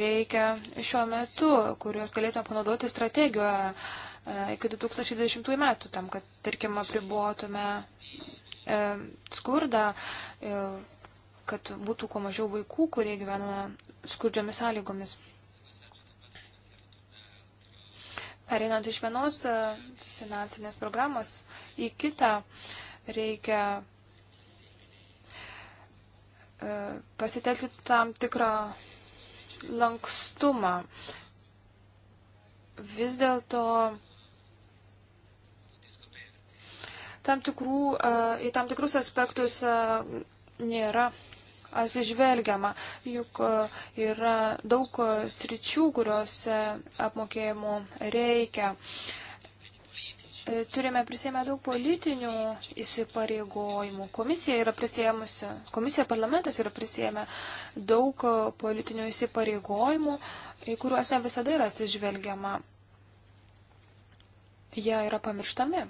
reikia šiuo metu, kuriuos galėtume panaudoti strategijoje iki 2020 metų, tam, kad, tarkim, apribuotume E, skurdą, e, kad būtų kuo mažiau vaikų, kurie gyvena skurdžiomis sąlygomis. Pereinant iš vienos e, finansinės programos į kitą, reikia pasitelkti tam tikrą lankstumą. Vis dėlto tam tikrų, e, į tam tikrus aspektus e, nėra atsižvelgiama, juk e, yra daug sričių, kuriuose apmokėjimų reikia. Turime prisėmę daug politinių įsipareigojimų. Komisija yra prisėmusi, komisija parlamentas yra prisėmę daug politinių įsipareigojimų, į kuriuos ne visada yra atsižvelgiama. Jie yra pamirštami.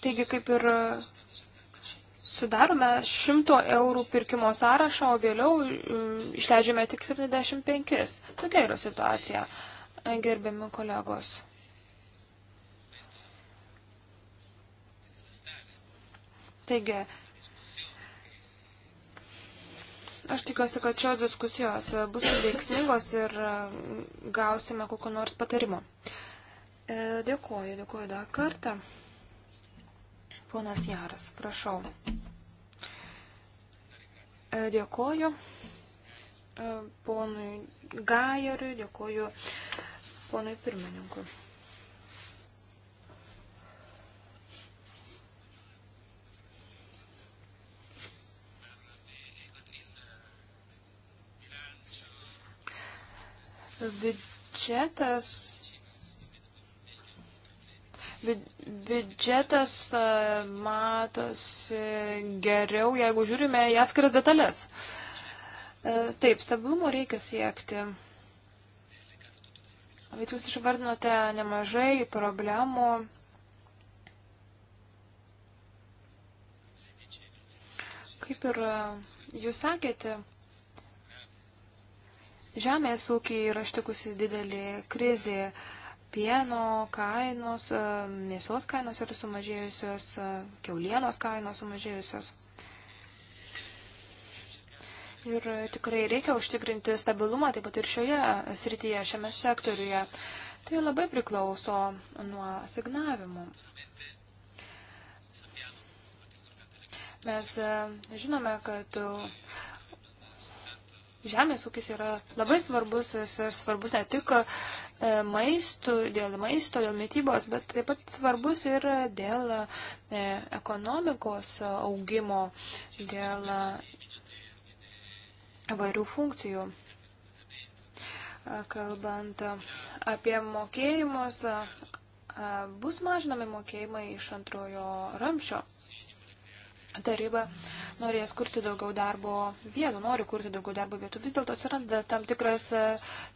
Taigi kaip ir e, sudarome 100 eurų pirkimo sąrašą, o vėliau e, išleidžiame tik 75. Tokia yra situacija, e, gerbiami kolegos. Taigi, Aš tikiuosi, kad šios diskusijos bus veiksmingos ir gausime kokiu nors patarimu. Dėkuoju, dėkuoju dar kartą. Ponas Jaras, prašau. E, dėkoju e, ponui Gajeriui, dėkoju ponui pirmininkui. Biudžetas Biudžetas e, matosi geriau, jeigu žiūrime į atskiras detalės. E, taip, stabilumo reikia siekti. Bet jūs išvardinote nemažai problemų. Kaip ir e, jūs sakėte, žemės ūkiai yra ištikusi didelė krizė pieno kainos, e, mėsos kainos yra sumažėjusios, e, keulienos kainos sumažėjusios. Ir tikrai reikia užtikrinti stabilumą taip pat ir šioje srityje, šiame sektoriuje. Tai labai priklauso nuo asignavimų. Mes e, žinome, kad žemės ūkis yra labai svarbus, jis svarbus ne tik e, maistų, dėl maisto, dėl mytybos, bet taip pat svarbus ir dėl e, ekonomikos augimo, dėl e, įvairių funkcijų. Kalbant apie mokėjimus, bus mažinami mokėjimai iš antrojo ramšio taryba norės kurti daugiau darbo vietų, nori kurti daugiau darbo vietų. Vis dėlto atsiranda tam tikras e,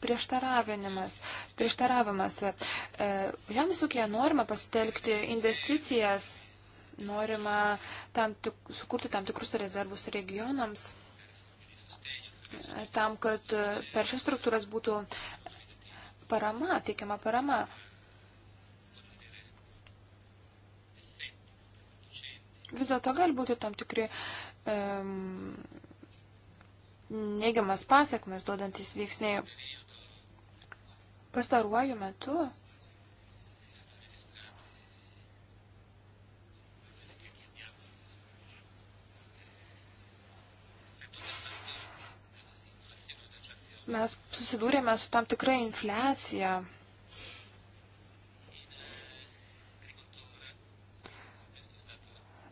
prieštaravimas. prieštaravimas. Žemės ūkėje norima pasitelkti investicijas, norima tam tik, sukurti tam tikrus rezervus regionams, e, tam, kad e, per šias struktūras būtų parama, teikiama parama vis dėlto gali būti tam tikri um, neigiamas pasiekmes duodantis veiksniai. Pastaruoju metu mes susidūrėme su tam tikra infliacija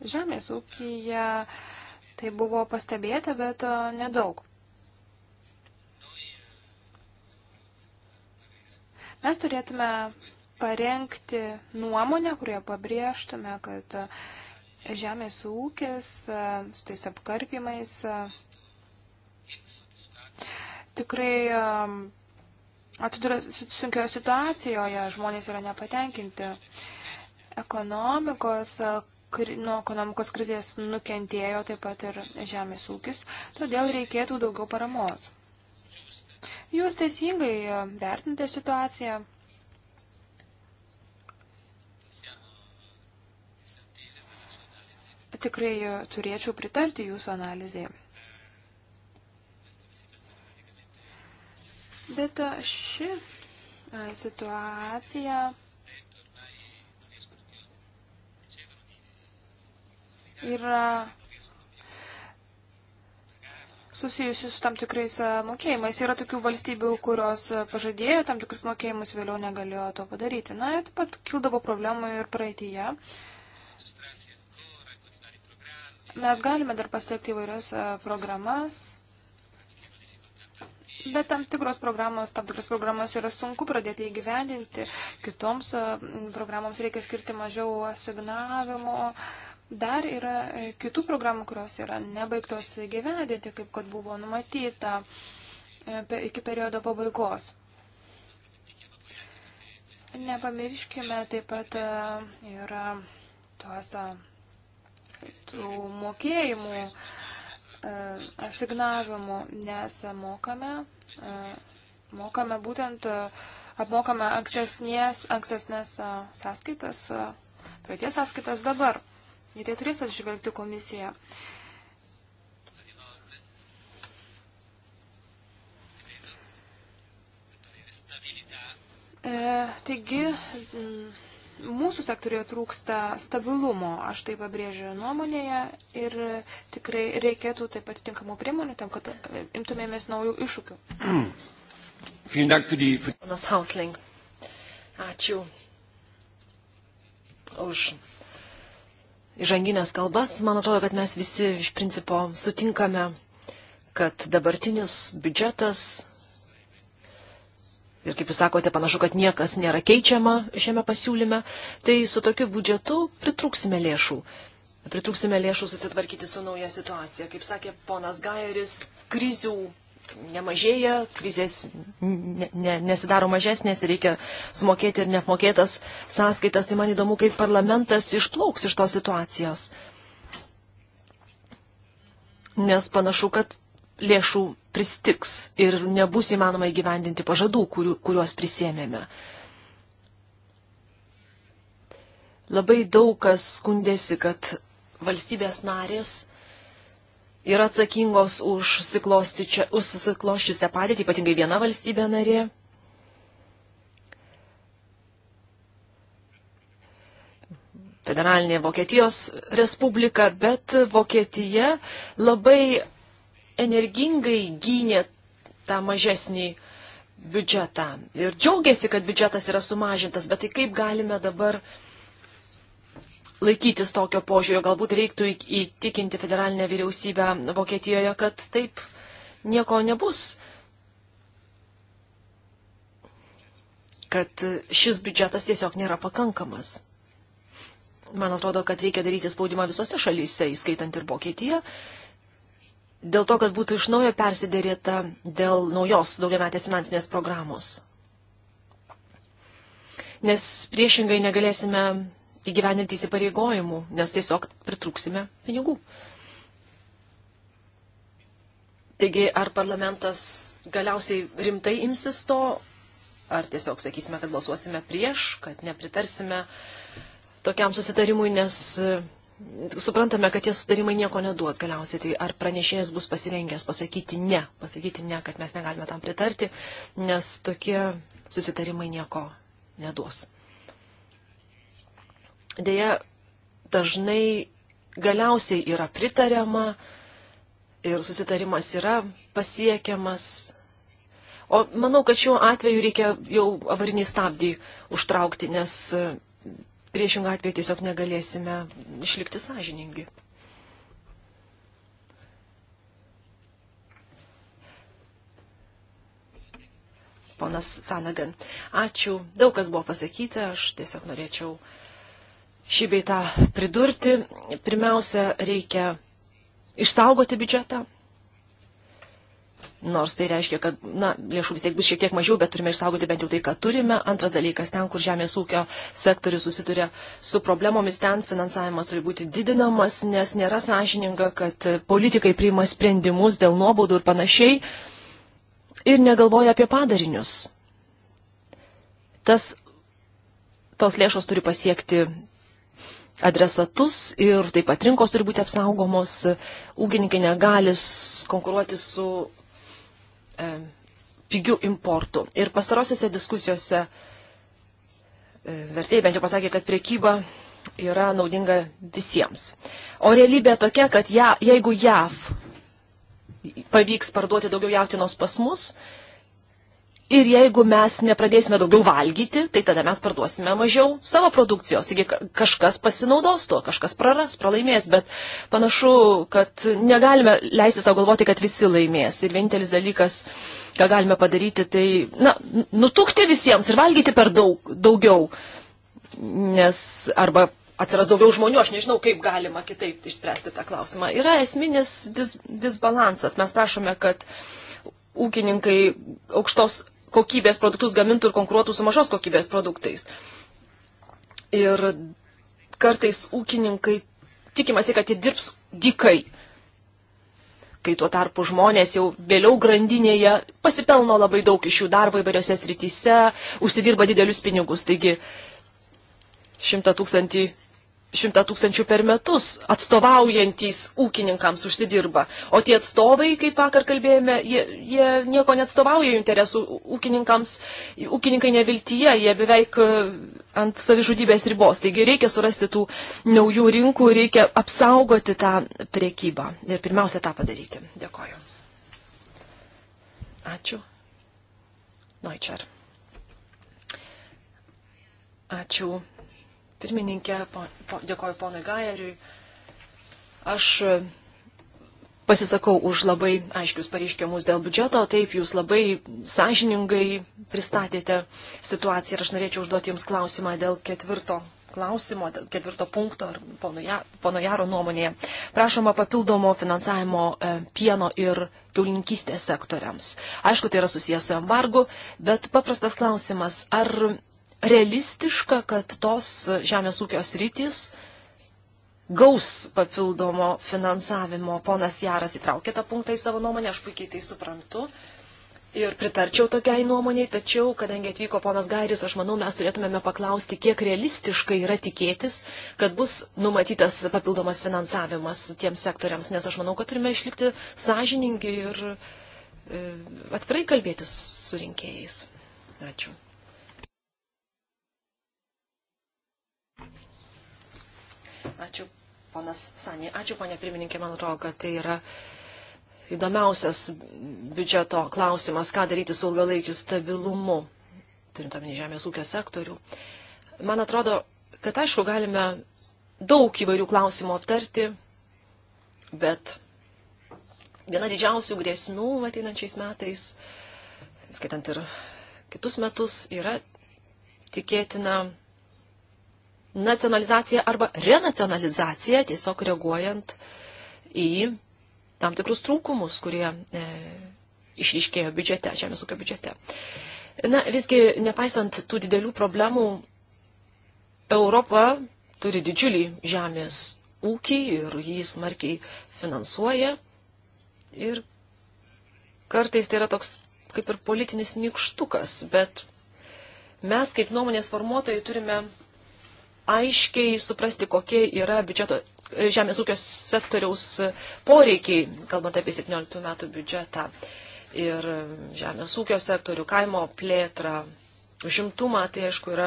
Žemės ūkija tai buvo pastebėta, bet e, nedaug. Mes turėtume parengti nuomonę, kurioje pabrėžtume, kad e, žemės ūkis e, su tais apkarpimais tikrai atsiduria sunkioje situacijoje, žmonės yra nepatenkinti. Ekonomikos nuo ekonomikos krizės nukentėjo taip pat ir žemės ūkis, todėl reikėtų daugiau paramos. Jūs teisingai e, vertinate situaciją. Tikrai e, turėčiau pritarti jūsų analizai. Bet e, ši situacija yra susijusi su tam tikrais e, mokėjimais. Yra tokių valstybių, kurios e, pažadėjo tam tikrus mokėjimus, vėliau negalėjo to padaryti. Na, taip pat kildavo problemų ir praeitįje. Mes galime dar pasiekti įvairias e, programas, bet tam tikros programos, tam tikras programos yra sunku pradėti įgyvendinti, kitoms programoms reikia skirti mažiau asignavimo. Uh, Dar yra e, kitų programų, kurios yra nebaigtos gyvendinti, kaip kad buvo numatyta e, iki periodo pabaigos. Nepamirškime taip pat e, ir tuos tų mokėjimų asignavimų, nes mokame, mokame būtent, apmokame ankstesnės, ankstesnės sąskaitas, praeities sąskaitas dabar. Į tai turės atžvelgti komisija. E, taigi, mūsų sektorioje trūksta stabilumo, aš tai pabrėžiu nuomonėje ir tikrai reikėtų taip pat tinkamų priemonių tam, kad imtumėmės naujų iššūkių. Ponas Hausling, ačiū už įžanginės kalbas, man atrodo, kad mes visi iš principo sutinkame, kad dabartinis biudžetas ir kaip jūs sakote, panašu, kad niekas nėra keičiama šiame pasiūlyme, tai su tokiu biudžetu pritruksime lėšų. Pritruksime lėšų susitvarkyti su nauja situacija. Kaip sakė ponas Gairis, krizių nemažėja, krizės ne, ne, nesidaro mažesnės ir reikia sumokėti ir neapmokėtas sąskaitas. Tai man įdomu, kaip parlamentas išplauks iš tos situacijos. Nes panašu, kad lėšų pristiks ir nebus įmanoma įgyvendinti pažadų, kuriu, kuriuos prisėmėme. Labai daug kas skundėsi, kad valstybės narės yra atsakingos už susikloščiusią padėtį, ypatingai viena valstybė narė. Federalinė Vokietijos Respublika, bet Vokietija labai energingai gynė tą mažesnį biudžetą ir džiaugiasi, kad biudžetas yra sumažintas, bet tai kaip galime dabar uh, laikytis tokio požiūrio. Galbūt reiktų įtikinti federalinę vyriausybę Vokietijoje, kad taip nieko nebus. Kad šis biudžetas tiesiog nėra pakankamas. Man atrodo, kad reikia daryti spaudimą visose šalyse, įskaitant ir Vokietiją, dėl to, kad būtų iš naujo persidėrėta dėl naujos daugiametės finansinės programos. Nes priešingai negalėsime įgyveninti įsipareigojimų, nes tiesiog pritruksime pinigų. Taigi, ar parlamentas galiausiai rimtai imsis to, ar tiesiog sakysime, kad balsuosime prieš, kad nepritarsime tokiam susitarimui, nes e, suprantame, kad tie susitarimai nieko neduos galiausiai. Tai ar pranešėjas bus pasirengęs pasakyti ne, pasakyti ne, kad mes negalime tam pritarti, nes tokie susitarimai nieko neduos dėja dažnai galiausiai yra pritariama ir susitarimas yra pasiekiamas. O manau, kad šiuo atveju reikia jau avarinį stabdį užtraukti, nes e, priešingą atveju tiesiog negalėsime išlikti sąžiningi. Ponas Fanagan, ačiū. Daug kas buvo pasakyta, aš tiesiog norėčiau uh, šį beitą pridurti. Pirmiausia, reikia išsaugoti biudžetą. Nors tai reiškia, kad na, lėšų vis tiek bus šiek tiek mažiau, bet turime išsaugoti bent jau tai, ką turime. Antras dalykas, ten, kur žemės ūkio sektorius susiduria su problemomis, ten finansavimas turi būti didinamas, nes nėra sąžininga, kad politikai priima sprendimus dėl nuobaudų ir panašiai ir negalvoja apie padarinius. Tas, tos lėšos turi pasiekti adresatus ir taip pat rinkos turi būti apsaugomos. Ūkininkai negali konkuruoti su e, pigiu importu. Ir pastarosiose diskusijose e, vertėjai bent jau pasakė, kad priekyba yra naudinga visiems. O realybė tokia, kad ja, jeigu JAV pavyks parduoti daugiau jautinos pas mus, Ir jeigu mes nepradėsime daugiau valgyti, tai tada mes parduosime mažiau savo produkcijos. Taigi kažkas pasinaudos tuo, kažkas praras, pralaimės, bet panašu, kad negalime leisti savo galvoti, kad visi laimės. Ir vienintelis dalykas, ką galime padaryti, tai, na, nutukti visiems ir valgyti per daug, daugiau. Nes arba atsiras daugiau žmonių, aš nežinau, kaip galima kitaip išspręsti tą klausimą. Yra esminis dis, disbalansas. Mes prašome, kad ūkininkai aukštos kokybės produktus gamintų ir konkuruotų su mažos kokybės produktais. Ir kartais ūkininkai tikimasi, kad jie dirbs dikai, kai tuo tarpu žmonės jau vėliau grandinėje pasipelno labai daug iš jų darbo įvairiose srityse, užsidirba didelius pinigus. Taigi šimta tūkstantį šimtą tūkstančių per metus atstovaujantys ūkininkams užsidirba. O tie atstovai, kaip vakar kalbėjome, jie, jie nieko neatstovauja interesų ūkininkams, ūkininkai neviltyje, jie beveik e, ant savižudybės ribos. Taigi reikia surasti tų naujų rinkų, reikia apsaugoti tą priekybą. Ir pirmiausia tą padaryti. Dėkoju. Ačiū. Noičer. Ačiū pirmininkė, po, po, dėkoju ponui Gajeriui. Aš e, pasisakau už labai aiškius pareiškimus dėl biudžeto, taip jūs labai sąžiningai pristatėte situaciją ir aš norėčiau užduoti jums klausimą dėl ketvirto klausimo, dėl ketvirto punkto ar pono, ja, pono Jaro nuomonėje. Prašoma papildomo finansavimo e, pieno ir kiaulinkystės sektoriams. Aišku, tai yra susijęs su embargu, bet paprastas klausimas, ar realistiška, kad tos žemės ūkio sritys gaus papildomo finansavimo. Ponas Jaras įtraukė tą punktą į savo nuomonę, aš puikiai tai suprantu. Ir pritarčiau tokiai nuomoniai, tačiau, kadangi atvyko ponas Gairis, aš manau, mes turėtumėme paklausti, kiek realistiškai yra tikėtis, kad bus numatytas papildomas finansavimas tiems sektoriams, nes aš manau, kad turime išlikti sąžiningi ir e, atvirai kalbėtis su rinkėjais. Ačiū. Ačiū, ponas Sanė. Ačiū, ponė pirmininkė, man atrodo, kad tai yra įdomiausias biudžeto klausimas, ką daryti su ilgalaikiu stabilumu, turint omeny žemės ūkio sektorių. Man atrodo, kad aišku, galime daug įvairių klausimų aptarti, bet viena didžiausių grėsmių ateinančiais metais, skaitant ir kitus metus, yra tikėtina nacionalizacija arba renacionalizacija, tiesiog reaguojant į tam tikrus trūkumus, kurie e, išryškėjo biudžete, žemės ūkio biudžete. Na, visgi, nepaisant tų didelių problemų, Europa turi didžiulį žemės ūkį ir jį smarkiai finansuoja. Ir kartais tai yra toks kaip ir politinis nikštukas, bet mes kaip nuomonės formuotojai turime aiškiai suprasti, kokie yra biudžeto e, žemės ūkio sektoriaus poreikiai, kalbant apie 17 metų biudžetą ir žemės ūkio sektorių, kaimo plėtrą, užimtumą, tai aišku yra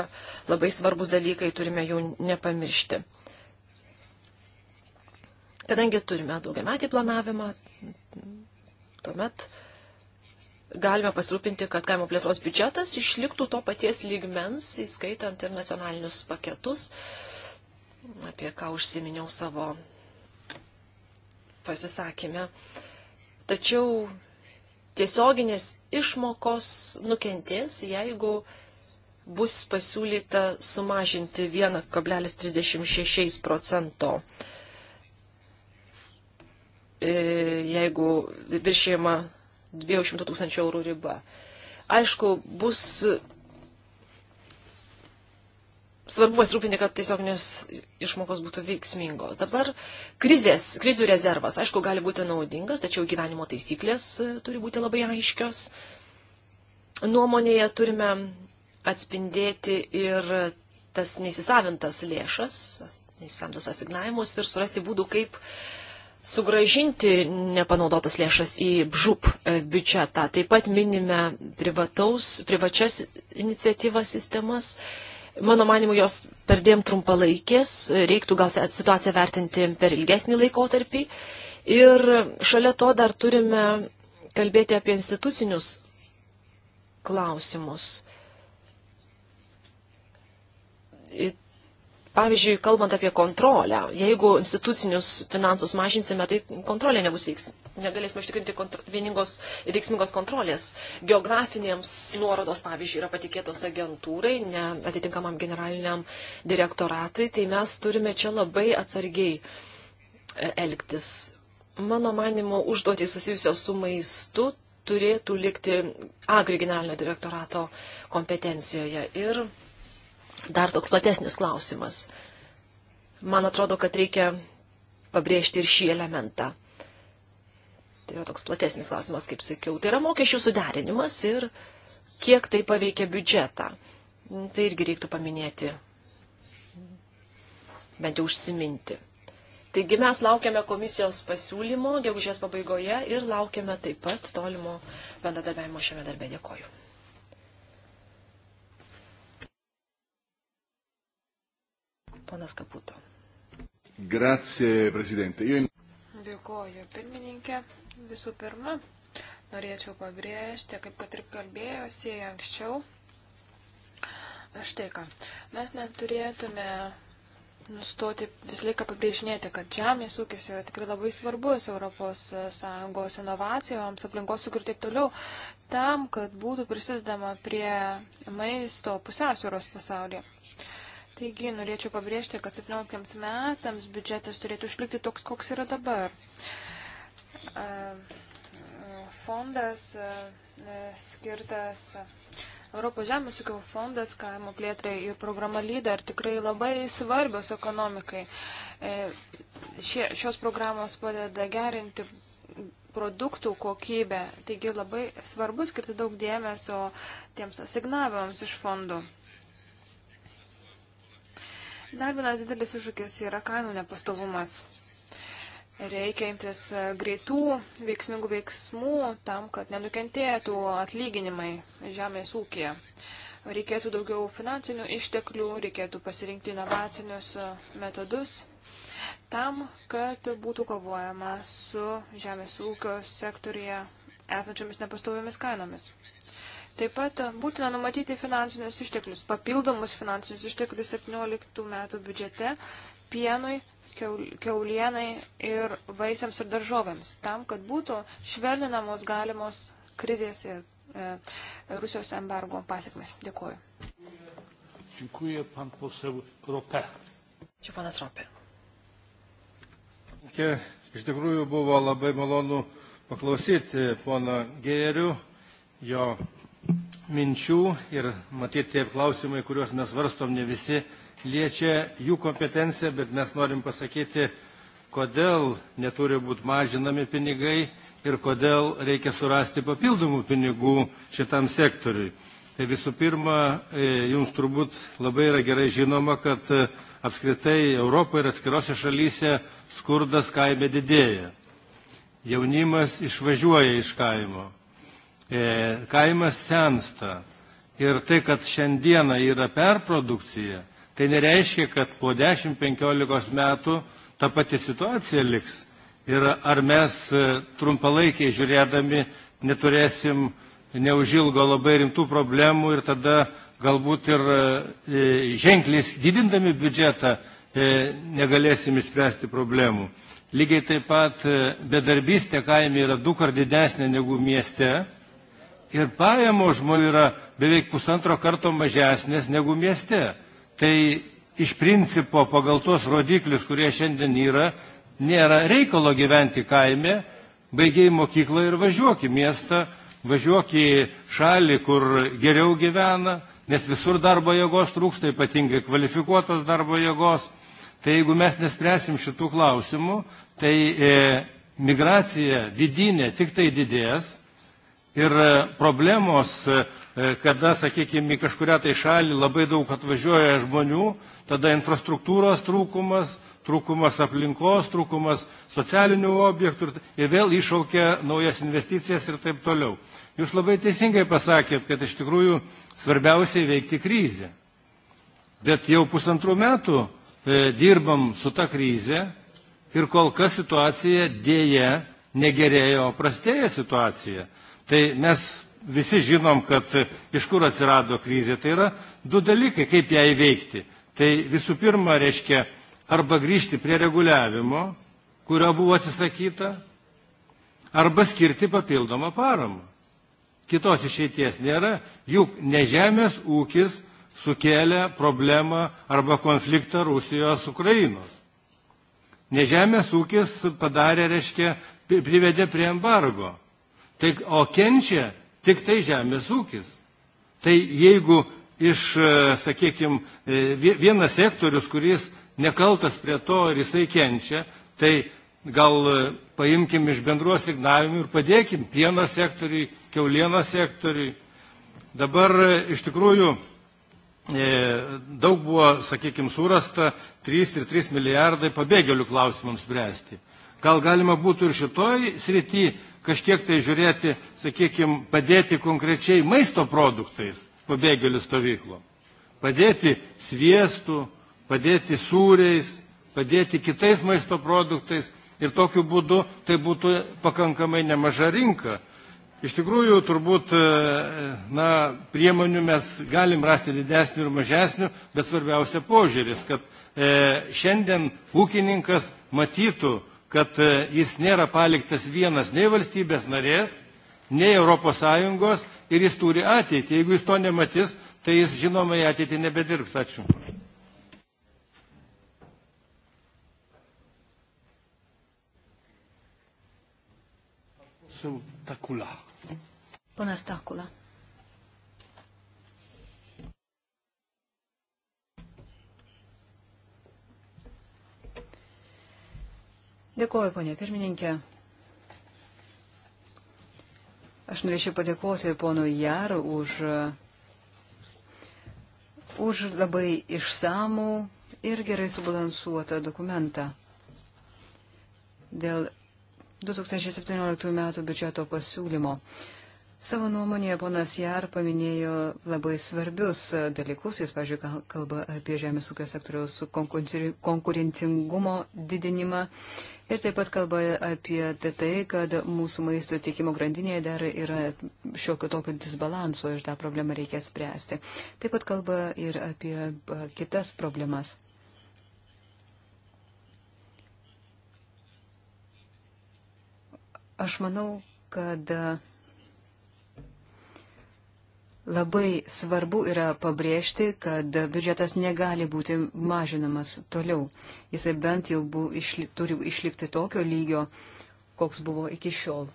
labai svarbus dalykai, turime jų nepamiršti. Kadangi turime daugiametį planavimą, tuomet uh, galime pasirūpinti, kad kaimo plėtros biudžetas išliktų to paties lygmens, įskaitant ir nacionalinius paketus, apie ką užsiminiau savo pasisakymę. Tačiau tiesioginės išmokos nukentės, jeigu bus pasiūlyta sumažinti 1,36 procento e, jeigu viršėjama 200 tūkstančių eurų riba. Aišku, bus svarbu pasirūpinti, kad tiesioginės išmokos būtų veiksmingos. Dabar krizės, krizių rezervas, aišku, gali būti naudingas, tačiau gyvenimo taisyklės e, turi būti labai aiškios. Nuomonėje turime atspindėti ir tas neįsisavintas lėšas, neįsisavintus asignavimus ir surasti būdų, kaip uh, sugražinti nepanaudotas lėšas į BŽUP e, biudžetą. Taip pat minime privataus, privačias iniciatyvas sistemas. Mano manimu, jos perdėm trumpalaikės, reiktų gal situaciją vertinti per ilgesnį laikotarpį. Ir šalia to dar turime kalbėti apie institucinius klausimus Pavyzdžiui, kalbant apie kontrolę, jeigu institucinius finansus mažinsime, tai kontrolė nebus veiks. Negalėsime užtikrinti kontro... vieningos veiksmingos kontrolės. Geografinėms nuorodos, pavyzdžiui, yra patikėtos agentūrai, ne atitinkamam generaliniam direktoratui, tai mes turime čia labai atsargiai e, elgtis. Mano manimo, užduotys susijusios su maistu turėtų likti Agri generalinio direktorato kompetencijoje. Ir dar toks platesnis klausimas. Man atrodo, kad reikia pabrėžti ir šį elementą. Tai yra toks platesnis klausimas, kaip sakiau. Tai yra mokesčių suderinimas ir kiek tai paveikia biudžetą. Tai irgi reiktų paminėti, bent jau užsiminti. Taigi mes laukiame komisijos pasiūlymo gegužės pabaigoje ir laukiame taip pat tolimo bendradarbiavimo šiame darbe. Dėkoju. Ponas Kaputo. Grazie, prezidentė. Jum... Dėkuoju, pirmininkė. Visų pirma, norėčiau pabrėžti, kaip kad ir kalbėjosi anksčiau. Štai ką. Mes neturėtume nustoti visą laiką pabrėžinėti, kad žemės ūkis yra tikrai labai svarbus ES inovacijoms, aplinkos ir taip toliau, tam, kad būtų prisidedama prie maisto pusiausvėros pasaulyje. Taigi, norėčiau pabrėžti, kad 17 metams biudžetas turėtų išlikti toks, koks yra dabar. Fondas skirtas Europos žemės ūkio fondas, kaimo plėtrai ir programa lyder tikrai labai svarbios ekonomikai. E, šie, šios programos padeda gerinti produktų kokybę, taigi labai svarbu skirti daug dėmesio tiems asignavimams iš fondų. Dar vienas didelis iššūkis yra kainų nepastovumas. Reikia imtis e, greitų, veiksmingų veiksmų tam, kad nenukentėtų atlyginimai žemės ūkija. Reikėtų daugiau finansinių išteklių, reikėtų pasirinkti inovacinius e, metodus tam, kad būtų kovojama su žemės ūkio sektorija esančiomis nepastoviomis kainomis. Taip pat e, būtina numatyti finansinius išteklius, papildomus finansinius išteklius 17 metų biudžete pienui, keulienai ir vaisiams ir daržovėms, tam, kad būtų švelninamos galimos krizės ir e, Rusijos embargo pasiekmes. Dėkuoju. Dziękuję pan poseł Rope. Čia panas Rope. Iš tikrųjų buvo labai malonu paklausyti pono Gėrių, jo minčių ir matyti tie klausimai, kuriuos mes varstom, ne visi liečia jų kompetenciją, bet mes norim pasakyti, kodėl neturi būti mažinami pinigai ir kodėl reikia surasti papildomų pinigų šitam sektoriui. Tai visų pirma, e, jums turbūt labai yra gerai žinoma, kad e, apskritai Europoje ir atskirose šalyse skurdas kaime didėja. Jaunimas išvažiuoja iš kaimo E, kaimas sensta ir tai, kad šiandieną yra perprodukcija, tai nereiškia, kad po 10-15 metų ta pati situacija liks. Ir ar mes e, trumpalaikiai žiūrėdami neturėsim neužilgo labai rimtų problemų ir tada galbūt ir e, ženkliai didindami biudžetą negalėsim išspręsti problemų. Lygiai taip pat bedarbystė kaime yra du kart didesnė negu mieste ir pajamos žmonių yra beveik pusantro karto mažesnės negu mieste. Tai iš principo pagal tuos rodiklius, kurie šiandien yra, nėra reikalo gyventi kaime, baigiai mokyklą ir važiuok į miestą, važiuok į šalį, kur geriau gyvena, nes visur darbo jėgos trūksta, ypatingai kvalifikuotos darbo jėgos. Tai jeigu mes nespręsim šitų klausimų, tai e, migracija vidinė tik tai didės ir e, problemos, e, e, kada, sakykime, į kažkuria tai šalį labai daug atvažiuoja žmonių, tada infrastruktūros trūkumas, trūkumas aplinkos, trūkumas socialinių objektų ir vėl išaukia naujas investicijas ir taip toliau. Jūs labai teisingai pasakėt, kad iš tikrųjų svarbiausia įveikti krizę. Bet jau pusantrų metų e, dirbam su ta krize ir kol kas situacija dėje negerėjo, prastėja situacija. Tai mes visi žinom, kad iš kur atsirado krizė. Tai yra du dalykai, kaip ją įveikti. Tai visų pirma, reiškia, arba grįžti prie reguliavimo, kurio buvo atsisakyta, arba skirti papildomą paramą. Kitos išeities nėra, juk ne žemės ūkis sukėlė problemą arba konfliktą Rusijos Ukrainos. Nežemės ūkis padarė, reiškia, privedė prie embargo. Tik, o kenčia tik tai žemės ūkis. Tai jeigu iš, e, sakykime, vienas sektorius, kuris nekaltas prie to ir jisai kenčia, tai gal e, paimkim iš bendruos signavimų ir padėkim pieno sektoriui, keulieno sektoriui. Dabar e, iš tikrųjų daug buvo, sakykime, surasta 3 ir 3 milijardai pabėgėlių klausimams spręsti. Gal galima būtų ir šitoj srity kažkiek tai žiūrėti, sakykime, padėti konkrečiai maisto produktais pabėgėlių stovyklom. Padėti sviestų, padėti sūriais, padėti kitais maisto produktais ir tokiu būdu tai būtų pakankamai nemaža rinka. Iš tikrųjų, turbūt e, na, priemonių mes galim rasti didesnių ir mažesnių, bet svarbiausia požiūris, kad e, šiandien ūkininkas matytų, kad e, jis nėra paliktas vienas nei valstybės narės, nei ES ir jis turi ateitį. Jeigu jis to nematys, tai jis žinoma į ateitį nebedirbs. Ačiū. Ponas Takula. Dėkuoju, ponė pirmininkė. Aš norėčiau padėkoti pono Jar už, už labai išsamų ir gerai subalansuotą dokumentą dėl 2017 m. biudžeto pasiūlymo. Savo nuomonėje ponas Jar paminėjo labai svarbius dalykus. Jis, pažiūrėjau, kalba apie žemės ūkio sektoriaus konkurencingumo didinimą, Ir taip pat kalba apie tai, tai, kad mūsų maisto tiekimo grandinėje dar yra šiokio tokio disbalanso ir tą problemą reikia spręsti. Taip pat kalba ir apie kitas problemas. Aš manau, kad Labai svarbu yra pabrėžti, kad biudžetas negali būti mažinamas toliau. Jisai bent jau bu, išli, turi išlikti tokio lygio, koks buvo iki šiol.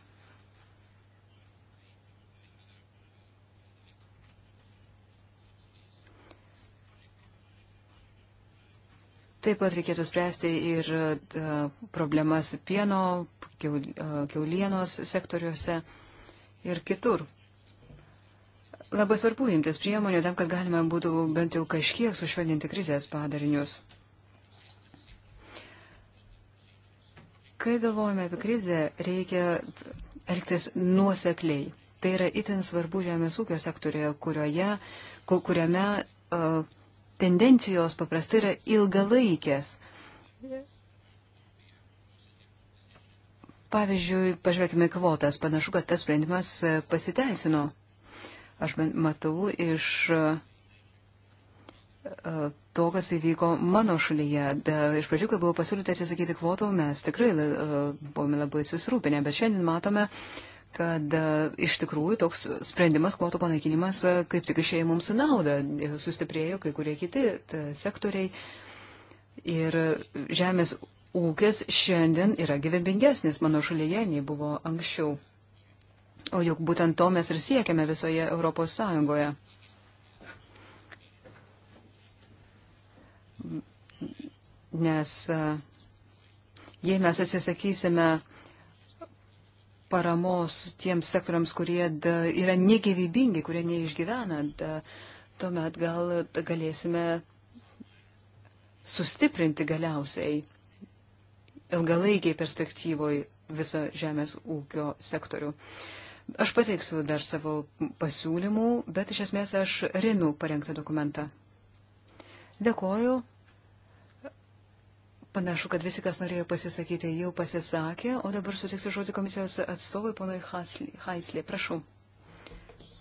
Taip pat reikėtų spręsti ir e, problemas pieno, keulienos sektoriuose ir kitur labai svarbu imtis priemonių tam, kad galime būtų bent jau kažkiek sušvelninti krizės padarinius. Kai galvojame apie krizę, reikia elgtis nuosekliai. Tai yra itin svarbu žemės ūkio sektorioje, kurioje, kuriame uh, tendencijos paprastai yra ilgalaikės. Pavyzdžiui, pažvelgime kvotas, panašu, kad tas sprendimas pasiteisino. Aš matau iš e, to, kas įvyko mano šalyje. Da, iš pradžių, kai buvo pasiūlytas įsakyti kvotų, mes tikrai e, buvome labai susirūpinę, bet šiandien matome, kad e, iš tikrųjų toks sprendimas, kvotų panaikinimas, kaip tik išėjo mums naudą, sustiprėjo kai kurie kiti sektoriai. Ir žemės ūkis šiandien yra gyvybingesnis mano šalyje, nei buvo anksčiau. O juk būtent to mes ir siekiame visoje Europos Sąjungoje. Nes e, jei mes atsisakysime paramos tiems sektoriams, kurie da, yra negyvybingi, kurie neišgyvena, da, tuomet gal da, galėsime sustiprinti galiausiai ilgalaikiai perspektyvoj visą žemės ūkio sektorių. Uh, Aš pateiksiu dar savo pasiūlymų, bet iš esmės aš remiu parengtą dokumentą. Dėkoju. Panašu, kad visi, kas norėjo pasisakyti, jau pasisakė, o dabar sutiksiu žodį komisijos atstovui, ponui Haislė. Prašau.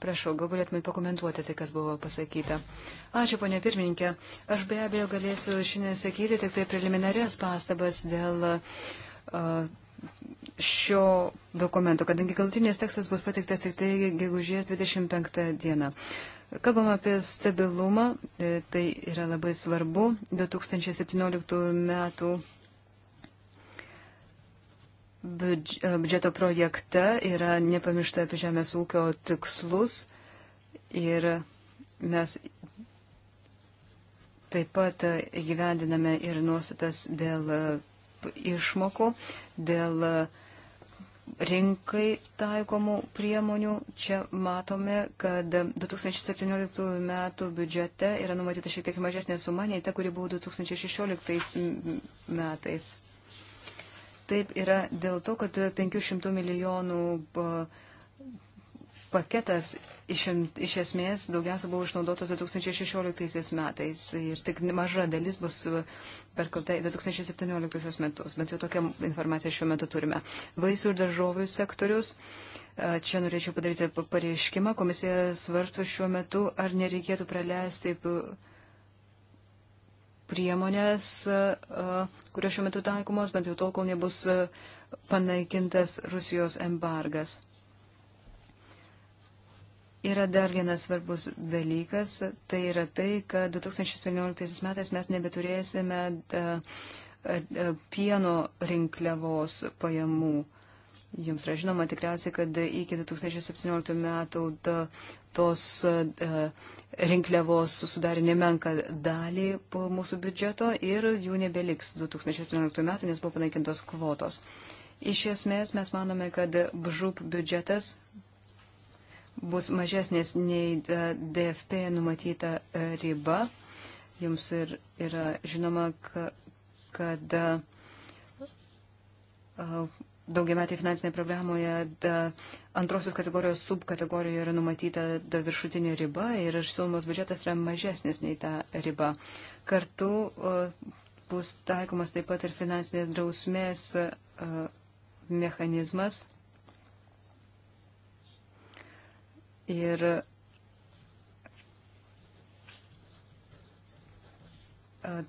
Prašau, gal galėtumėte pakomentuoti tai, kas buvo pasakyta. Ačiū, ponė pirmininkė. Aš be abejo galėsiu šiandien sakyti tik tai preliminarias pastabas dėl uh, šio dokumento, kadangi galutinis tekstas bus pateiktas tik tai gegužės 25 dieną. Kalbam apie stabilumą, e, tai yra labai svarbu. 2017 metų e, biudžeto projekte yra nepamiršta apie žemės ūkio tikslus ir mes taip pat e, įgyvendiname ir nuostatas dėl išmokų dėl e, rinkai taikomų priemonių. Čia matome, kad 2017 metų biudžete yra numatyta šiek tiek mažesnė suma nei ta, kuri buvo 2016 metais. Taip yra dėl to, kad 500 milijonų e, paketas iš, iš esmės daugiausia buvo išnaudotas 2016 metais ir tik maža dalis bus perkelta į 2017 metus, bet jau tokią informaciją šiuo metu turime. Vaisių ir daržovių sektorius. Čia norėčiau padaryti pareiškimą. Komisija svarsto šiuo metu, ar nereikėtų praleisti priemonės, kurios šiuo metu taikomos, bent jau tol, kol nebus panaikintas Rusijos embargas. Yra dar vienas svarbus dalykas, tai yra tai, kad 2015 metais mes nebeturėsime e, e, e, pieno rinkliavos pajamų. Jums yra žinoma tikriausiai, kad iki 2017 metų tos rinkliavos sudarė nemenka dalį mūsų biudžeto ir jų nebeliks 2017 metų, nes buvo panaikintos kvotos. Iš esmės mes manome, kad BŽUP biudžetas bus mažesnės nei e, DFP numatyta e, riba. Jums ir yra žinoma, kad e, daugiametį finansinėje programoje antrosios kategorijos subkategorijoje yra numatyta viršutinė riba ir siūlomas biudžetas yra mažesnis nei ta riba. Kartu bus taikomas taip pat ir finansinės drausmės mechanizmas Ir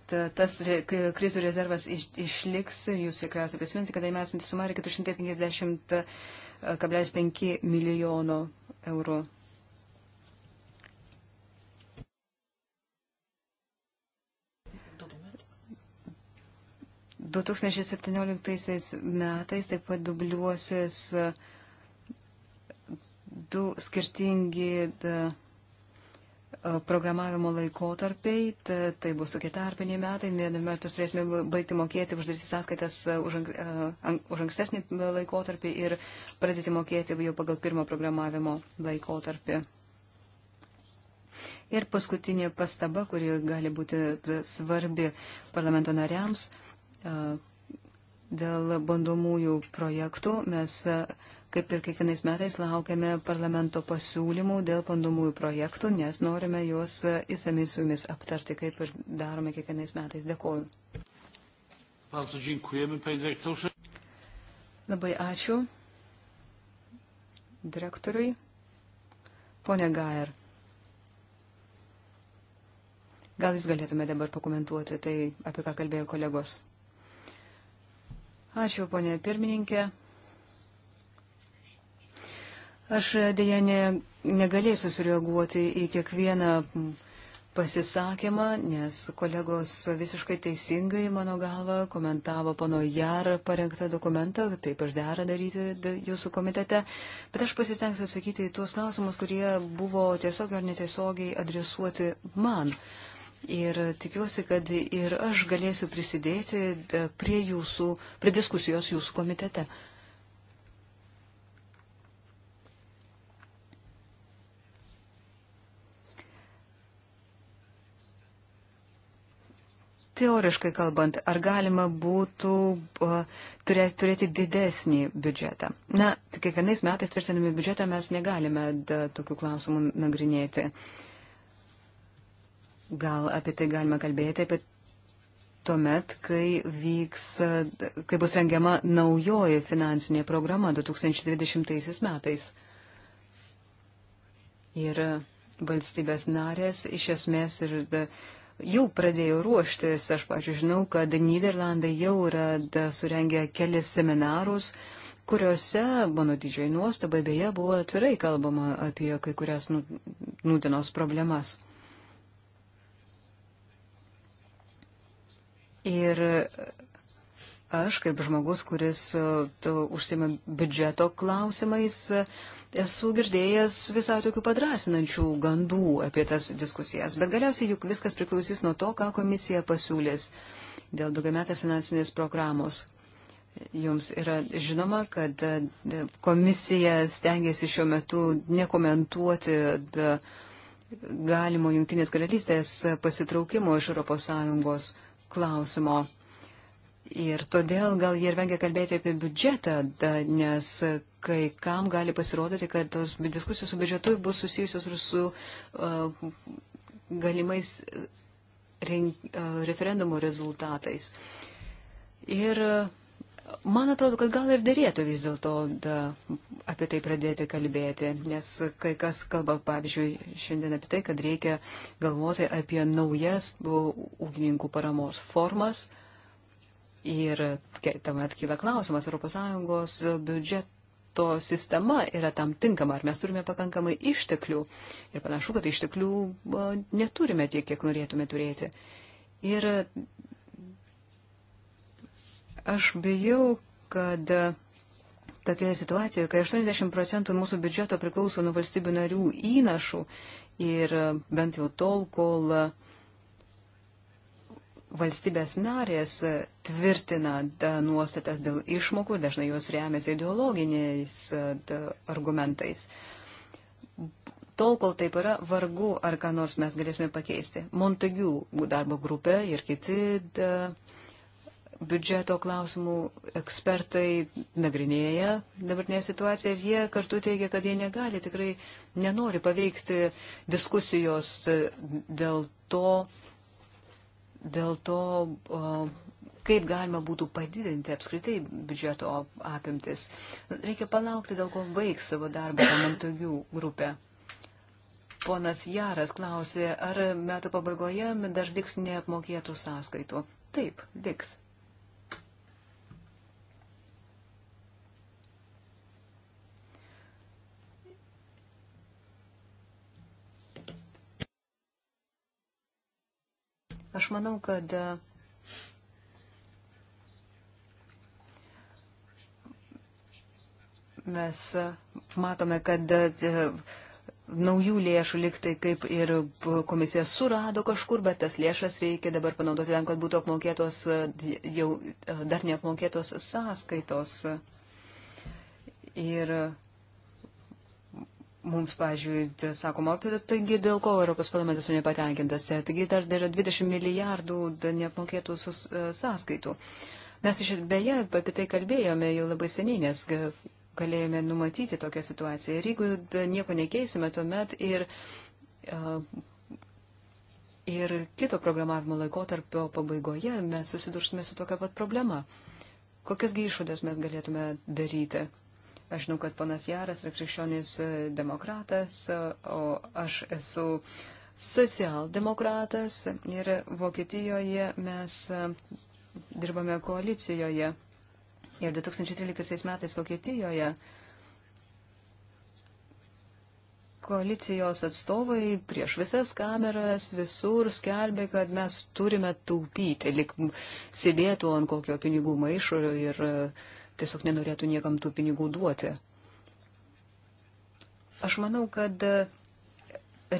tas krizių rezervas iš, išliks, jūs tikriausiai prisiminti, kad mes sumarė 450,5 e, milijono eurų. Du 2017 metais taip pat dubliuosis uh, du skirtingi da, programavimo laikotarpiai, ta, tai bus tokie tarpiniai metai, viename metus turėsime baigti mokėti uždaryti sąskaitas už, ank, už ankstesnį laikotarpį ir pradėti mokėti jau pagal pirmą programavimo laikotarpį. Ir paskutinė pastaba, kuri gali būti svarbi parlamento nariams, dėl bandomųjų projektų mes Kaip ir kiekvienais metais laukiame parlamento pasiūlymų dėl pandomųjų projektų, nes norime juos e, įsami su jumis aptarti, kaip ir darome kiekvienais metais. Dėkoju. Labai ačiū direktoriui. Pone Gair, gal jūs galėtume dabar pakomentuoti tai, apie ką kalbėjo kolegos? Ačiū, ponė pirmininkė. Aš dėja ne, negalėsiu sureaguoti į kiekvieną pasisakymą, nes kolegos visiškai teisingai, mano galva, komentavo pano Jar parengtą dokumentą, taip aš dera daryti jūsų komitete, bet aš pasistengsiu atsakyti į tuos klausimus, kurie buvo tiesiog ar netiesiogiai adresuoti man. Ir tikiuosi, kad ir aš galėsiu prisidėti prie, jūsų, prie diskusijos jūsų komitete. teoriškai kalbant, ar galima būtų turėti, turėti didesnį biudžetą? Na, kiekvienais metais tvirtinami biudžetą mes negalime da, tokių klausimų nagrinėti. Gal apie tai galime kalbėti, apie tuomet, kai, vyks, kai bus rengiama naujoji finansinė programa 2020 metais. Ir valstybės narės iš esmės ir jau pradėjo ruoštis. Aš, pažiūrėjau, žinau, kad Niderlandai jau yra surengę kelis seminarus, kuriuose, mano didžiai nuostabai, beje, buvo atvirai kalbama apie kai kurias nu, nūdienos problemas. Ir Aš, kaip žmogus, kuris e, užsima biudžeto klausimais, esu girdėjęs visai tokių padrasinančių gandų apie tas diskusijas, bet galiausiai juk viskas priklausys nuo to, ką komisija pasiūlės dėl daugiametės finansinės programos. Jums yra žinoma, kad e, komisija stengiasi šiuo metu nekomentuoti e, galimo Junktinės karalystės pasitraukimo iš ES klausimo. Ir todėl gal jie ir vengia kalbėti apie biudžetą, da, nes kai kam gali pasirodyti, kad tos diskusijos su biudžetu bus susijusios ir su uh, galimais e, rink, uh, e, referendumo rezultatais. Ir uh, man atrodo, kad gal ir dėrėtų vis dėlto apie tai pradėti kalbėti, nes kai kas kalba, pavyzdžiui, šiandien apie tai, kad reikia galvoti apie naujas ūkininkų paramos formas. Uh, Ir tuomet kyla klausimas, ES biudžeto sistema yra tam tinkama, ar mes turime pakankamai išteklių. Ir panašu, kad išteklių neturime tiek, kiek norėtume turėti. Ir aš bijau, kad tokioje situacijoje, kai 80 procentų mūsų biudžeto priklauso nuo valstybių narių įnašų ir bent jau tol, kol uh, valstybės narės tvirtina nuostatas dėl išmokų ir dažnai jos remiasi ideologiniais e, argumentais. Tol, kol taip yra, vargu ar ką nors mes galėsime pakeisti. Montagių darbo grupė ir kiti da, biudžeto klausimų ekspertai nagrinėja dabartinę situaciją ir jie kartu teigia, kad jie negali, tikrai nenori paveikti diskusijos e, dėl to, dėl to, kaip galima būtų padidinti apskritai biudžeto apimtis. Reikia palaukti, dėl ko baigs savo darbą Montagių grupė. Ponas Jaras klausė, ar metų pabaigoje dar liks neapmokėtų sąskaitų. Taip, liks. Aš manau, kad e, mes matome, kad e, naujų lėšų liktai kaip ir komisija surado kažkur, bet tas lėšas reikia dabar panaudoti tam, kad būtų apmokėtos e, jau dar neapmokėtos sąskaitos. Ir Mums, pažiūrėjau, sakoma, taigi dėl ko Europos parlamentas nepatenkintas, tai taigi dar yra 20 milijardų neapmokėtų e, sąskaitų. Mes iš beje apie tai kalbėjome jau labai seniai, nes e, galėjome numatyti tokią situaciją. Ir jeigu nieko nekeisime, tuomet ir, e, ir kito programavimo laikotarpio pabaigoje mes susidursime su tokia pat problema. Kokiasgi išvadas mes galėtume daryti? Aš žinau, kad ponas Jaras yra krikščionis e, demokratas, e, o aš esu socialdemokratas ir Vokietijoje mes e, dirbame koalicijoje. Ir 2013 metais Vokietijoje koalicijos atstovai prieš visas kameras visur skelbė, kad mes turime taupyti, lik sėdėtų ant kokio pinigų maišo ir uh, tiesiog nenorėtų niekam tų pinigų duoti. Aš manau, kad e,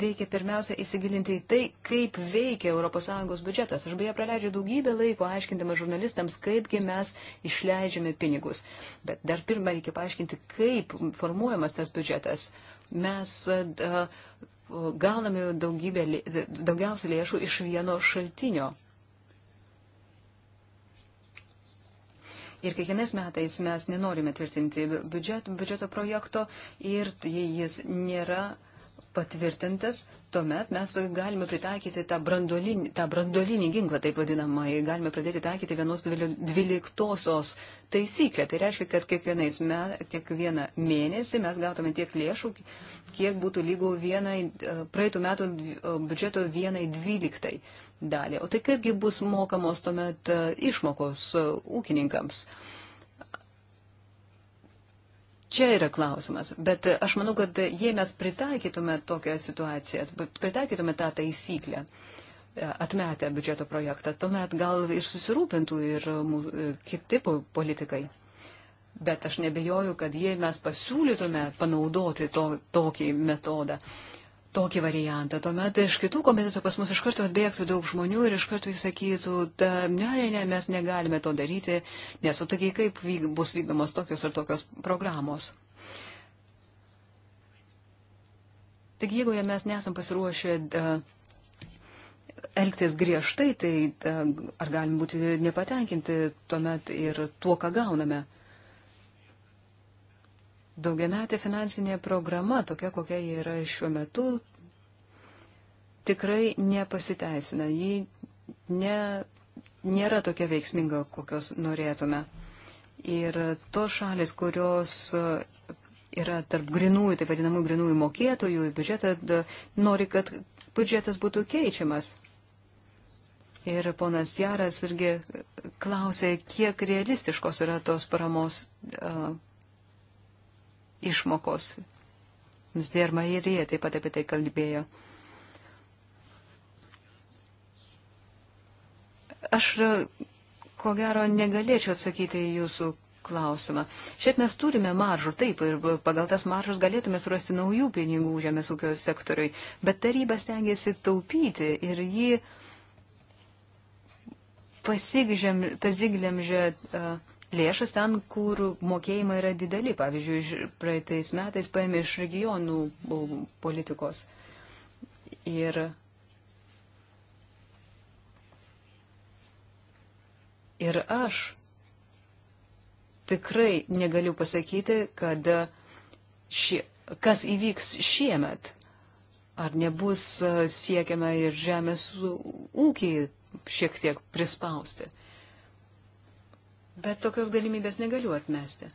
reikia pirmiausia įsigilinti į tai, kaip veikia ES biudžetas. Aš beje praleidžiu daugybę laiko aiškindama žurnalistams, kaipgi mes išleidžiame pinigus. Bet dar pirmą reikia paaiškinti, kaip formuojamas tas biudžetas. Mes uh, gauname daugybę, daugiausia lėšų iš vieno šaltinio. Ir kiekvienais metais mes nenorime tvirtinti biudžet, biudžeto projekto ir jei jis nėra patvirtintas, tuomet mes galime pritaikyti tą brandolinį, tą brandolinį ginklą, taip vadinamąjį, galime pradėti taikyti vienos dvyliktosios taisyklę. Tai reiškia, kad kiekvienais me, kiekvieną mėnesį mes gautume tiek lėšų, kiek būtų lygų vienai, e, praeitų metų e, biudžeto vienai dvyliktai dalį. O tai kaipgi bus mokamos tuomet e, išmokos ūkininkams? Uh, Čia yra klausimas, bet aš manau, kad jei mes pritaikytume tokią situaciją, pritaikytume tą taisyklę, e, atmetę biudžeto projektą, tuomet gal ir susirūpintų ir e, kiti politikai. Bet aš nebejoju, kad jei mes pasiūlytume panaudoti to, tokį metodą, uh, tokį variantą. Tuomet iš kitų komitetų pas mus iš karto atbėgtų daug žmonių ir iš karto įsakytų, ne, ne, ne, mes negalime to daryti, nes o taigi kaip vyk, bus vykdomos tokios ir tokios programos. Taigi jeigu mes nesam pasiruošę e, elgtis griežtai, tai e, ar galim būti nepatenkinti tuomet ir tuo, ką gauname daugiametė finansinė programa, tokia kokia jie yra šiuo metu, tikrai nepasiteisina. Ji ne, nėra tokia veiksminga, kokios norėtume. Ir tos šalis, kurios yra tarp grinųjų, taip vadinamų grinųjų mokėtojų, biudžetą nori, kad biudžetas būtų keičiamas. Ir ponas Jaras irgi klausė, kiek realistiškos yra tos paramos uh, išmokos. Zderma ir jie taip pat apie tai kalbėjo. Aš, ko gero, negalėčiau atsakyti jūsų klausimą. Šiaip mes turime maržų, taip, ir pagal tas maržas galėtume surasti naujų pinigų žemės ūkio sektoriui, bet taryba stengiasi taupyti ir jį pasiglemžia uh, lėšas ten, kur mokėjimai yra dideli. Pavyzdžiui, praeitais metais paėmė iš regionų politikos. Ir Ir aš tikrai negaliu pasakyti, kad šie, kas įvyks šiemet. Ar nebus siekiama ir žemės ūkį šiek tiek prispausti bet tokios galimybės negaliu atmesti.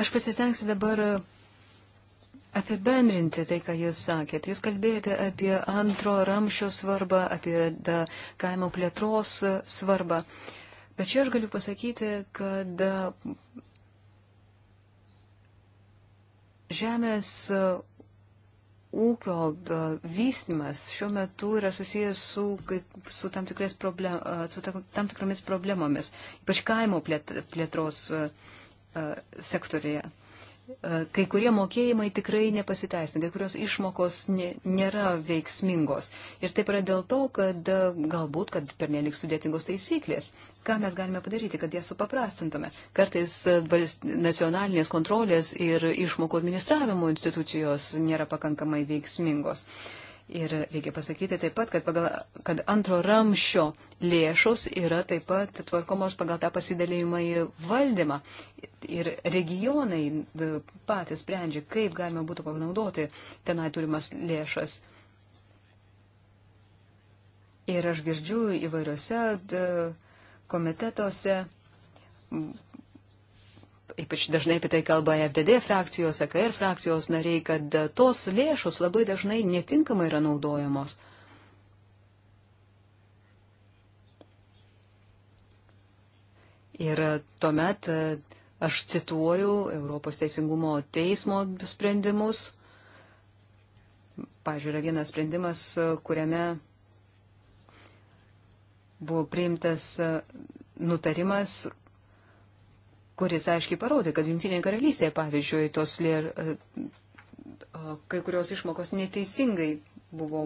Aš pasistengsiu dabar apibendrinti tai, ką Jūs sakėt. Jūs kalbėjote apie antro ramšio svarbą, apie da, kaimo plėtros svarbą. Bet čia aš galiu pasakyti, kad Žemės e, ūkio e, vystimas šiuo metu yra susijęs su, su, tam, problem, e, su tam tikromis problemomis, ypač kaimo plėtros sektorėje. E, kai kurie mokėjimai tikrai nepasiteisina, kai kurios išmokos nėra veiksmingos. Ir taip yra dėl to, kad e, galbūt, kad pernelik sudėtingos taisyklės. Ką mes galime padaryti, kad jas supaprastintume? Kartais e, nacionalinės kontrolės ir išmokų administravimo institucijos nėra pakankamai veiksmingos. Uh, Ir reikia pasakyti taip pat, kad, pagal, kad antro ramšio lėšos yra taip pat tvarkomos pagal tą pasidalėjimą į valdymą. Ir regionai e, patys sprendžia, kaip galima būtų panaudoti tenai turimas lėšas. Ir aš girdžiu įvairiose komitetuose ypač dažnai apie tai kalba FDD frakcijos, AKR e frakcijos nariai, kad tos lėšos labai dažnai netinkamai yra naudojamos. Ir tuomet e, aš cituoju Europos teisingumo teismo sprendimus. Pavyzdžiui, yra vienas sprendimas, e, kuriame buvo priimtas nutarimas, kuris aiškiai parodė, kad Junktinėje karalystėje, pavyzdžiui, tos lėr, e, e, kai kurios išmokos neteisingai buvo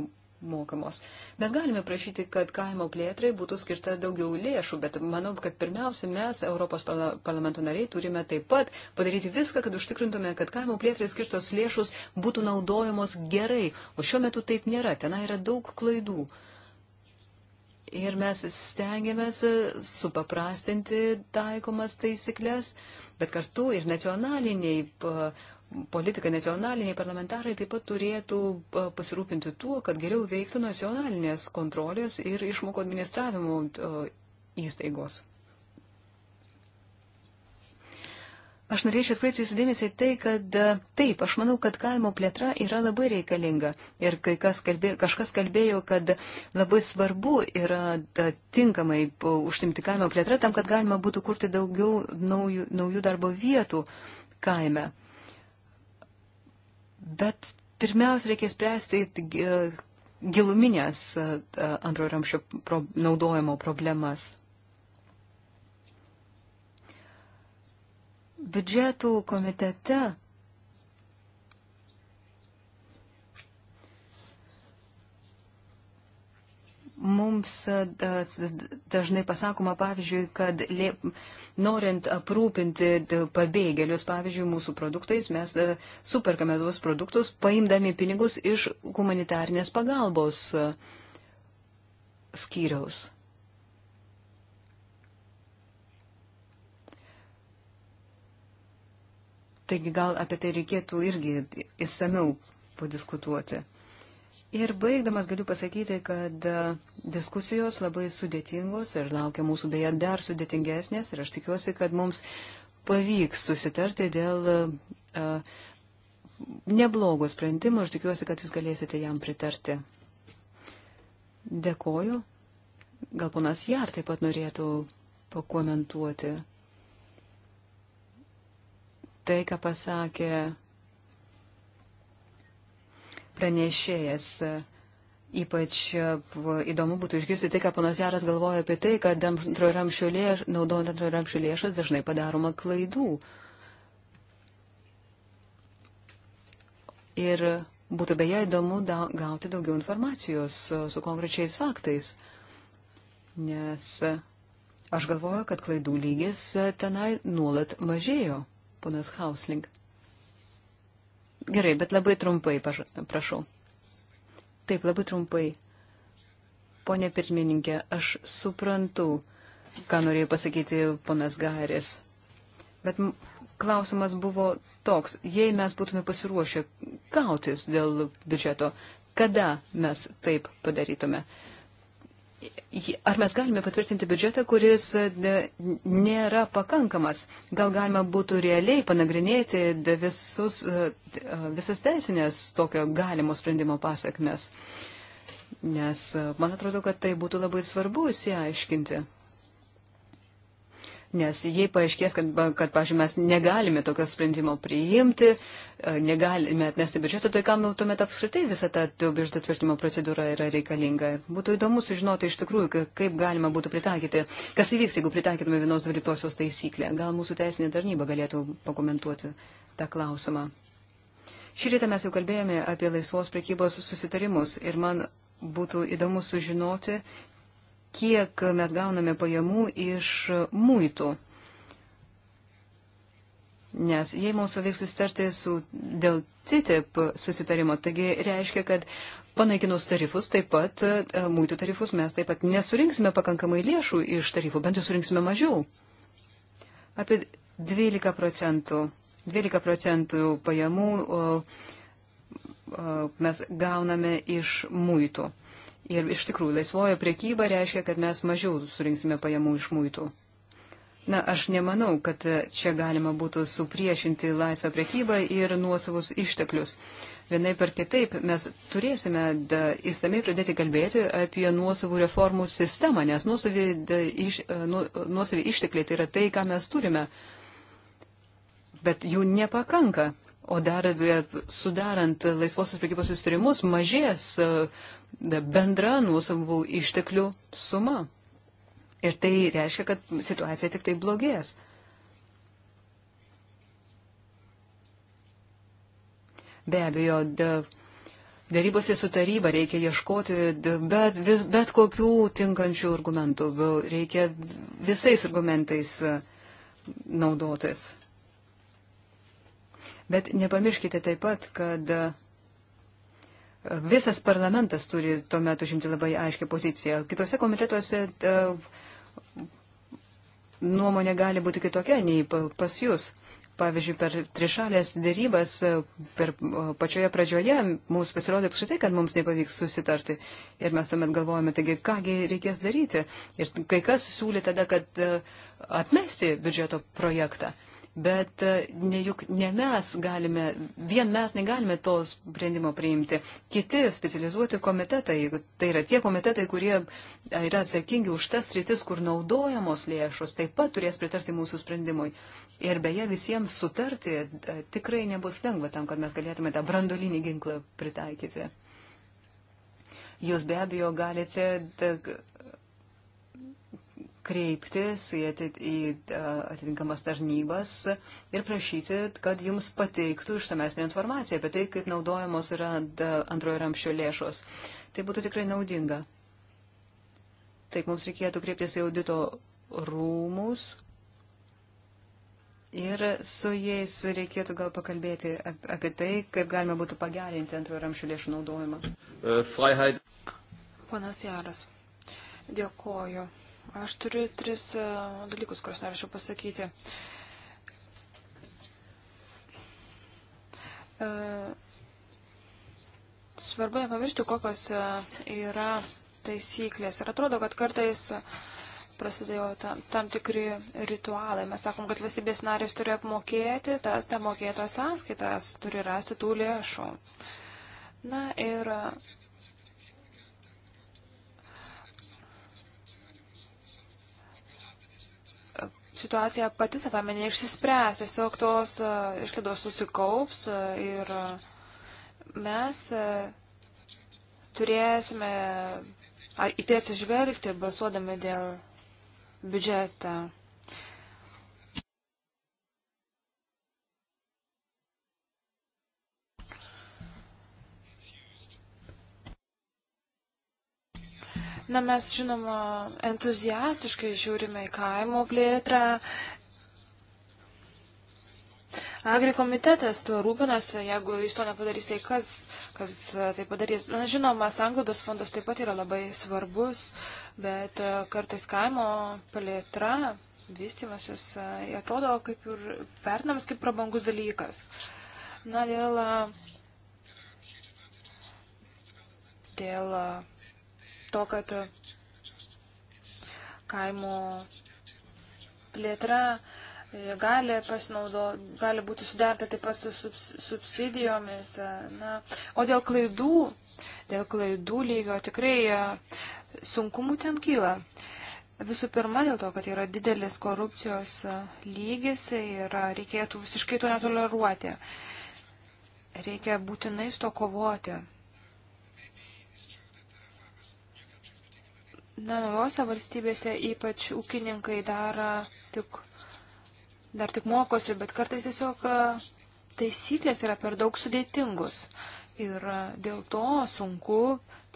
mokamos. Mes galime prašyti, kad kaimo plėtrai būtų skirta daugiau lėšų, bet manau, kad pirmiausia, mes, Europos parlamento nariai, turime taip pat padaryti viską, kad užtikrintume, kad kaimo plėtrai skirtos lėšus būtų naudojamos gerai, o šiuo metu taip nėra, ten yra daug klaidų. Uh, Ir mes stengiamės supaprastinti taikomas taisyklės, bet kartu ir nacionaliniai politikai, nacionaliniai parlamentarai taip pat turėtų pasirūpinti tuo, kad geriau veiktų nacionalinės kontrolės ir išmokų administravimo įstaigos. Aš norėčiau atkreipti jūsų dėmesį tai, kad e, taip, aš manau, kad kaimo plėtra yra labai reikalinga. Ir kai kas kalbė, kažkas kalbėjo, kad labai svarbu yra e, tinkamai e, užsimti kaimo plėtrą tam, kad galima būtų kurti daugiau naujų, naujų darbo vietų kaime. Bet pirmiausia, reikia spręsti giluminės antrojo ramščio pro, naudojimo problemas. biudžetų komitete mums e, dažnai pasakoma, pavyzdžiui, kad lė, norint aprūpinti pabėgėlius, pavyzdžiui, mūsų produktais, mes e, superkame tuos produktus, paimdami pinigus iš humanitarnės pagalbos e, skyriaus. Taigi gal apie tai reikėtų irgi įsamiau padiskutuoti. Ir baigdamas galiu pasakyti, kad e, diskusijos labai sudėtingos ir laukia mūsų beje dar sudėtingesnės ir aš tikiuosi, kad mums pavyks susitarti dėl uh, neblogo sprendimo ir tikiuosi, kad jūs galėsite jam pritarti. Dėkoju. Gal ponas Jar taip pat norėtų pakomentuoti tai, ką pasakė pranešėjas. Ypač įdomu būtų išgirsti tai, ką panas Jaras galvoja apie tai, kad antrojo ramšio lėš, naudojant antrojo ramšio lėšas dažnai padaroma klaidų. Ir būtų beje įdomu da, gauti daugiau informacijos su, su konkrečiais faktais, nes aš galvoju, kad klaidų lygis tenai nuolat mažėjo ponas Hausling. Gerai, bet labai trumpai, prašau. Taip, labai trumpai. Pone pirmininkė, aš suprantu, ką norėjo pasakyti ponas Garis. Bet klausimas buvo toks, jei mes būtume pasiruošę kautis dėl biudžeto, kada mes taip padarytume? Uh, Ar mes galime patvirtinti biudžetą, kuris e, nėra pakankamas? Gal galima būtų realiai panagrinėti visus, e, e, visas teisinės tokio galimo sprendimo pasakmes? Nes man atrodo, kad tai būtų labai svarbu įsiaiškinti. Nes jei paaiškės, kad, kad pažiūrėjau, mes negalime tokio sprendimo priimti, e, negalime atmesti biudžeto, tai kam tuomet apskritai visa ta biudžeto tvirtimo procedūra yra reikalinga. Būtų įdomu sužinoti iš tikrųjų, kaip galima būtų pritaikyti, kas įvyks, jeigu pritaikytume vienos dvyliktosios taisyklę. Gal mūsų teisinė tarnyba galėtų pakomentuoti tą klausimą. Šį rytą mes jau kalbėjome apie laisvos prekybos susitarimus ir man būtų įdomu sužinoti, kiek mes gauname pajamų iš muitų. Nes jei mums pavyks susitarti su, dėl CITIP susitarimo, taigi reiškia, kad panaikinus tarifus, taip pat e, mūtų tarifus mes taip pat nesurinksime pakankamai lėšų iš tarifų, bent jau surinksime mažiau. Apie 12 procentų, 12 procentų pajamų o, o, mes gauname iš mūtų. Ir iš tikrųjų, laisvojo priekyba reiškia, kad mes mažiau surinksime pajamų iš muitų. Na, aš nemanau, kad čia galima būtų supriešinti laisvą priekybą ir nuosavus išteklius. Vienai per kitaip mes turėsime įsamei pradėti kalbėti apie nuosavų reformų sistemą, nes nuosavi, da, iš, e, nu, nuosavi ištekliai tai yra tai, ką mes turime. Bet jų nepakanka. O dar e, sudarant laisvosios prekybos sustarimus mažės e, bendra nuosavų išteklių suma. Ir tai reiškia, kad situacija tik tai blogės. Be abejo, dėrybose su taryba reikia ieškoti bet, vis, bet kokių tinkančių argumentų. Reikia visais argumentais e, naudotis. Bet nepamirškite taip pat, kad e, visas parlamentas turi tuo metu žimti labai aiškę poziciją. Kitose komitetuose e, nuomonė gali būti kitokia nei pas jūs. Pavyzdžiui, per trišalės dėrybas e, per pačioje pradžioje mums pasirodė apskritai, kad mums nepavyks susitarti. Ir mes tuomet galvojame, taigi kągi reikės daryti. Ir kai kas siūlė tada, kad atmesti biudžeto projektą. Bet e, ne, juk ne mes galime, vien mes negalime to sprendimo priimti. Kiti specializuoti komitetai, tai yra tie komitetai, kurie yra atsakingi už tas rytis, kur naudojamos lėšos, taip pat turės pritarti mūsų sprendimui. Ir beje, visiems sutarti e, tikrai nebus lengva tam, kad mes galėtume tą brandolinį ginklą pritaikyti. Jūs be abejo galite e, kreiptis į atitinkamas tarnybas ir prašyti, kad jums pateiktų išsamesnį informaciją apie tai, kaip naudojamos yra antrojo ramščio lėšos. Tai būtų tikrai naudinga. Taip, mums reikėtų kreiptis į audito rūmus Ir su jais reikėtų gal pakalbėti apie tai, kaip galima būtų pagerinti antrojo ramšio lėšų naudojimą. Freiheit. Ponas Jaras, dėkoju. Aš turiu tris e, dalykus, kuriuos norėčiau pasakyti. E, svarbu nepamiršti, kokios e, yra taisyklės. Ir atrodo, kad kartais prasidėjo tam, tam tikri ritualai. Mes sakom, kad valstybės narės turi apmokėti tas nemokėtas sąskaitas, turi rasti tų lėšų. Na ir situacija pati savame neišsispręs, tiesiog tos e, išlaidos susikaups e, ir e, mes turėsime į tai atsižvelgti, balsuodami dėl biudžetą. Na, mes žinoma entuziastiškai žiūrime į kaimo plėtrą. Agrikomitetas tuo rūpinasi, jeigu jūs to nepadarys, tai kas, kas tai padarys. Na, žinoma, sanglaudos fondas taip pat yra labai svarbus, bet e, kartais kaimo plėtra, vystimasis, e, atrodo kaip ir vertinamas kaip prabangus dalykas. Na, dėl, e, dėl to, kad kaimo plėtra e, gali, pasinaudo, gali būti suderta taip pat su subsidijomis. E, na, o dėl klaidų, dėl klaidų lygio tikrai e, sunkumų ten kyla. Visų pirma, dėl to, kad yra didelis korupcijos lygis ir reikėtų visiškai to netoleruoti. Reikia būtinai su to kovoti. Na, naujose valstybėse ypač ūkininkai daro tik, dar tik mokosi, bet kartais tiesiog e, taisyklės yra per daug sudėtingus. Ir e, dėl to sunku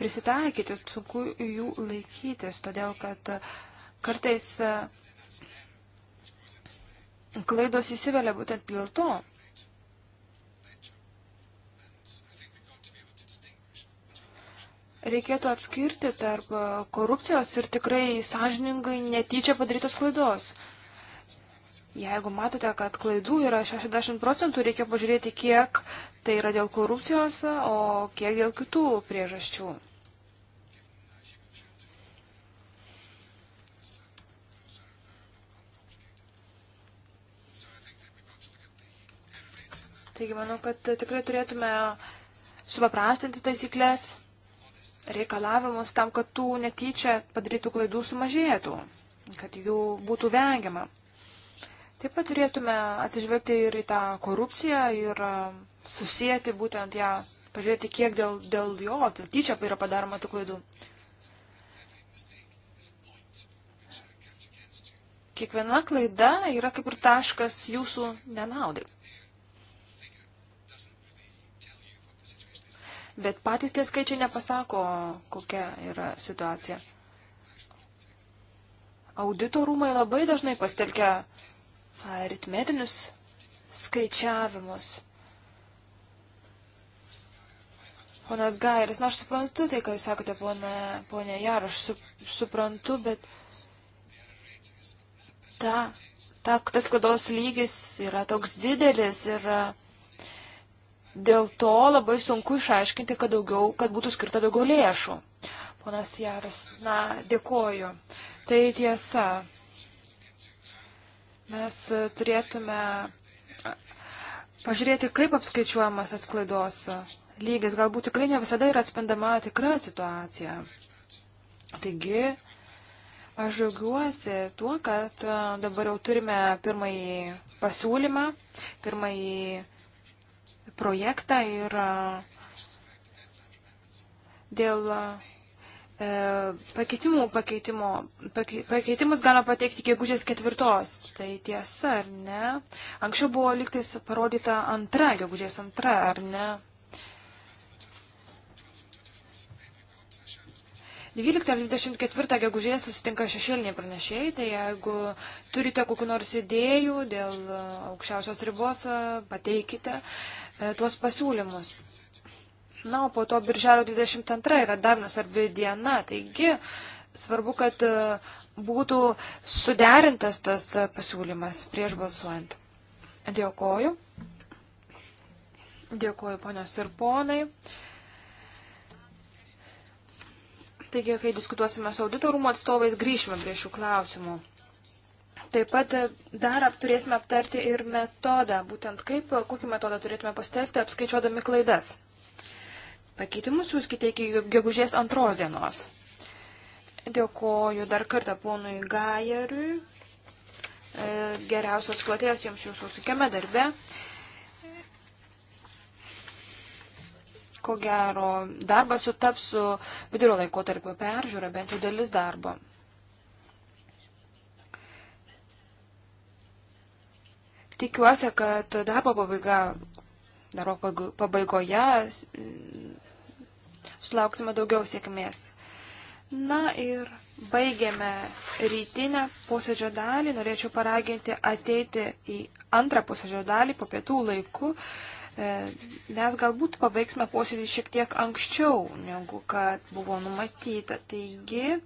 prisitaikyti, sunku jų laikytis, todėl kad e, kartais klaidos įsivelia būtent dėl to. reikėtų atskirti tarp e, korupcijos ir tikrai sąžiningai netyčia padarytos klaidos. Jeigu matote, kad klaidų yra 60 procentų, reikia pažiūrėti, kiek tai yra dėl korupcijos, e, o kiek dėl kitų priežasčių. Taigi manau, kad tikrai turėtume supaprastinti taisyklės reikalavimus tam, kad tų netyčia padarytų klaidų sumažėtų, kad jų būtų vengiama. Taip pat turėtume atsižvelgti ir į tą korupciją ir susijęti būtent ją, pažiūrėti, kiek dėl, dėl jos, dėl tyčia yra padaroma tų klaidų. Kiekviena klaida yra kaip ir taškas jūsų nenaudai. bet patys tie skaičiai nepasako, kokia yra situacija. Audito rūmai labai dažnai pastelkia aritmetinius skaičiavimus. Ponas Gairis, na aš suprantu tai, ką jūs sakote, ponė, ponė Jar, aš su, suprantu, bet ta, ta, tas klaidos lygis yra toks didelis ir yra dėl to labai sunku išaiškinti, kad, daugiau, kad būtų skirta daugiau lėšų. Ponas Jaras, na, dėkoju. Tai tiesa. Mes turėtume pažiūrėti, kaip apskaičiuojamas atklaidos lygis. Galbūt tikrai ne visada yra atspendama tikra situacija. Taigi, aš džiaugiuosi tuo, kad dabar jau turime pirmąjį pasiūlymą, pirmąjį projektą ir dėl e, pakeitimų pakeitimo, pakeitimus galima pateikti gegužės ketvirtos. Tai tiesa, ar ne? Anksčiau buvo liktais parodyta antra, gegužės antra, ar ne? 12 ar 24 gegužės susitinka šešėliniai pranešėjai, tai jeigu turite kokiu nors idėjų dėl uh, aukščiausios ribos, uh, pateikite uh, tuos pasiūlymus. Na, o po to birželio 22 yra dar nesvarbi diena, taigi svarbu, kad būtų suderintas tas pasiūlymas prieš balsuojant. Dėkoju. Dėkoju, ponios ir ponai. Taigi, kai diskutuosime su auditorumo atstovais, grįšime prie šių klausimų. Taip pat e, dar turėsime aptarti ir metodą, būtent kaip, e, kokį metodą turėtume pastelti, apskaičiuodami klaidas. Pakeitimus siūskite iki gegužės antros dienos. Dėkoju dar kartą ponui Gajeriui. E, geriausios kloties jums jūsų sukiame darbe. ko gero darbas sutaps su vidurio laiko tarp peržiūra, bent jau dalis darbo. Tikiuosi, kad darbo pabaiga, darbo pabaigoje mm, sulauksime daugiau sėkmės. Na ir baigiame rytinę posėdžio dalį. Norėčiau paraginti ateiti į antrą posėdžio dalį po pietų laiku. E, mes galbūt pabaigsime posėdį šiek tiek anksčiau, negu kad buvo numatyta. Taigi,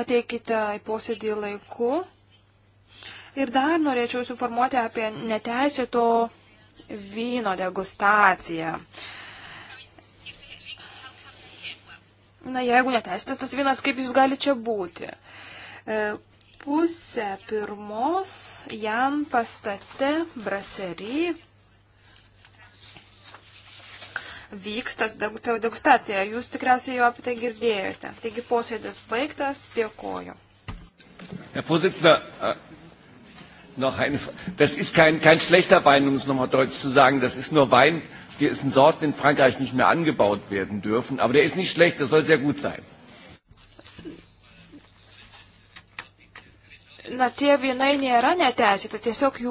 ateikite į posėdį laiku. Ir dar norėčiau jūs informuoti apie neteisėto vyno degustaciją. Na, jeigu neteisėtas tas vynas, kaip jis gali čia būti? E, pusę pirmos jam pastate braserį vyksta degustacija. Jūs tikriausiai jau apie tai girdėjote. Taigi posėdis baigtas, dėkoju. Herr Vorsitzender, äh, noch eine, das ist kein, kein schlechter Wein, um es nochmal deutsch zu sagen. Das ist nur Wein, dessen Sorten in Frankreich nicht mehr angebaut werden dürfen. Aber der ist nicht schlecht, der soll sehr gut sein. na, tie vynai nėra neteisėti, tiesiog jų